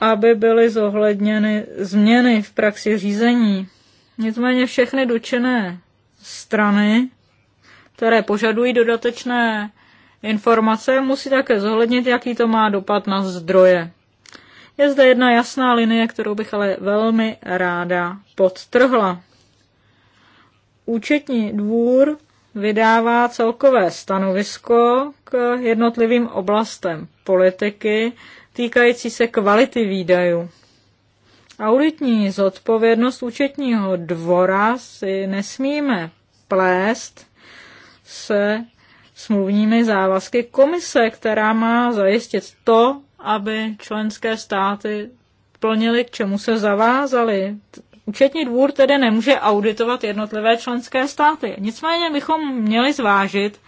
aby byly zohledněny změny v praxi řízení. Nicméně všechny dočené strany, které požadují dodatečné informace, musí také zohlednit, jaký to má dopad na zdroje. Je zde jedna jasná linie, kterou bych ale velmi ráda podtrhla. Účetní dvůr vydává celkové stanovisko k jednotlivým oblastem politiky týkající se kvality výdajů. Auditní zodpovědnost účetního dvora si nesmíme plést se smluvními závazky komise, která má zajistit to, aby členské státy plnili, k čemu se zavázali. Účetní dvůr tedy nemůže auditovat jednotlivé členské státy. Nicméně bychom měli zvážit,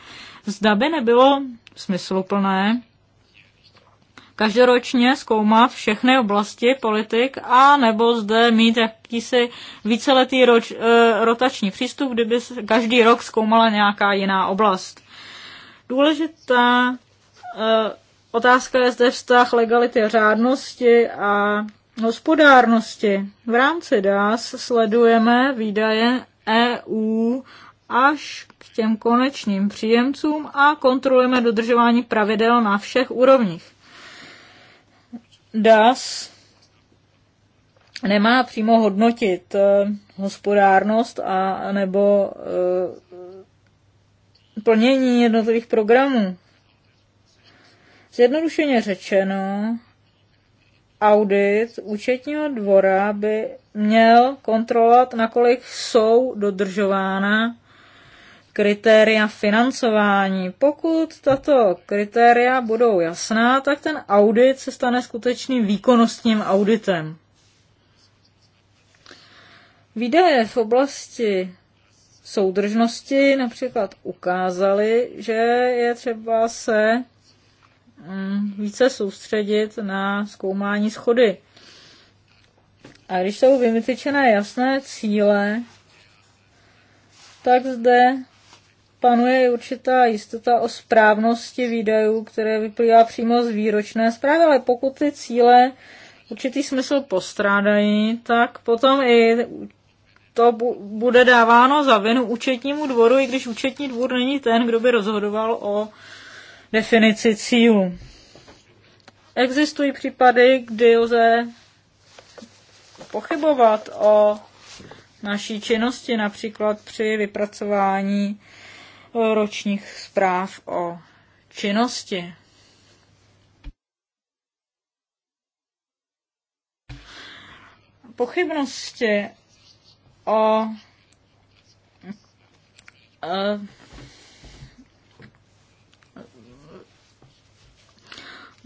zda by nebylo smysluplné každoročně zkoumat všechny oblasti politik a nebo zde mít jakýsi víceletý roč, e, rotační přístup, kdyby každý rok zkoumala nějaká jiná oblast. Důležitá e, otázka je zde vztah legality a řádnosti a hospodárnosti. V rámci DAS sledujeme výdaje EU až k těm konečným příjemcům a kontrolujeme dodržování pravidel na všech úrovních. DAS nemá přímo hodnotit eh, hospodárnost a nebo eh, plnění jednotlivých programů. Zjednodušeně řečeno, audit účetního dvora by měl kontrolovat, nakolik jsou dodržována kritéria financování. Pokud tato kritéria budou jasná, tak ten audit se stane skutečným výkonnostním auditem. Výdaje v oblasti soudržnosti například ukázaly, že je třeba se Mm, více soustředit na zkoumání schody. A když jsou vymytyčené jasné cíle, tak zde panuje určitá jistota o správnosti výdajů, které vyplývá přímo z výročné zprávy, ale pokud ty cíle určitý smysl postrádají, tak potom i to bude dáváno za vinu účetnímu dvoru, i když účetní dvůr není ten, kdo by rozhodoval o definici cílů. Existují případy, kdy lze pochybovat o naší činnosti, například při vypracování eh, ročních zpráv o činnosti. Pochybnosti o eh,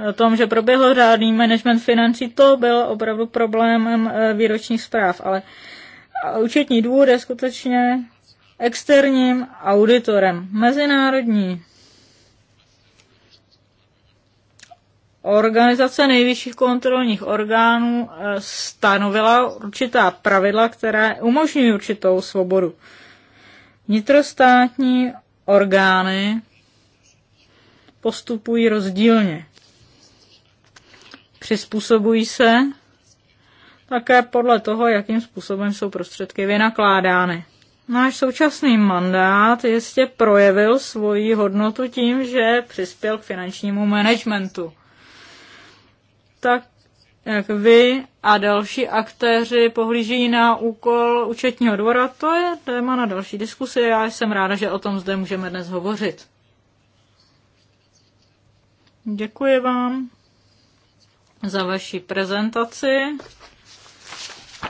o tom, že proběhlo řádný management financí, to byl opravdu problémem eh, výročních zpráv, ale účetní důvod je skutečně externím auditorem, mezinárodní organizace nejvyšších kontrolních orgánů eh, stanovila určitá pravidla, která umožňují určitou svobodu. Vnitrostátní orgány postupují rozdílně přizpůsobují se také podle toho, jakým způsobem jsou prostředky vynakládány. Náš současný mandát jistě projevil svoji hodnotu tím, že přispěl k finančnímu managementu. Tak jak vy a další aktéři pohlíží na úkol účetního dvora, to je téma na další diskusi. Já jsem ráda, že o tom zde můžeme dnes hovořit. Děkuji vám za vaši prezentaci.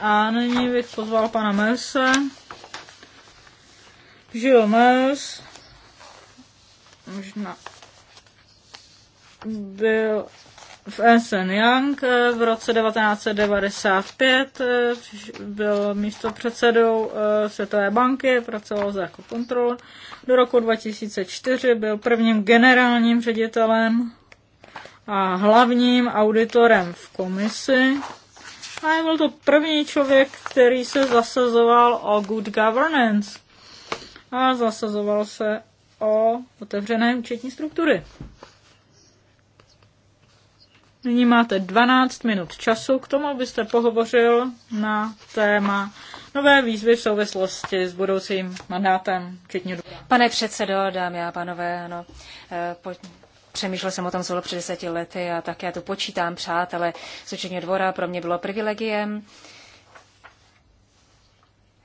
A nyní bych pozval pana Merse. Žil Mers. Možná byl v Ensen Young eh, v roce 1995 eh, byl místo předsedou eh, Světové banky, pracoval jako kontrol. Do roku 2004 byl prvním generálním ředitelem a hlavním auditorem v komisi. A byl to první člověk, který se zasazoval o good governance a zasazoval se o otevřené účetní struktury. Nyní máte 12 minut času k tomu, abyste pohovořil na téma nové výzvy v souvislosti s budoucím mandátem Pane předsedo, dámy a pánové, ano, eh, Přemýšlel jsem o tom zhruba před deseti lety a tak já to počítám, přátelé z dvora. Pro mě bylo privilegiem,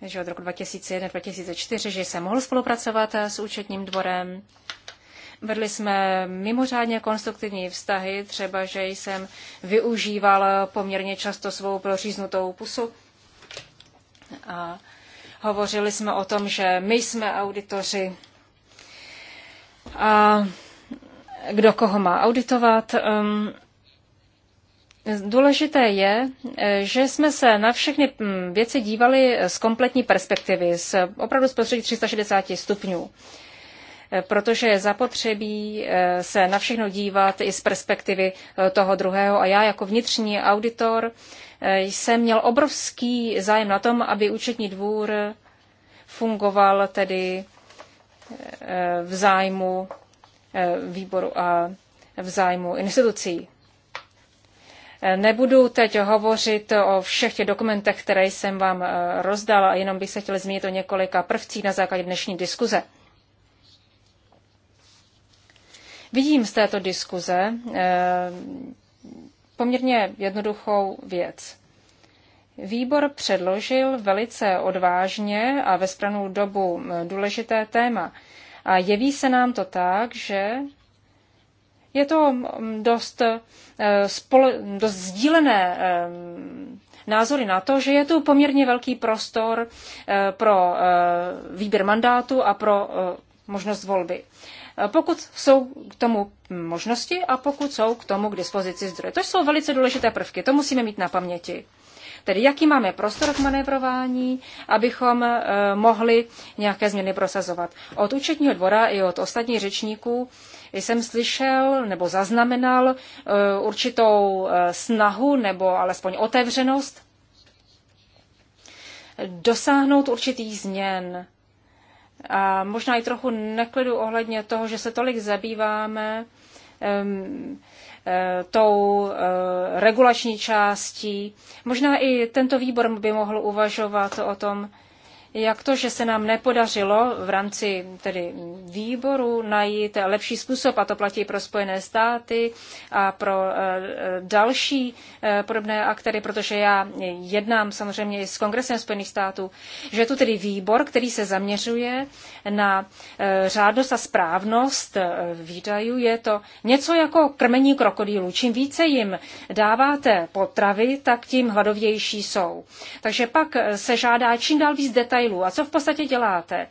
že od roku 2001-2004, že jsem mohl spolupracovat eh, s účetním dvorem. Vedli jsme mimořádně konstruktivní vztahy, třeba že jsem využíval poměrně často svou proříznutou pusu. A hovořili jsme o tom, že my jsme auditoři. A kdo koho má auditovat. Důležité je, e, že jsme se na všechny mm, věci dívali z kompletní perspektivy, z, opravdu z prostředí 360 stupňů e, protože je zapotřebí e, se na všechno dívat i z perspektivy toho druhého. A já jako vnitřní auditor jsem měl obrovský zájem na tom, aby účetní dvůr fungoval tedy v zájmu Eh, výboru a v zájmu institucí. Eh, nebudu teď hovořit o všech těch dokumentech, které jsem vám eh, rozdala, jenom bych se chtěl zmínit o několika prvcích na základě dnešní diskuze. Vidím z této diskuze poměrně jednoduchou věc. Výbor předložil velice odvážně a ve stranu dobu důležité téma. A jeví se nám to tak, že je to mm, dost, eh, spole, dost sdílené eh, názory na to, že je tu poměrně velký prostor eh, pro výběr mandátu a pro možnost volby. Pokud jsou k tomu možnosti a pokud jsou k tomu k dispozici zdroje. To jsou velice důležité prvky, to musíme mít na paměti. Tedy jaký máme prostor k manévrování, abychom eh, mohli nějaké změny prosazovat. Od účetního dvora i od ostatních řečníků jsem slyšel nebo zaznamenal eh, určitou eh, snahu nebo alespoň otevřenost dosáhnout určitých změn. A možná i trochu neklidu ohledně toho, že se tolik zabýváme ehm, tou eh, regulační částí. Možná i tento výbor by mohl uvažovat o tom, jak to, že se nám nepodařilo v rámci tedy výboru najít lepší způsob, a to platí pro Spojené státy a pro eh, eh, další eh, podobné aktéry, protože já jednám samozřejmě i s Kongresem Spojených států, že je tu tedy výbor, který se zaměřuje na řádnost a správnost výdajů. Je to něco jako krmení krokodýlů. Čím více jim dáváte potravy, tak tím hladovější jsou. Takže pak se žádá čím dál víc detailů mailů A co v podstatě děláte?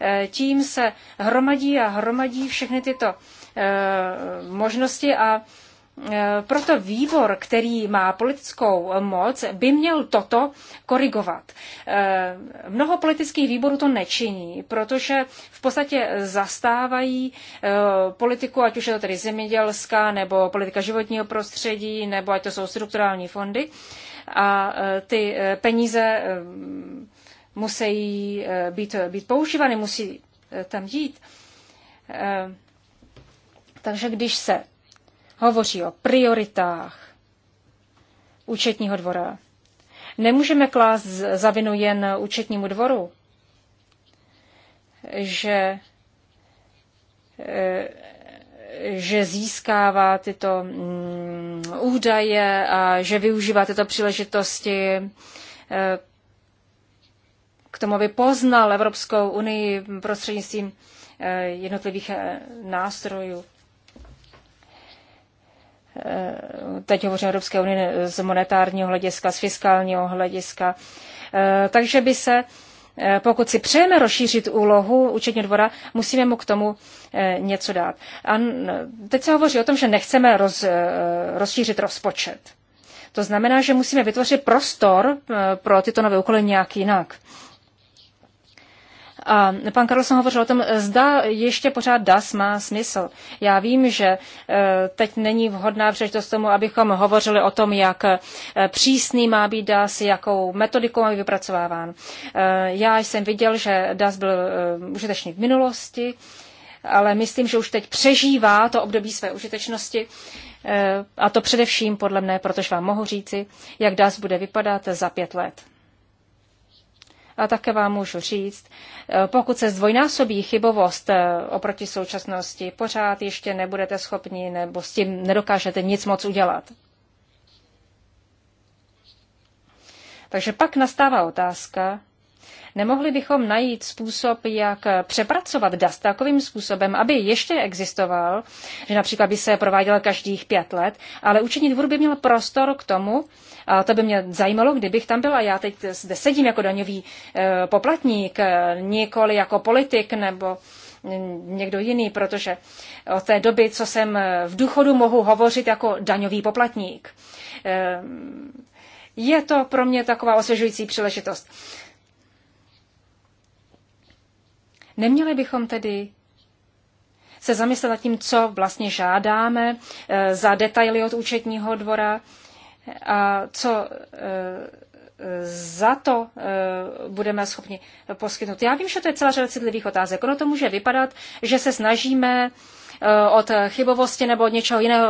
Eh, tím se hromadí a hromadí všechny tyto eh, možnosti a eh, proto výbor, který má politickou moc, by měl toto korigovat. Mnoho politických výborů to nečiní, protože v podstatě zastávají politiku, ať už je to tedy zemědělská, nebo politika životního prostředí, nebo ať to jsou strukturální fondy. A ty peníze musí eh, být, být používány, musí eh, tam jít. Eh, takže když se hovoří o prioritách účetního dvora, nemůžeme klást za vinu jen účetnímu dvoru, že, že získává tyto mm, údaje a že využívá tyto příležitosti k tomu, aby poznal Evropskou unii prostřednictvím eh, jednotlivých eh, nástrojů. Eh, teď hovořím Evropské unii z monetárního hlediska, z fiskálního hlediska. Takže by se, pokud si přejeme rozšířit úlohu účetního dvora, musíme mu k tomu něco dát. A teď se hovoří o tom, že nechceme roz, rozšířit rozpočet. To znamená, že musíme vytvořit prostor pro tyto nové úkoly nějak jinak. A pan Karlsson hovořil o tom, zda ještě pořád DAS má smysl. Já vím, že e, teď není vhodná příležitost tomu, abychom hovořili o tom, jak e, přísný má být DAS, jakou metodikou má být vypracováván. E, já jsem viděl, že DAS byl užitečný v minulosti, ale myslím, že už teď přežívá to období své užitečnosti. A to především podle mne, protože vám mohu říci, jak DAS bude vypadat za pět let. A také vám můžu říct, eh, pokud se zdvojnásobí chybovost eh, oproti současnosti, pořád ještě nebudete schopni nebo s tím nedokážete nic moc udělat. Takže pak nastává otázka, Nemohli bychom najít způsob, jak přepracovat DAS takovým způsobem, aby ještě existoval, že například by se prováděl každých pět let, ale učení dvůr by měl prostor k tomu, a to by mě zajímalo, kdybych tam byla. Já teď zde sedím jako daňový e, poplatník, e, nikoli jako politik nebo e, někdo jiný, protože od té doby, co jsem v důchodu, mohu hovořit jako daňový poplatník. Je to pro mě taková osvěžující příležitost. Neměli bychom tedy se zamyslet nad tím, co vlastně žádáme eh, za detaily od účetního dvora a co eh, za to eh, budeme schopni poskytnout. Já vím, že to je celá řada citlivých otázek. Ono to může vypadat, že se snažíme od chybovosti nebo od něčeho jiného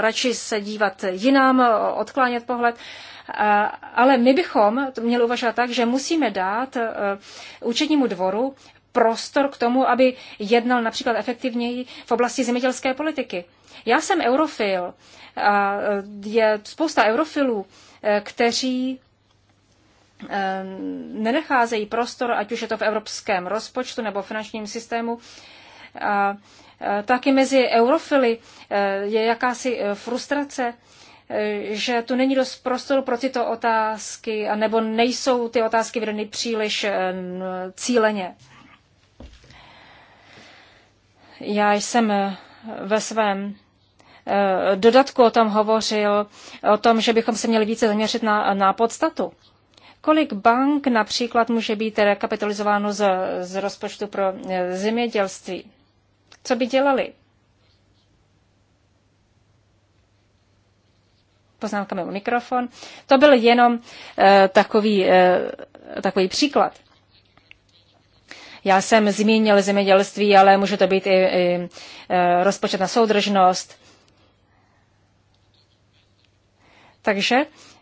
radši se dívat jinam, odklánět pohled. Ale my bychom měli uvažovat tak, že musíme dát účetnímu dvoru prostor k tomu, aby jednal například efektivněji v oblasti zemědělské politiky. Já jsem eurofil a e, je spousta eurofilů, e, kteří e, nenecházejí prostor, ať už je to v evropském rozpočtu nebo finančním systému. A taky mezi eurofily je jakási frustrace, že tu není dost prostoru pro tyto otázky, nebo nejsou ty otázky vedeny příliš cíleně. Já jsem eh, ve svém eh, dodatku o tom hovořil, o tom, že bychom se měli více zaměřit na, na podstatu. Kolik bank například může být rekapitalizováno z, z rozpočtu pro eh, zemědělství? Co by dělali? Poznámka mimo mikrofon. To byl jenom eh, takový, eh, takový příklad. Já jsem zmínil zemědělství, ale může to být i, i e, rozpočet na soudržnost. Takže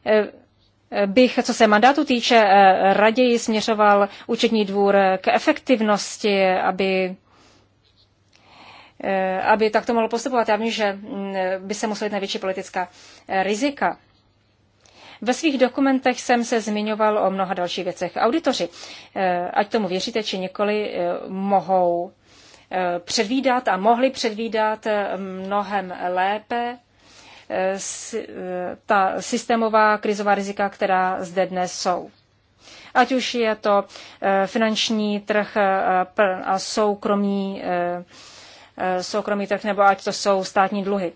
e, bych, co se mandátu týče, e, raději směřoval účetní dvůr k efektivnosti, aby aby takto mohlo postupovat. Já vím, že mm, by se musela jít na větší politická rizika. Ve svých dokumentech jsem se zmiňoval o mnoha dalších věcech. Auditoři, eh, ať tomu věříte či nikoli, eh, mohou eh, předvídat a mohli předvídat mnohem lépe ta systémová krizová rizika, která zde dnes jsou. Ať už je to finanční trh a soukromý, soukromý trh, nebo ať to jsou státní dluhy.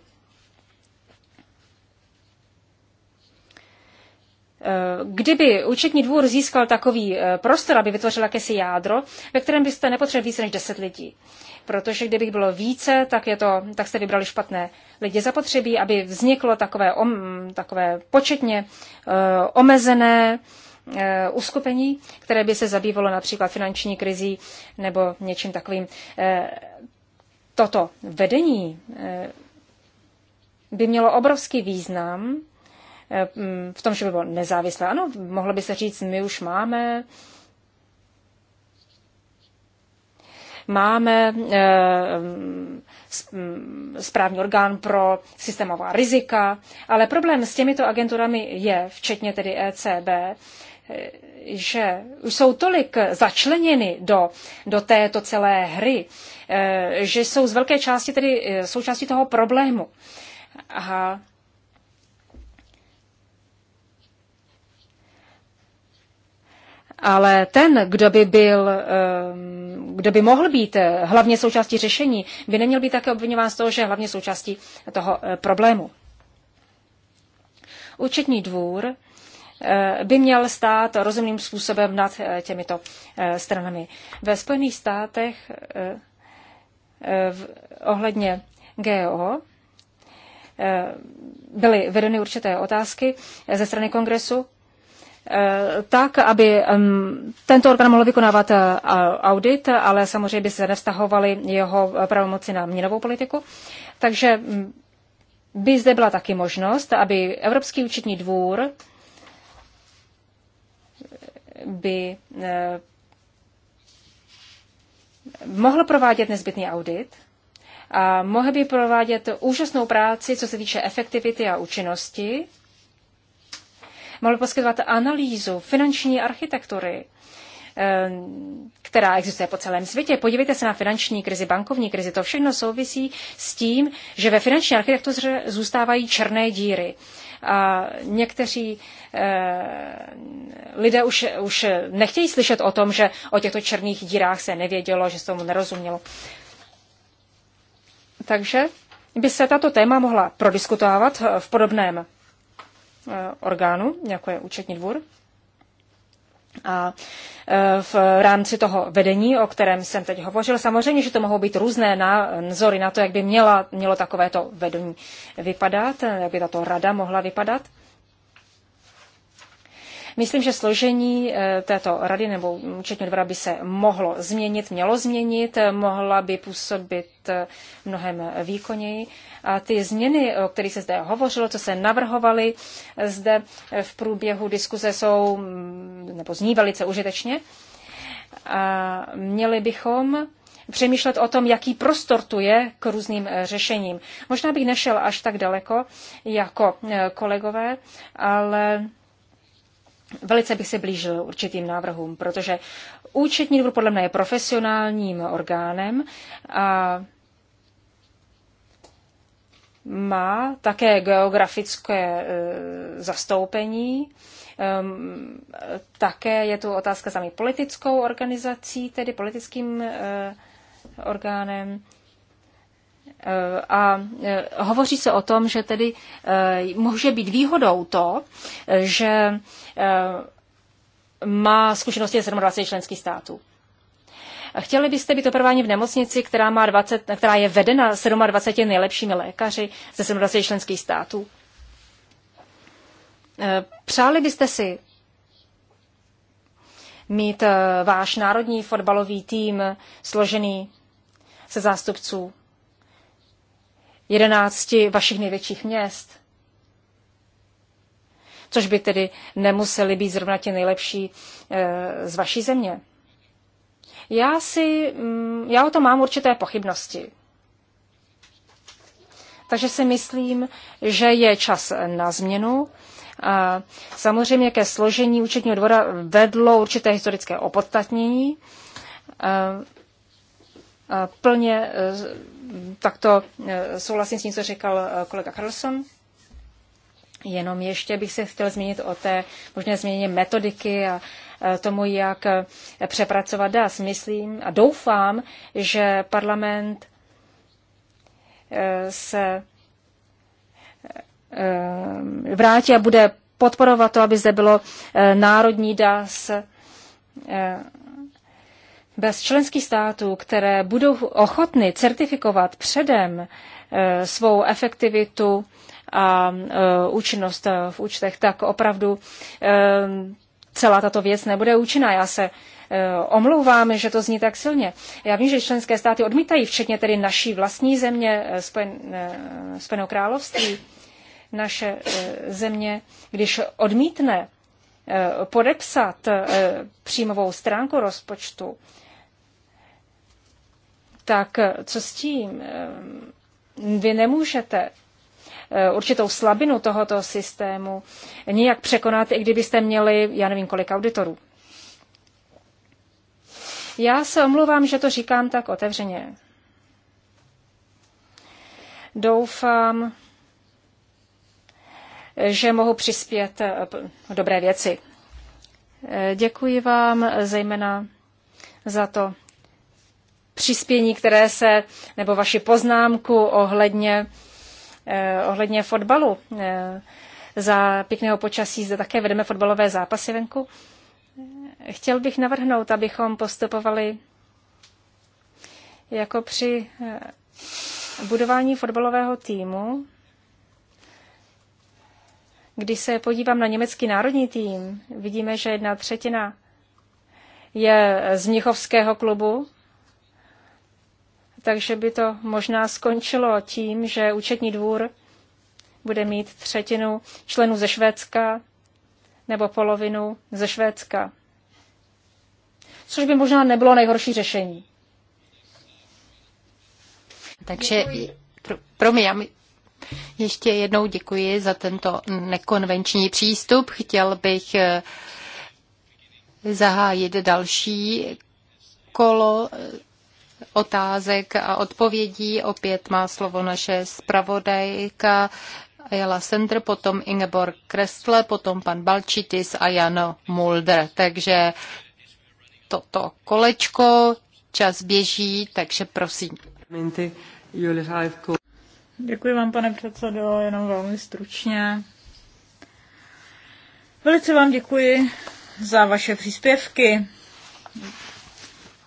Kdyby účetní dvůr získal takový eh, prostor, aby vytvořil jakési jádro, ve kterém byste nepotřebovali více než 10 lidí. Protože kdybych bylo více, tak, je to, tak jste vybrali špatné lidi zapotřebí, aby vzniklo takové, om, takové početně uh, omezené uh, uskupení, které by se zabývalo například finanční krizí nebo něčím takovým. Uh, toto vedení by mělo obrovský význam v tom, že by bylo nezávislé. Ano, mohlo by se říct, my už máme máme eh, mm, správní orgán pro systémová rizika, ale problém s těmito agenturami je, včetně tedy ECB, eh, že jsou tolik začleněny do, do této celé hry, eh, že jsou z velké části tedy součástí toho problému. Aha. Ale ten, kdo by byl, ehm, kdo by mohl být eh, hlavně součástí řešení, by neměl být také obvinován z toho, že je hlavně součástí toho eh, problému. Účetní dvůr eh, by měl stát rozumným způsobem nad těmito stranami. Ve Spojených státech ohledně GO byly vedeny určité otázky ze strany kongresu Eh, tak, aby tento orgán mohl vykonávat eh, audit, ale samozřejmě by se nevztahovaly jeho pravomoci na měnovou politiku. Takže mm, by zde byla taky možnost, aby Evropský účetní dvůr by eh, mohl provádět nezbytný audit a mohl by provádět úžasnou práci, co se týče efektivity a účinnosti mohl poskytovat analýzu finanční architektury, eh, která existuje po celém světě. Podívejte se na finanční krizi, bankovní krizi. To všechno souvisí s tím, že ve finanční architektuře zůstávají černé díry. A někteří eh, lidé už, už nechtějí slyšet o tom, že o těchto černých dírách se nevědělo, že se tomu nerozumělo. Takže by se tato téma mohla prodiskutovat v podobném Eh, orgánu, jako je účetní dvůr. A eh, v rámci toho vedení, o kterém jsem teď hovořil, samozřejmě, že to mohou být různé názory na to, jak by měla, mělo takovéto vedení vypadat, jak by tato rada mohla vypadat. Myslím, že složení eh, této rady nebo účetního dvora by se mohlo změnit, mělo změnit, mohla by působit mnohem výkonněji ty změny, o kterých se zde hovořilo, co se navrhovaly zde v průběhu diskuze, jsou mm, nebo zní velice užitečně. A měli bychom přemýšlet o tom, jaký prostor tu je k různým e, řešením. Možná bych nešel až tak daleko jako e, kolegové, ale velice bych se blížil určitým návrhům, protože účetní dvůr podle mě je profesionálním orgánem a má také geografické e, zastoupení. Ehm, také je tu otázka sami politickou organizací, tedy politickým e, orgánem. E, a hovoří se o tom, že tedy může být výhodou to, že má zkušenosti 27 členských států. Chtěli byste být operováni v nemocnici, která, má 20, která je vedena 27 nejlepšími lékaři ze 27 členských států? Eh, přáli byste si mít eh, váš národní fotbalový tým složený se zástupců 11 vašich největších měst, což by tedy nemuseli být zrovna ti nejlepší eh, z vaší země. Já, si, mm, já o tom mám určité pochybnosti. Takže si myslím, že je čas na změnu. A samozřejmě ke složení účetního dvora vedlo určité historické opodstatnění. A plně e, takto e, souhlasím s tím, co říkal e, kolega Carlson. Jenom ještě bych se chtěl zmínit o té možné změně metodiky a, tomu, jak přepracovat DAS. Myslím a doufám, že parlament eh, se eh, vrátí a bude podporovat to, aby zde bylo eh, národní DAS bez členských států, které budou ochotny certifikovat předem svou efektivitu a účinnost v účtech, tak opravdu celá tato věc nebude účinná. Já se eh, omlouvám, že to zní tak silně. Já vím, že členské státy odmítají, včetně tedy naší vlastní země, eh, Spojen, eh, Spojeného království, naše země, když odmítne podepsat příjmovou stránku rozpočtu, tak co s tím? Ehm, vy nemůžete Eh, určitou slabinu tohoto systému nijak překonat, i kdybyste měli, já nevím, kolik auditorů. Já se omluvám, že to říkám tak otevřeně. Doufám, že mohu přispět eh, dobré věci. Eh, děkuji vám zejména za to přispění, které se, nebo vaši poznámku ohledně Eh, ohledně fotbalu. Eh, za pěkného počasí zde také vedeme fotbalové zápasy venku. Eh, chtěl bych navrhnout, abychom postupovali jako při budování fotbalového týmu, když se podívám na německý národní tým, vidíme, že jedna třetina je z Mnichovského klubu takže by to možná skončilo tím, že účetní dvůr bude mít třetinu členů ze Švédska nebo polovinu ze Švédska. Což by možná nebylo nejhorší řešení. Takže pro, pro mě, ještě jednou děkuji za tento nekonvenční přístup. Chtěl bych eh, zahájit další kolo eh, otázek a odpovědí. Opět má slovo naše zpravodajka Jela Sender, potom Ingeborg Kresle, potom pan Balčitis a Jan Mulder. Takže toto kolečko, čas běží, takže prosím. Děkuji vám, pane předsedo, jenom velmi stručně. Velice vám děkuji za vaše příspěvky.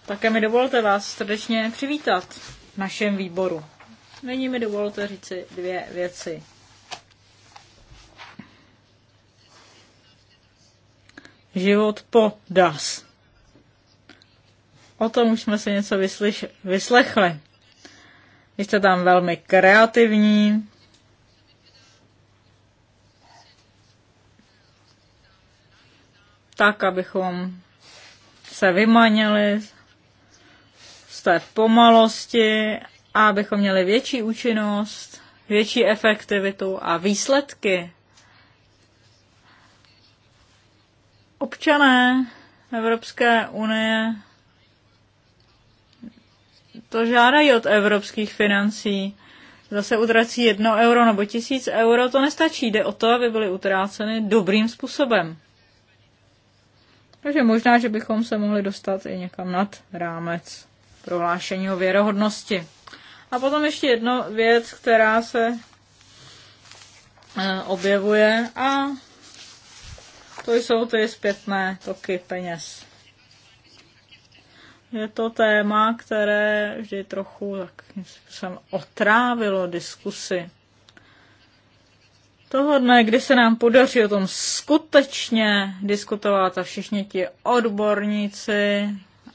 Také mi dovolte vás srdečně přivítat v našem výboru. Nyní mi dovolte říci dvě věci. Život po DAS. O tom už jsme se něco vyslyš, vyslechli. Vy jste tam velmi kreativní. Tak, abychom se vymanili z té pomalosti, abychom měli větší účinnost, větší efektivitu a výsledky. Občané Evropské unie to žádají od evropských financí. Zase utrací jedno euro nebo tisíc euro, to nestačí. Jde o to, aby byly utráceny dobrým způsobem. Takže možná, že bychom se mohli dostat i někam nad rámec prohlášení o věrohodnosti. A potom ještě jedna věc, která se eh, objevuje a to jsou ty zpětné toky peněz. Je to téma, které vždy trochu tak jsem otrávilo diskusy. Toho dne, kdy se nám podaří o tom skutečně diskutovat a všichni ti odborníci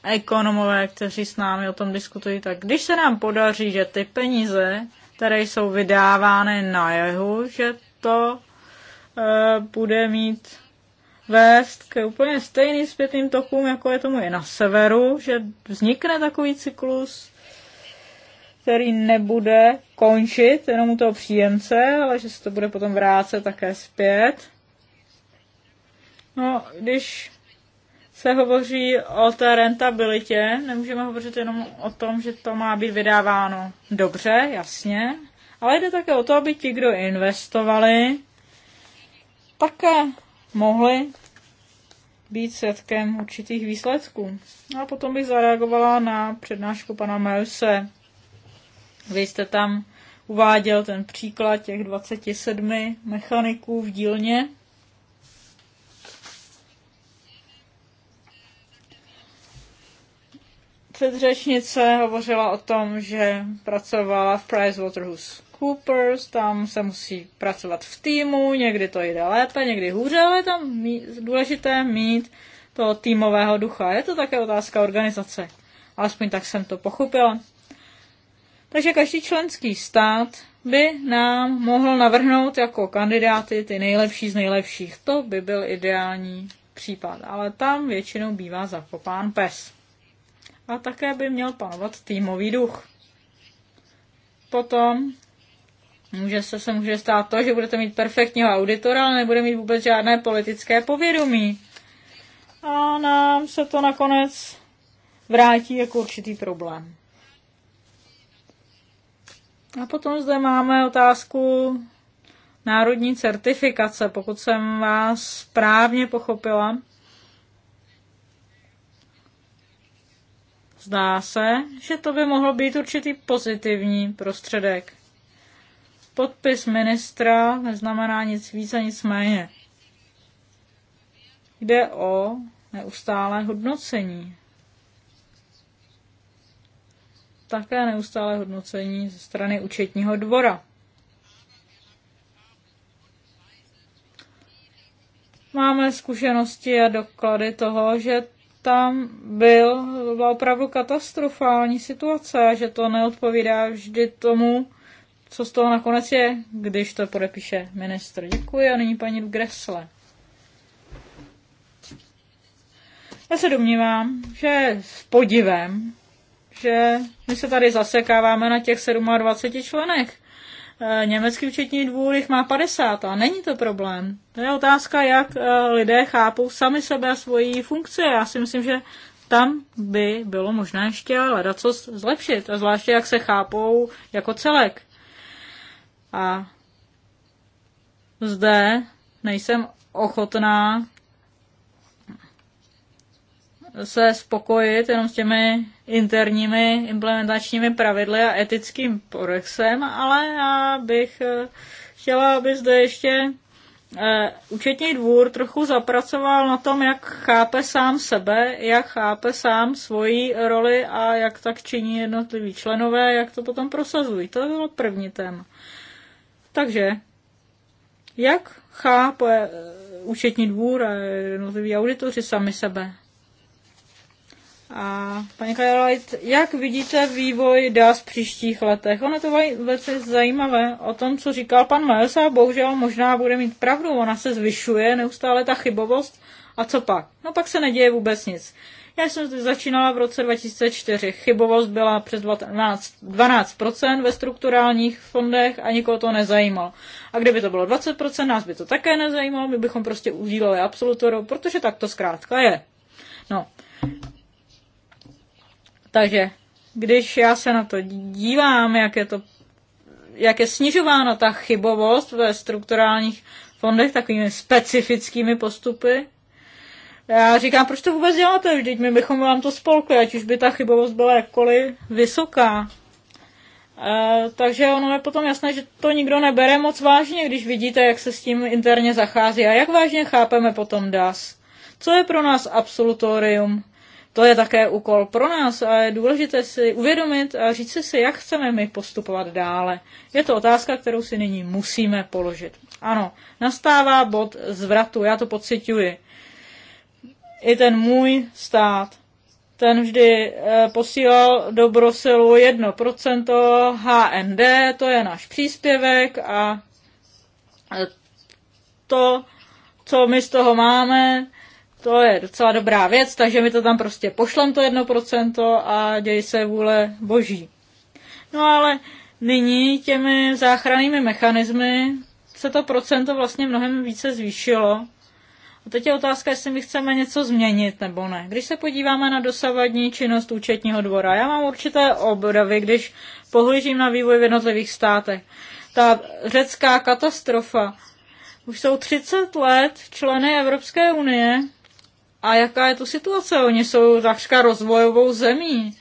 ekonomové, kteří s námi o tom diskutují, tak když se nám podaří, že ty peníze, které jsou vydávány na jehu, že to e, bude mít vést k úplně stejným zpětným tokům, jako je tomu i na severu, že vznikne takový cyklus, který nebude končit jenom u toho příjemce, ale že se to bude potom vrátit také zpět. No, když se hovoří o té rentabilitě, nemůžeme hovořit jenom o tom, že to má být vydáváno dobře, jasně, ale jde také o to, aby ti, kdo investovali, také mohli být svědkem určitých výsledků. A potom bych zareagovala na přednášku pana Meuse. Vy jste tam uváděl ten příklad těch 27 mechaniků v dílně, Předřečnice hovořila o tom, že pracovala v Pricewaterhouse Coopers, tam se musí pracovat v týmu, někdy to jde lépe, někdy hůře, ale je tam mít, důležité mít toho týmového ducha. Je to také otázka organizace. Alespoň tak jsem to pochopila. Takže každý členský stát by nám mohl navrhnout jako kandidáty ty nejlepší z nejlepších. To by byl ideální případ, ale tam většinou bývá zakopán pes a také by měl panovat týmový duch. Potom může se, se může stát to, že budete mít perfektního auditora, ale nebude mít vůbec žádné politické povědomí. A nám se to nakonec vrátí jako určitý problém. A potom zde máme otázku národní certifikace, pokud jsem vás správně pochopila Zdá se, že to by mohlo být určitý pozitivní prostředek. Podpis ministra neznamená nic víc a nic méně. Jde o neustálé hodnocení. Také neustálé hodnocení ze strany účetního dvora. Máme zkušenosti a doklady toho, že tam byl, byla opravdu katastrofální situace, že to neodpovídá vždy tomu, co z toho nakonec je, když to podepíše ministr. Děkuji a nyní paní Gressle. Já se domnívám, že s podivem, že my se tady zasekáváme na těch 27 členech. Eh, Německý účetní dvůr jich má 50 a není to problém. To je otázka, jak eh, lidé chápou sami sebe a svoji funkci. Já si myslím, že tam by bylo možné ještě hledat co zlepšit, a zvláště jak se chápou jako celek. A zde nejsem ochotná se spokojit jenom s těmi interními implementačními pravidly a etickým porexem, ale já bych eh, chtěla, aby zde ještě eh, účetní dvůr trochu zapracoval na tom, jak chápe sám sebe, jak chápe sám svoji roli a jak tak činí jednotliví členové, jak to potom prosazují. To bylo první téma. Takže, jak chápe eh, účetní dvůr a jednotliví auditoři sami sebe? A paní Kajalajt, jak vidíte vývoj DAS v příštích letech? Ono to je velice zajímavé o tom, co říkal pan Miles a bohužel možná bude mít pravdu, ona se zvyšuje neustále ta chybovost a co pak? No pak se neděje vůbec nic. Já jsem začínala v roce 2004. Chybovost byla přes 12, 12% ve strukturálních fondech a nikoho to nezajímalo. A kdyby to bylo 20%, nás by to také nezajímalo, my bychom prostě udíleli absolutoru, protože tak to zkrátka je. No, takže když já se na to dívám, jak je to jak je snižována ta chybovost ve strukturálních fondech takovými specifickými postupy. Já říkám, proč to vůbec děláte? Vždyť my bychom vám to spolkli, ať už by ta chybovost byla jakkoliv vysoká. E, takže ono je potom jasné, že to nikdo nebere moc vážně, když vidíte, jak se s tím interně zachází a jak vážně chápeme potom DAS. Co je pro nás absolutorium? To je také úkol pro nás a je důležité si uvědomit a říct si, jak chceme my postupovat dále. Je to otázka, kterou si nyní musíme položit. Ano, nastává bod zvratu, já to pocituji. I ten můj stát, ten vždy eh, posílal do Bruselu 1% HND, to je náš příspěvek a eh, to, co my z toho máme, to je docela dobrá věc, takže mi to tam prostě pošlem to jedno procento a děj se vůle boží. No ale nyní těmi záchrannými mechanismy se to procento vlastně mnohem více zvýšilo. A teď je otázka, jestli my chceme něco změnit nebo ne. Když se podíváme na dosavadní činnost účetního dvora, já mám určité obdavy, když pohlížím na vývoj v jednotlivých státech. Ta řecká katastrofa, už jsou 30 let členy Evropské unie a jaká je tu situace? Oni jsou takřka rozvojovou zemí.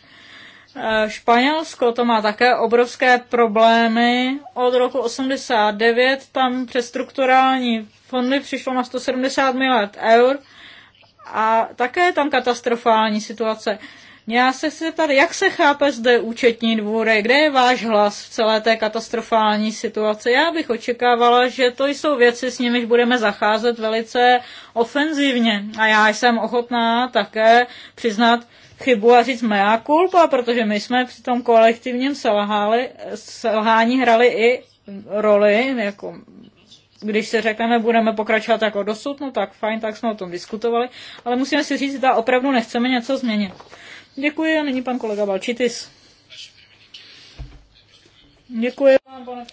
E, Španělsko to má také obrovské problémy. Od roku 89 tam přes strukturální fondy přišlo na 170 miliard eur a také je tam katastrofální situace. Já se se tady jak se chápe zde účetní dvůry, kde je váš hlas v celé té katastrofální situaci? Já bych očekávala, že to jsou věci, s nimiž budeme zacházet velice ofenzivně. A já jsem ochotná také přiznat chybu a říct mea culpa, protože my jsme při tom kolektivním selhali, selhání hrali i roli, jako když se řekneme, budeme pokračovat jako dosud, no tak fajn, tak jsme o tom diskutovali, ale musíme si říct, že opravdu nechceme něco změnit. Děkuji a nyní pan kolega Balčitis. Děkuji vám, pane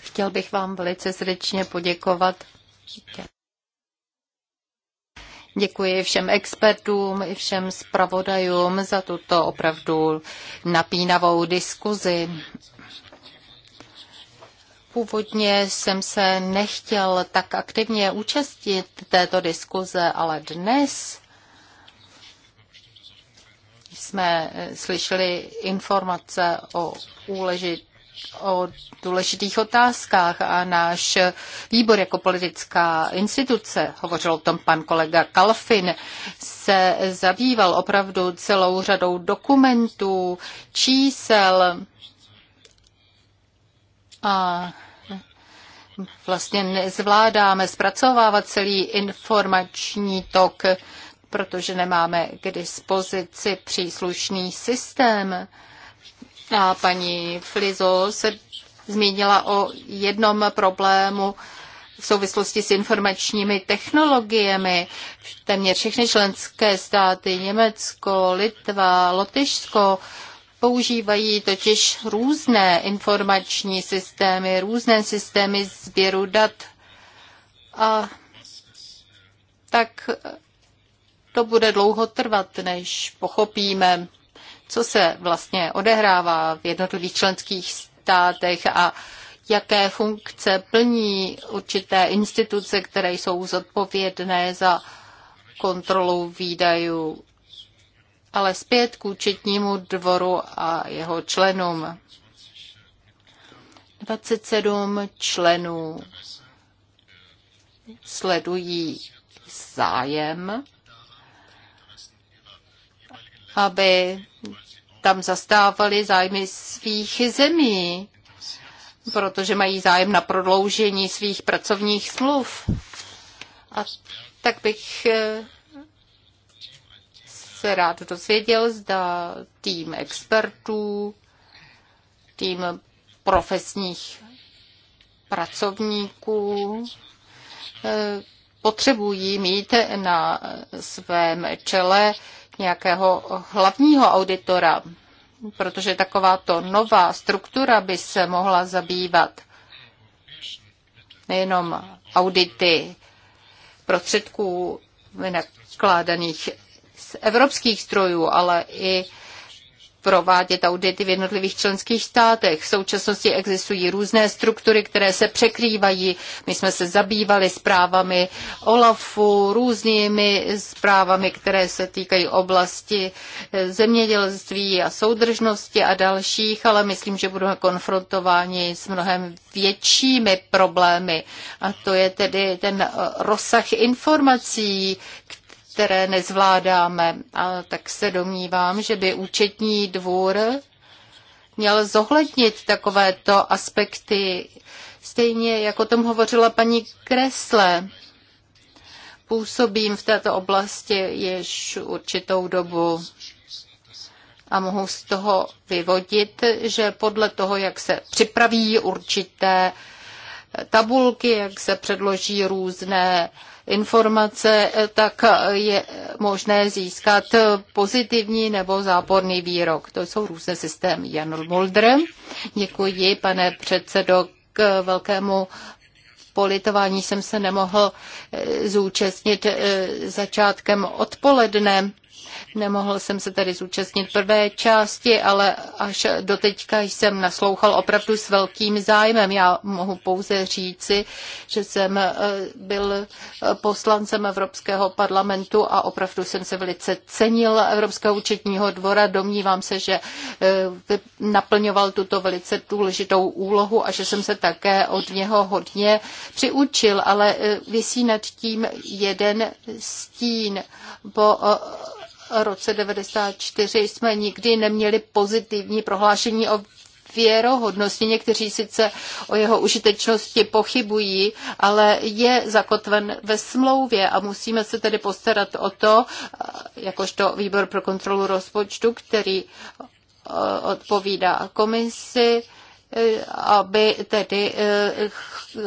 Chtěl bych vám velice srdečně poděkovat. Děkuji všem expertům i všem zpravodajům za tuto opravdu napínavou diskuzi. Původně jsem se nechtěl tak aktivně účastnit této diskuze, ale dnes jsme eh, slyšeli informace o, úležit, o důležitých otázkách a náš výbor jako politická instituce, hovořil o tom pan kolega Kalfin, se zabýval opravdu celou řadou dokumentů, čísel a vlastně nezvládáme zpracovávat celý informační tok protože nemáme k dispozici příslušný systém. A paní Flizo se zmínila o jednom problému v souvislosti s informačními technologiemi. Téměř všechny členské státy, Německo, Litva, Lotyšsko, používají totiž různé informační systémy, různé systémy sběru dat. A tak to bude dlouho trvat, než pochopíme, co se vlastně odehrává v jednotlivých členských státech a jaké funkce plní určité instituce, které jsou zodpovědné za kontrolu výdajů, ale zpět k účetnímu dvoru a jeho členům. 27 členů sledují zájem aby tam zastávali zájmy svých zemí, protože mají zájem na prodloužení svých pracovních smluv. A tak bych eh, se rád dozvěděl, zda tým expertů, tým profesních pracovníků eh, potřebují mít na svém čele nějakého hlavního auditora, protože takováto nová struktura by se mohla zabývat nejenom audity prostředků vynakládaných z evropských strojů, ale i provádět audity v jednotlivých členských státech. V současnosti existují různé struktury, které se překrývají. My jsme se zabývali zprávami OLAFu, různými zprávami, které se týkají oblasti eh, zemědělství a soudržnosti a dalších, ale myslím, že budeme konfrontováni s mnohem většími problémy. A to je tedy ten eh, rozsah informací, které nezvládáme. A tak se domnívám, že by účetní dvůr měl zohlednit takovéto aspekty, stejně jako o tom hovořila paní Kresle. Působím v této oblasti již určitou dobu a mohu z toho vyvodit, že podle toho, jak se připraví určité tabulky, jak se předloží různé uh, informace, tak je možné získat pozitivní nebo záporný výrok. To jsou různé systémy. Jan Mulder, děkuji, pane předsedo, k velkému politování jsem se nemohl eh, zúčastnit eh, začátkem odpoledne Nemohl jsem se tady zúčastnit prvé části, ale až doteďka jsem naslouchal opravdu s velkým zájmem. Já mohu pouze říci, že jsem eh, byl eh, poslancem Evropského parlamentu a opravdu jsem se velice cenil Evropského účetního dvora. Domnívám se, že eh, naplňoval tuto velice důležitou úlohu a že jsem se také od něho hodně přiučil, ale vysí nad tím jeden stín. Po roce 1994 jsme nikdy neměli pozitivní prohlášení o věrohodnosti. Někteří sice o jeho užitečnosti pochybují, ale je zakotven ve smlouvě a musíme se tedy postarat o to, jakožto výbor pro kontrolu rozpočtu, který eh, odpovídá komisi, aby tedy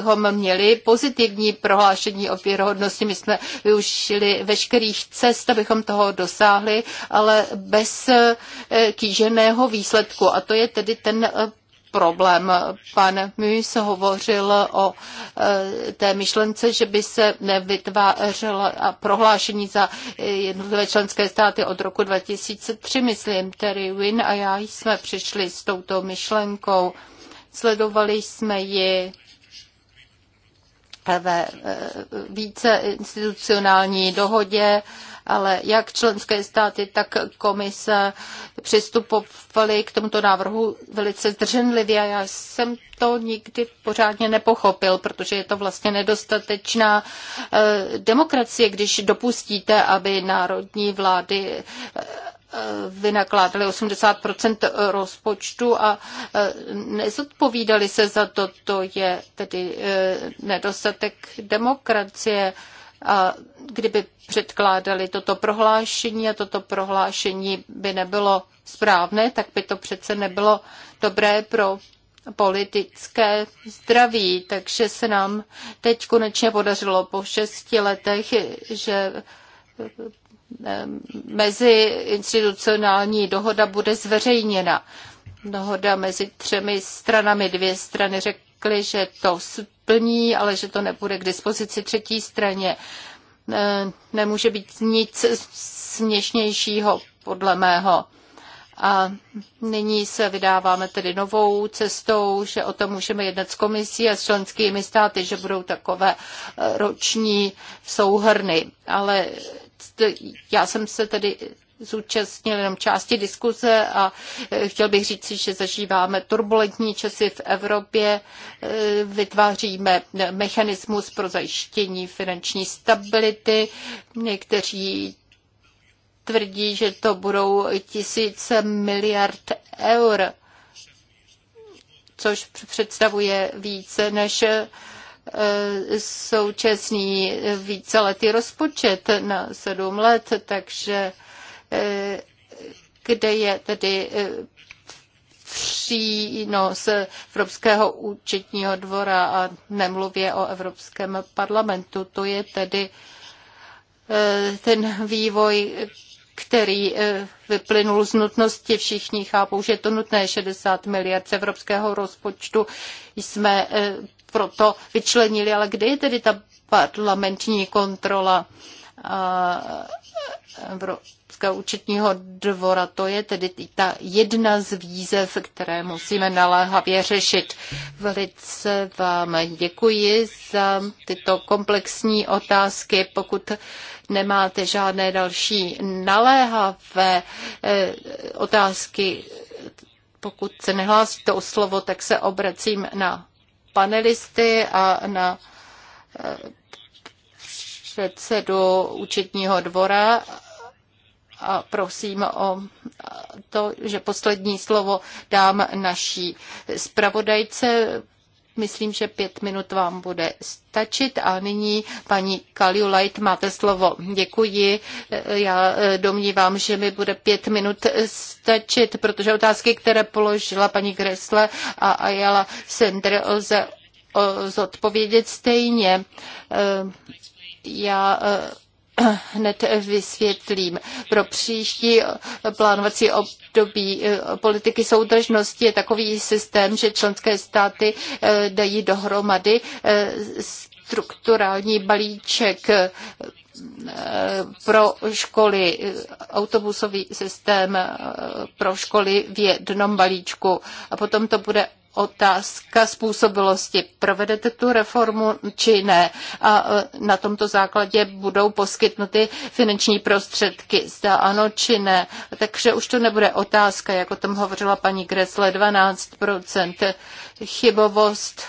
ho eh, eh, měli pozitivní prohlášení o věrohodnosti. My jsme využili veškerých cest, abychom toho dosáhli, ale bez eh, kýženého výsledku. A to je tedy ten problém. Pan Mus hovořil o té myšlence, že by se nevytvářelo prohlášení za jednotlivé členské státy od roku 2003, myslím, Terry Win a já jsme přišli s touto myšlenkou. Sledovali jsme ji ve e, více institucionální dohodě, ale jak členské státy, tak komise přistupovaly k tomuto návrhu velice zdrženlivě já jsem to nikdy pořádně nepochopil, protože je to vlastně nedostatečná e, demokracie, když dopustíte, aby národní vlády e, Eh, vynakládali 80 rozpočtu a eh, nezodpovídali se za to. To je tedy eh, nedostatek demokracie. A kdyby předkládali toto prohlášení a toto prohlášení by nebylo správné, tak by to přece nebylo dobré pro politické zdraví. Takže se nám teď konečně podařilo po šesti letech, že meziinstitucionální dohoda bude zveřejněna. Dohoda mezi třemi stranami. Dvě strany řekly, že to splní, ale že to nebude k dispozici třetí straně. E, nemůže být nic směšnějšího, podle mého. A nyní se vydáváme tedy novou cestou, že o tom můžeme jednat s komisí a s členskými státy, že budou takové roční souhrny. Ale já jsem se tedy zúčastnil jenom části diskuze a e, chtěl bych říct, že zažíváme turbulentní časy v Evropě, e, vytváříme mechanismus pro zajištění finanční stability. Někteří tvrdí, že to budou tisíce miliard eur, což představuje více než E, současný víceletý rozpočet na sedm let, takže e, kde je tedy e, přínos Evropského účetního dvora a nemluvě o Evropském parlamentu. To je tedy ten vývoj, který vyplynul z nutnosti. Všichni chápou, že je to nutné 60 miliard z evropského rozpočtu jsme proto vyčlenili, ale kde je tedy ta parlamentní kontrola Evropského účetního dvora? To je tedy ta jedna z výzev, které musíme naléhavě řešit. Velice vám děkuji za tyto komplexní otázky. Pokud nemáte žádné další naléhavé e, otázky, pokud se nehlásíte o slovo, tak se obracím na panelisty a na eh, předsedu účetního dvora a prosím o to, že poslední slovo dám naší zpravodajce, Myslím, že pět minut vám bude stačit a nyní paní Light máte slovo. Děkuji. Já eh, domnívám, že mi bude pět minut stačit, protože otázky, které položila paní Gresle a Ayala Sender, lze zodpovědět stejně. Eh, já eh, hned vysvětlím. Pro příští plánovací období eh, politiky soudržnosti je takový systém, že členské státy eh, dají dohromady eh, strukturální balíček pro školy, autobusový systém pro školy v jednom balíčku a potom to bude otázka způsobilosti. Provedete tu reformu či ne? A e, na tomto základě budou poskytnuty finanční prostředky. Zda ano či ne. Takže už to nebude otázka, jak o tom hovořila paní Gresle, 12% chybovost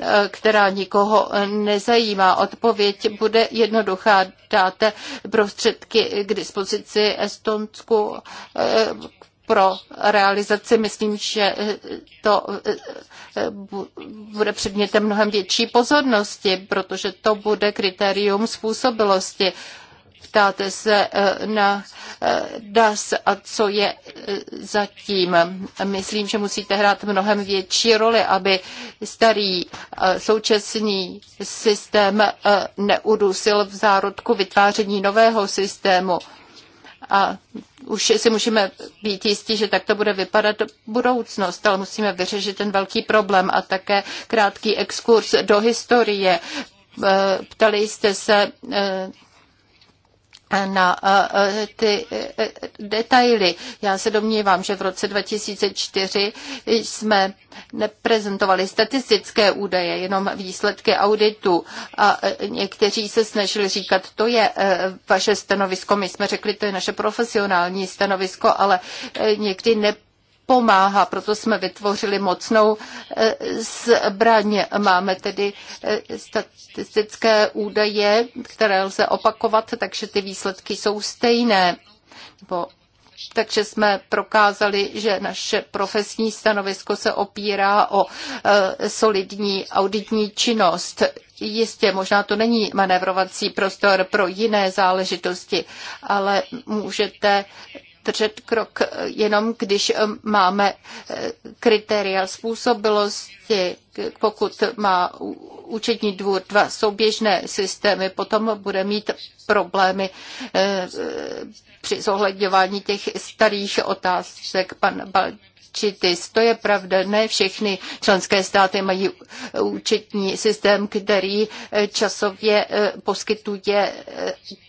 e, která nikoho nezajímá. Odpověď bude jednoduchá. Dáte prostředky k dispozici Estonsku e, pro realizaci. Myslím, že to eh, eh, bude předmětem mnohem větší pozornosti, protože to bude kritérium způsobilosti. Ptáte se eh, na DAS a co je zatím. Myslím, že musíte hrát mnohem větší roli, aby starý současný systém neudusil v zárodku vytváření nového systému a už si můžeme být jistí, že tak to bude vypadat budoucnost, ale musíme vyřešit ten velký problém a také krátký exkurs do historie. E, ptali jste se e, na ty e, e, detaily. Já se domnívám, že v roce 2004 jsme neprezentovali statistické údaje, jenom výsledky auditu a e, někteří se snažili říkat, to je vaše stanovisko, my jsme řekli, to je naše profesionální stanovisko, ale někdy ne pomáhá. Proto jsme vytvořili mocnou e, zbraň. Máme tedy e, statistické údaje, které lze opakovat, takže ty výsledky jsou stejné. Nebo takže jsme prokázali, že naše profesní stanovisko se opírá o e, solidní auditní činnost. Jistě, možná to není manévrovací prostor pro jiné záležitosti, ale můžete držet krok jenom, když eh, máme eh, kritéria způsobilosti. Pokud má účetní dvůr dva souběžné systémy, potom bude mít problémy eh, při zohledňování těch starých otázek. Pan Balčitis, to je pravda, ne všechny členské státy mají účetní systém, který časově poskytuje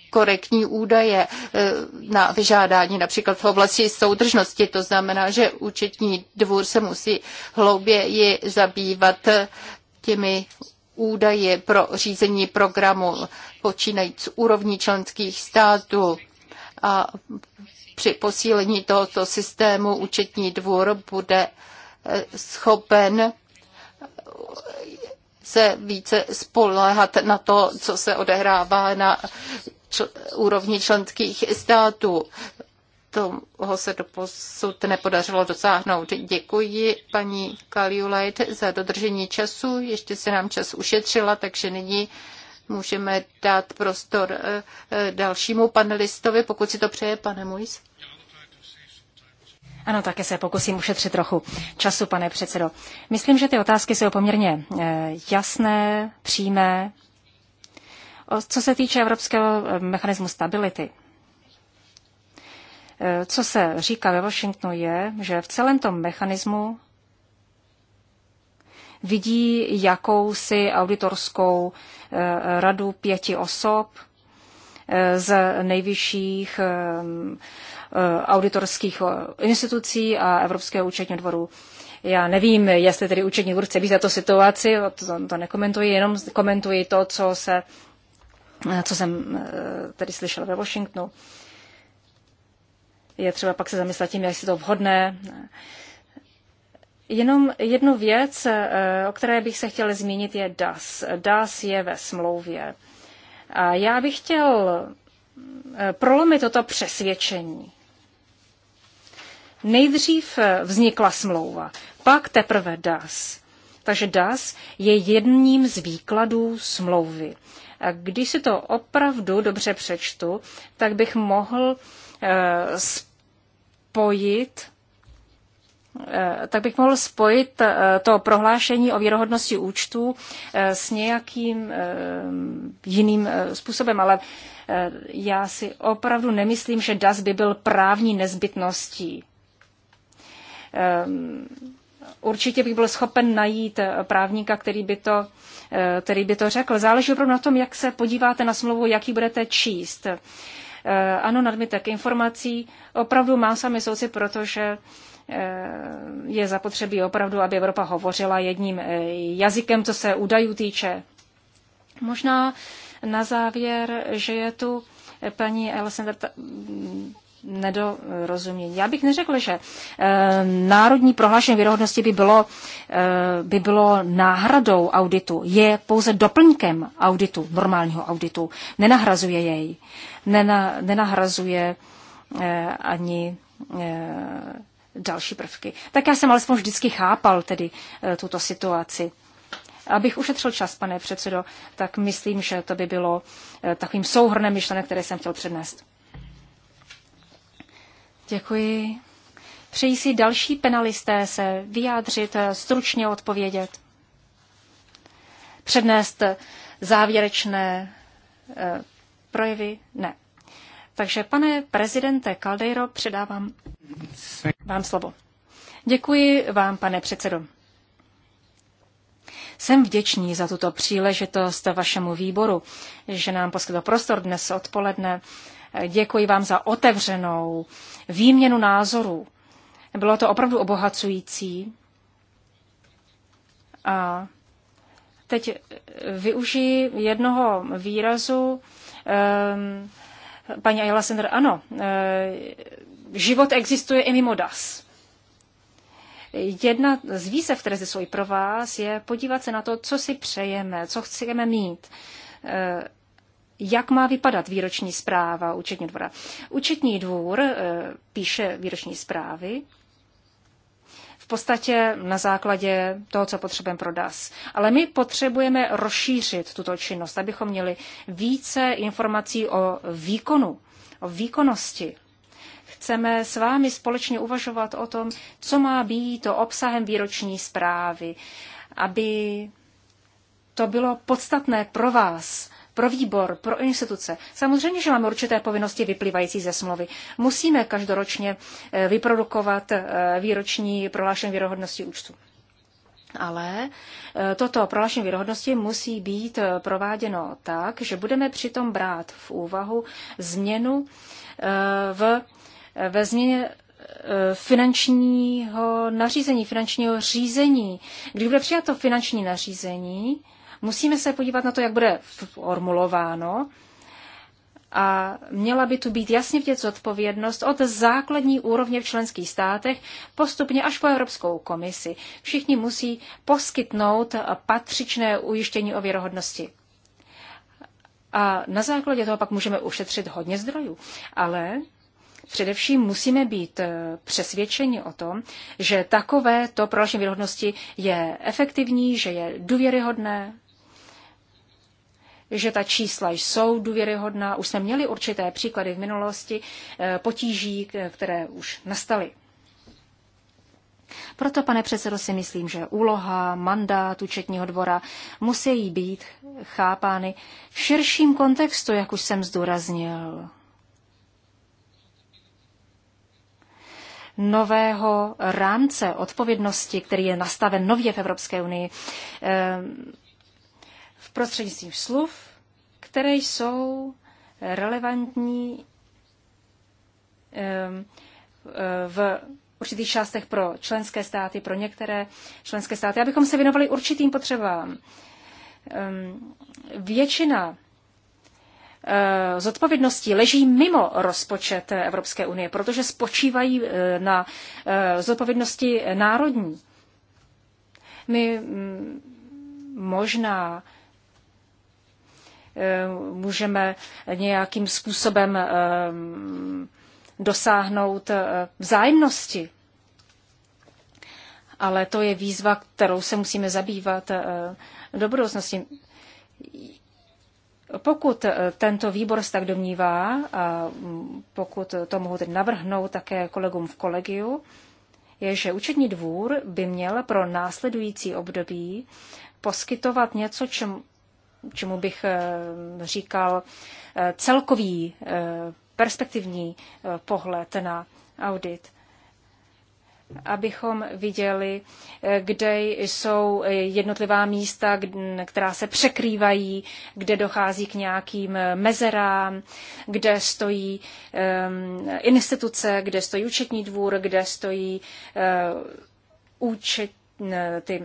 korektní údaje eh, na vyžádání například v oblasti soudržnosti. To znamená, že účetní dvůr se musí hlouběji zabývat eh, těmi údaje pro řízení programu, počínajíc úrovní členských států a při posílení tohoto systému účetní dvůr bude eh, schopen se více spoléhat na to, co se odehrává na čl- úrovni členských států. Toho se posud nepodařilo dosáhnout. Děkuji paní Kaliulajt za dodržení času. Ještě se nám čas ušetřila, takže nyní můžeme dát prostor eh, eh, dalšímu panelistovi, pokud si to přeje, pane Mojs. Ano, také se pokusím ušetřit trochu času, pane předsedo. Myslím, že ty otázky jsou poměrně eh, jasné, přímé, co se týče evropského eh, mechanismu stability, eh, co se říká ve Washingtonu je, že v celém tom mechanismu vidí jakousi auditorskou eh, radu pěti osob z nejvyšších auditorských institucí a Evropského účetního dvoru. Já nevím, jestli tedy účetní dvůr chce být za to situaci, to, to nekomentuji, jenom komentuji to, co se co jsem eh, tedy slyšela ve Washingtonu. Je třeba pak se zamyslet tím, jestli to vhodné. Jenom jednu věc, eh, o které bych se chtěla zmínit, je DAS. DAS je ve smlouvě. A já bych chtěl eh, prolomit toto přesvědčení. Nejdřív vznikla smlouva, pak teprve DAS. Takže DAS je jedním z výkladů smlouvy. A když si to opravdu dobře přečtu, tak bych mohl eh, spojit eh, tak bych mohl spojit eh, to prohlášení o věrohodnosti účtů s nějakým jiným způsobem, ale já si opravdu nemyslím, že DAS by byl právní nezbytností. Ehm, určitě bych byl schopen najít eh, právníka, který by to, eh, který by to řekl. Záleží opravdu na tom, jak se podíváte na smlouvu, jak ji budete číst. Eh, ano, nadmitek informací opravdu má sami souci, protože je zapotřebí opravdu, aby Evropa hovořila jedním jazykem, co se údajů týče. Možná na závěr, že je tu paní Alessandra nedorozumění. Já bych neřekl, že e, národní prohlášení věrohodnosti by bylo, e, by bylo náhradou auditu. Je pouze doplňkem auditu, normálního auditu. Nenahrazuje jej. Nena, nenahrazuje e, ani e, další prvky. Tak já jsem alespoň vždycky chápal tedy e, tuto situaci. Abych ušetřil čas, pane předsedo, tak myslím, že to by bylo e, takovým souhrnem myšlenek, které jsem chtěl přednést. Děkuji. Přeji si další penalisté se vyjádřit, eh, stručně odpovědět, přednést eh, závěrečné e, projevy? Ne. Takže, pane prezidente Caldeiro, předávám vám slovo. Děkuji vám, pane předsedo. Jsem vděčný za tuto příležitost vašemu výboru, že nám poskytl prostor dnes odpoledne Děkuji vám za otevřenou výměnu názorů. Bylo to opravdu obohacující. A teď využiji jednoho výrazu. Um, paní Ayala Sender, ano, eh, život existuje i mimo DAS. Jedna z výzev, které jsou i pro vás, je podívat se na to, co si přejeme, co chceme mít eh, jak má vypadat výroční zpráva účetní dvora. Účetní dvůr eh, píše výroční zprávy v podstatě na základě toho, co potřebujeme pro DAS. Ale my potřebujeme rozšířit tuto činnost, abychom měli více informací o výkonu, o výkonnosti chceme s vámi společně uvažovat o tom, co má být to obsahem výroční zprávy, aby to bylo podstatné pro vás, pro výbor, pro instituce. Samozřejmě, že máme určité povinnosti vyplývající ze smlouvy. Musíme každoročně eh, vyprodukovat eh, výroční prohlášení věrohodnosti účtu. Ale eh, toto prohlášení věrohodnosti musí být prováděno tak, že budeme přitom brát v úvahu změnu v, ve změně finančního nařízení, finančního řízení. Když bude přijato finanční nařízení, Musíme se podívat na to, jak bude formulováno. A měla by tu být jasně vidět zodpovědnost od základní úrovně v členských státech postupně až po Evropskou komisi. Všichni musí poskytnout patřičné ujištění o věrohodnosti. A na základě toho pak můžeme ušetřit hodně zdrojů. Ale Především musíme být přesvědčeni o tom, že takové to prohlášení věrohodnosti je efektivní, že je důvěryhodné že ta čísla jsou důvěryhodná. Už jsme měli určité příklady v minulosti eh, potíží, které už nastaly. Proto, pane předsedo, si myslím, že úloha, mandát účetního dvora musí být chápány v širším kontextu, jak už jsem zdůraznil. nového rámce odpovědnosti, který je nastaven nově v Evropské unii. Eh, v prostřednictvím slov, které jsou relevantní v určitých částech pro členské státy, pro některé členské státy, abychom se věnovali určitým potřebám. Většina e, z zodpovědností leží mimo rozpočet Evropské unie, protože spočívají e, na e, zodpovědnosti národní. My možná Eh, můžeme nějakým způsobem eh, dosáhnout eh, vzájemnosti. Ale to je výzva, kterou se musíme zabývat do budoucnosti. Pokud tento výbor se tak domnívá, a mm, pokud to mohu teď navrhnout také kolegům v kolegiu, je, že účetní dvůr by měl pro následující období poskytovat něco, čem, čemu bych eh, říkal eh, celkový eh, perspektivní pohled na audit abychom viděli, kde jsou jednotlivá místa, která se překrývají, kde dochází k nějakým mezerám, kde stojí ehm, instituce, kde stojí účetní dvůr, kde stojí účet, Eh, ty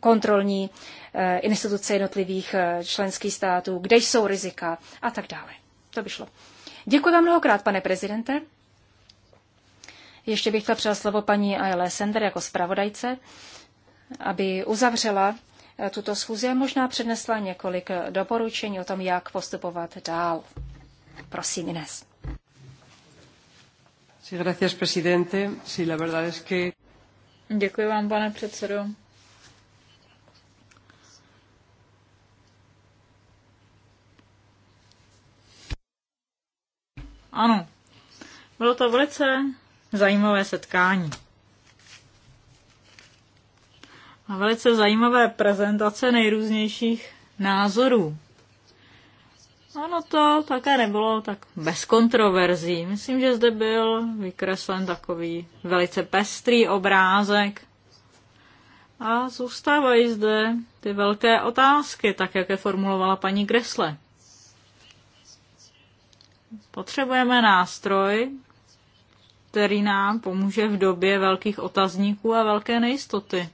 kontrolní eh, instituce jednotlivých eh, členských států, kde jsou rizika a tak dále. To by šlo. Děkuji vám mnohokrát, pane prezidente. Ještě bych chtěla předat slovo paní A.L. Sender jako zpravodajce, aby uzavřela tuto schůzi a možná přednesla několik doporučení o tom, jak postupovat dál. Prosím, Ines. Sí, gracias, presidente. Sí, la verdad es que... Děkuji vám, pane předsedo. Ano, bylo to velice zajímavé setkání. A velice zajímavé prezentace nejrůznějších názorů. Ano, to také nebylo tak bez kontroverzí. Myslím, že zde byl vykreslen takový velice pestrý obrázek. A zůstávají zde ty velké otázky, tak jak je formulovala paní Gresle. Potřebujeme nástroj, který nám pomůže v době velkých otazníků a velké nejistoty.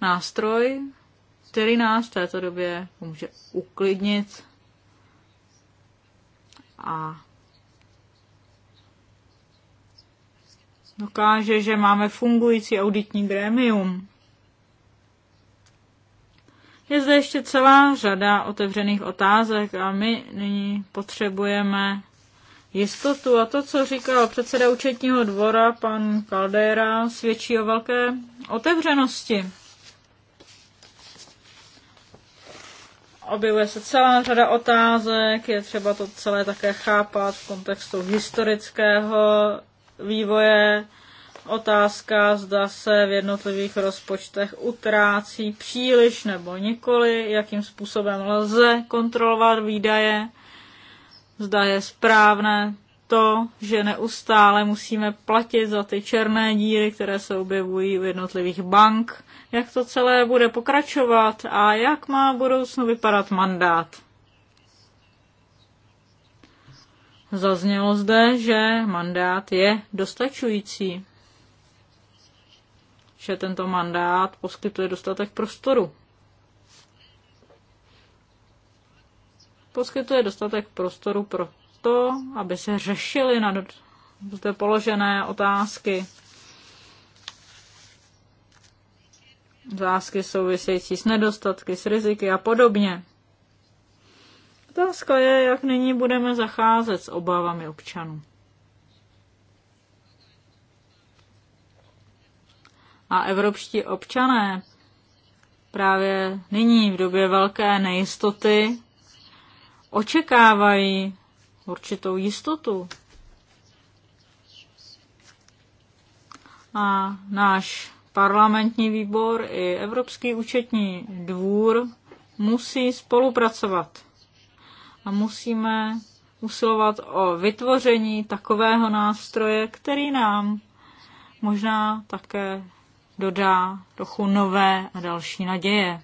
Nástroj, který nás v této době může uklidnit a dokáže, že máme fungující auditní grémium. Je zde ještě celá řada otevřených otázek a my nyní potřebujeme jistotu. A to, co říkal předseda účetního dvora, pan Caldera, svědčí o velké otevřenosti objevuje se celá řada otázek, je třeba to celé také chápat v kontextu historického vývoje. Otázka, zda se v jednotlivých rozpočtech utrácí příliš nebo nikoli, jakým způsobem lze kontrolovat výdaje, zda je správné to, že neustále musíme platit za ty černé díry, které se objevují u jednotlivých bank, jak to celé bude pokračovat a jak má v budoucnu vypadat mandát. Zaznělo zde, že mandát je dostačující, že tento mandát poskytuje dostatek prostoru. Poskytuje dostatek prostoru pro to, aby se řešily na zde položené otázky. Otázky související s nedostatky, s riziky a podobně. Otázka je, jak nyní budeme zacházet s obavami občanů. A evropští občané právě nyní, v době velké nejistoty, očekávají určitou jistotu. A náš parlamentní výbor i Evropský účetní dvůr musí spolupracovat. A musíme usilovat o vytvoření takového nástroje, který nám možná také dodá trochu nové a další naděje.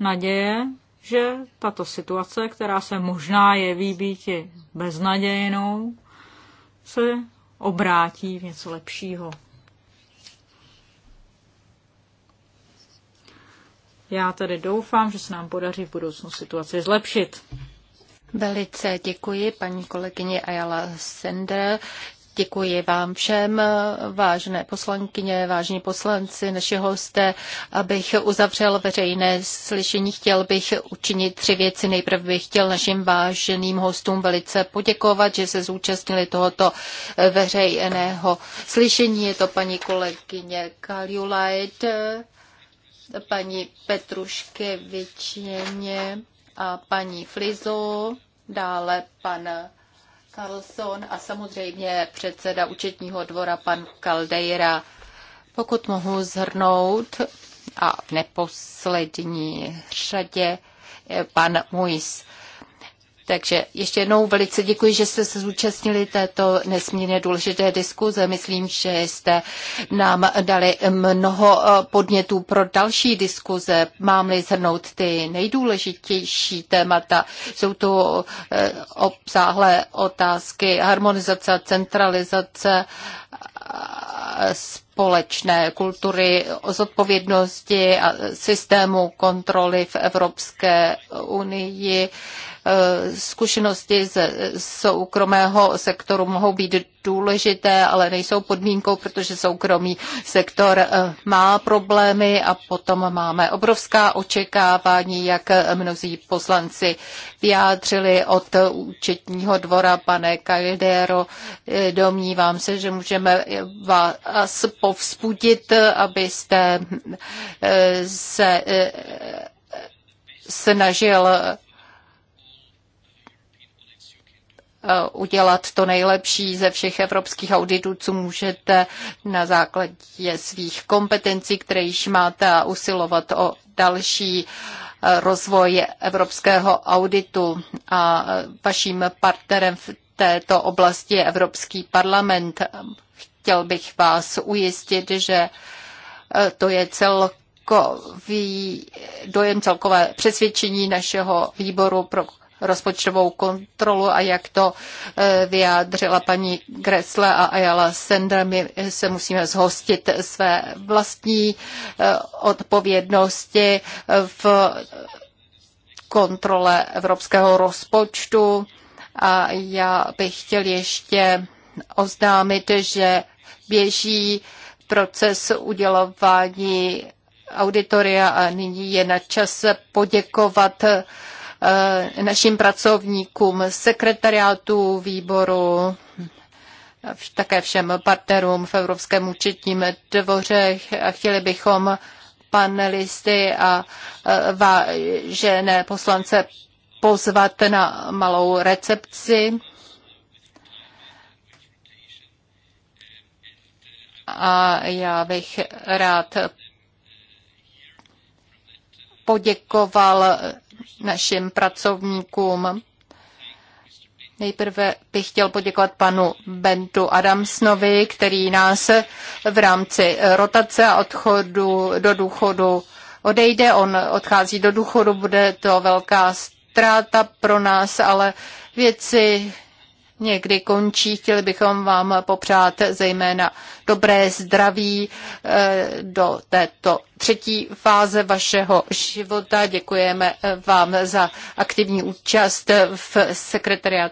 Naděje, že tato situace, která se možná jeví být beznadějnou, se obrátí v něco lepšího. Já tedy doufám, že se nám podaří v budoucnu situaci zlepšit. Velice děkuji paní kolegyně Ayala Sender. Děkuji vám všem, vážné poslankyně, vážní poslanci, naši hosté. Abych uzavřel veřejné slyšení, chtěl bych učinit tři věci. Nejprve bych chtěl našim váženým hostům velice poděkovat, že se zúčastnili tohoto veřejného slyšení. Je to paní kolegyně Kaliulajt, paní Petruškevičeně a paní Flizo, dále pan Carlson a samozřejmě předseda účetního dvora pan Caldeira. Pokud mohu zhrnout, a v neposlední řadě eh, pan Muis. Takže ještě jednou velice děkuji, že jste se zúčastnili této nesmírně důležité diskuze. Myslím, že jste nám dali mnoho eh, podnětů pro další diskuze. Mám-li zhrnout ty nejdůležitější témata, jsou to eh, obsáhlé otázky harmonizace, centralizace, společné kultury zodpovědnosti a systému kontroly v Evropské unii. Eh, zkušenosti ze soukromého sektoru mohou být důležité, ale nejsou podmínkou, protože soukromý sektor eh, má problémy a potom máme obrovská očekávání, jak eh, mnozí poslanci vyjádřili od účetního dvora pane Caldero. Eh, domnívám se, že můžeme vás povzbudit, abyste se snažil Eh, udělat to nejlepší ze všech evropských auditů, co můžete na základě svých kompetencí, které již máte a usilovat o další eh, rozvoj evropského auditu a eh, vaším partnerem v této oblasti je Evropský parlament. Chtěl bych vás ujistit, že to je celkový dojem, celkové přesvědčení našeho výboru pro rozpočtovou kontrolu a jak to e, vyjádřila paní Gressle a Ayala Sender, my se musíme zhostit své vlastní e, odpovědnosti v kontrole evropského rozpočtu. A já bych chtěl ještě oznámit, že běží proces udělování auditoria a nyní je na čase poděkovat Eh, našim pracovníkům, sekretariátu výboru, také všem partnerům v Evropském účetním dvoře. Chtěli bychom panelisty a eh, vážené poslance pozvat na malou recepci. A já bych rád poděkoval našim pracovníkům. Nejprve bych chtěl poděkovat panu Bentu Adamsnovi, který nás v rámci rotace a odchodu do důchodu odejde. On odchází do důchodu, bude to velká ztráta pro nás, ale věci někdy končí. Chtěli bychom vám popřát zejména dobré zdraví eh, do této třetí fáze vašeho života. Děkujeme vám za aktivní účast v sekretariátu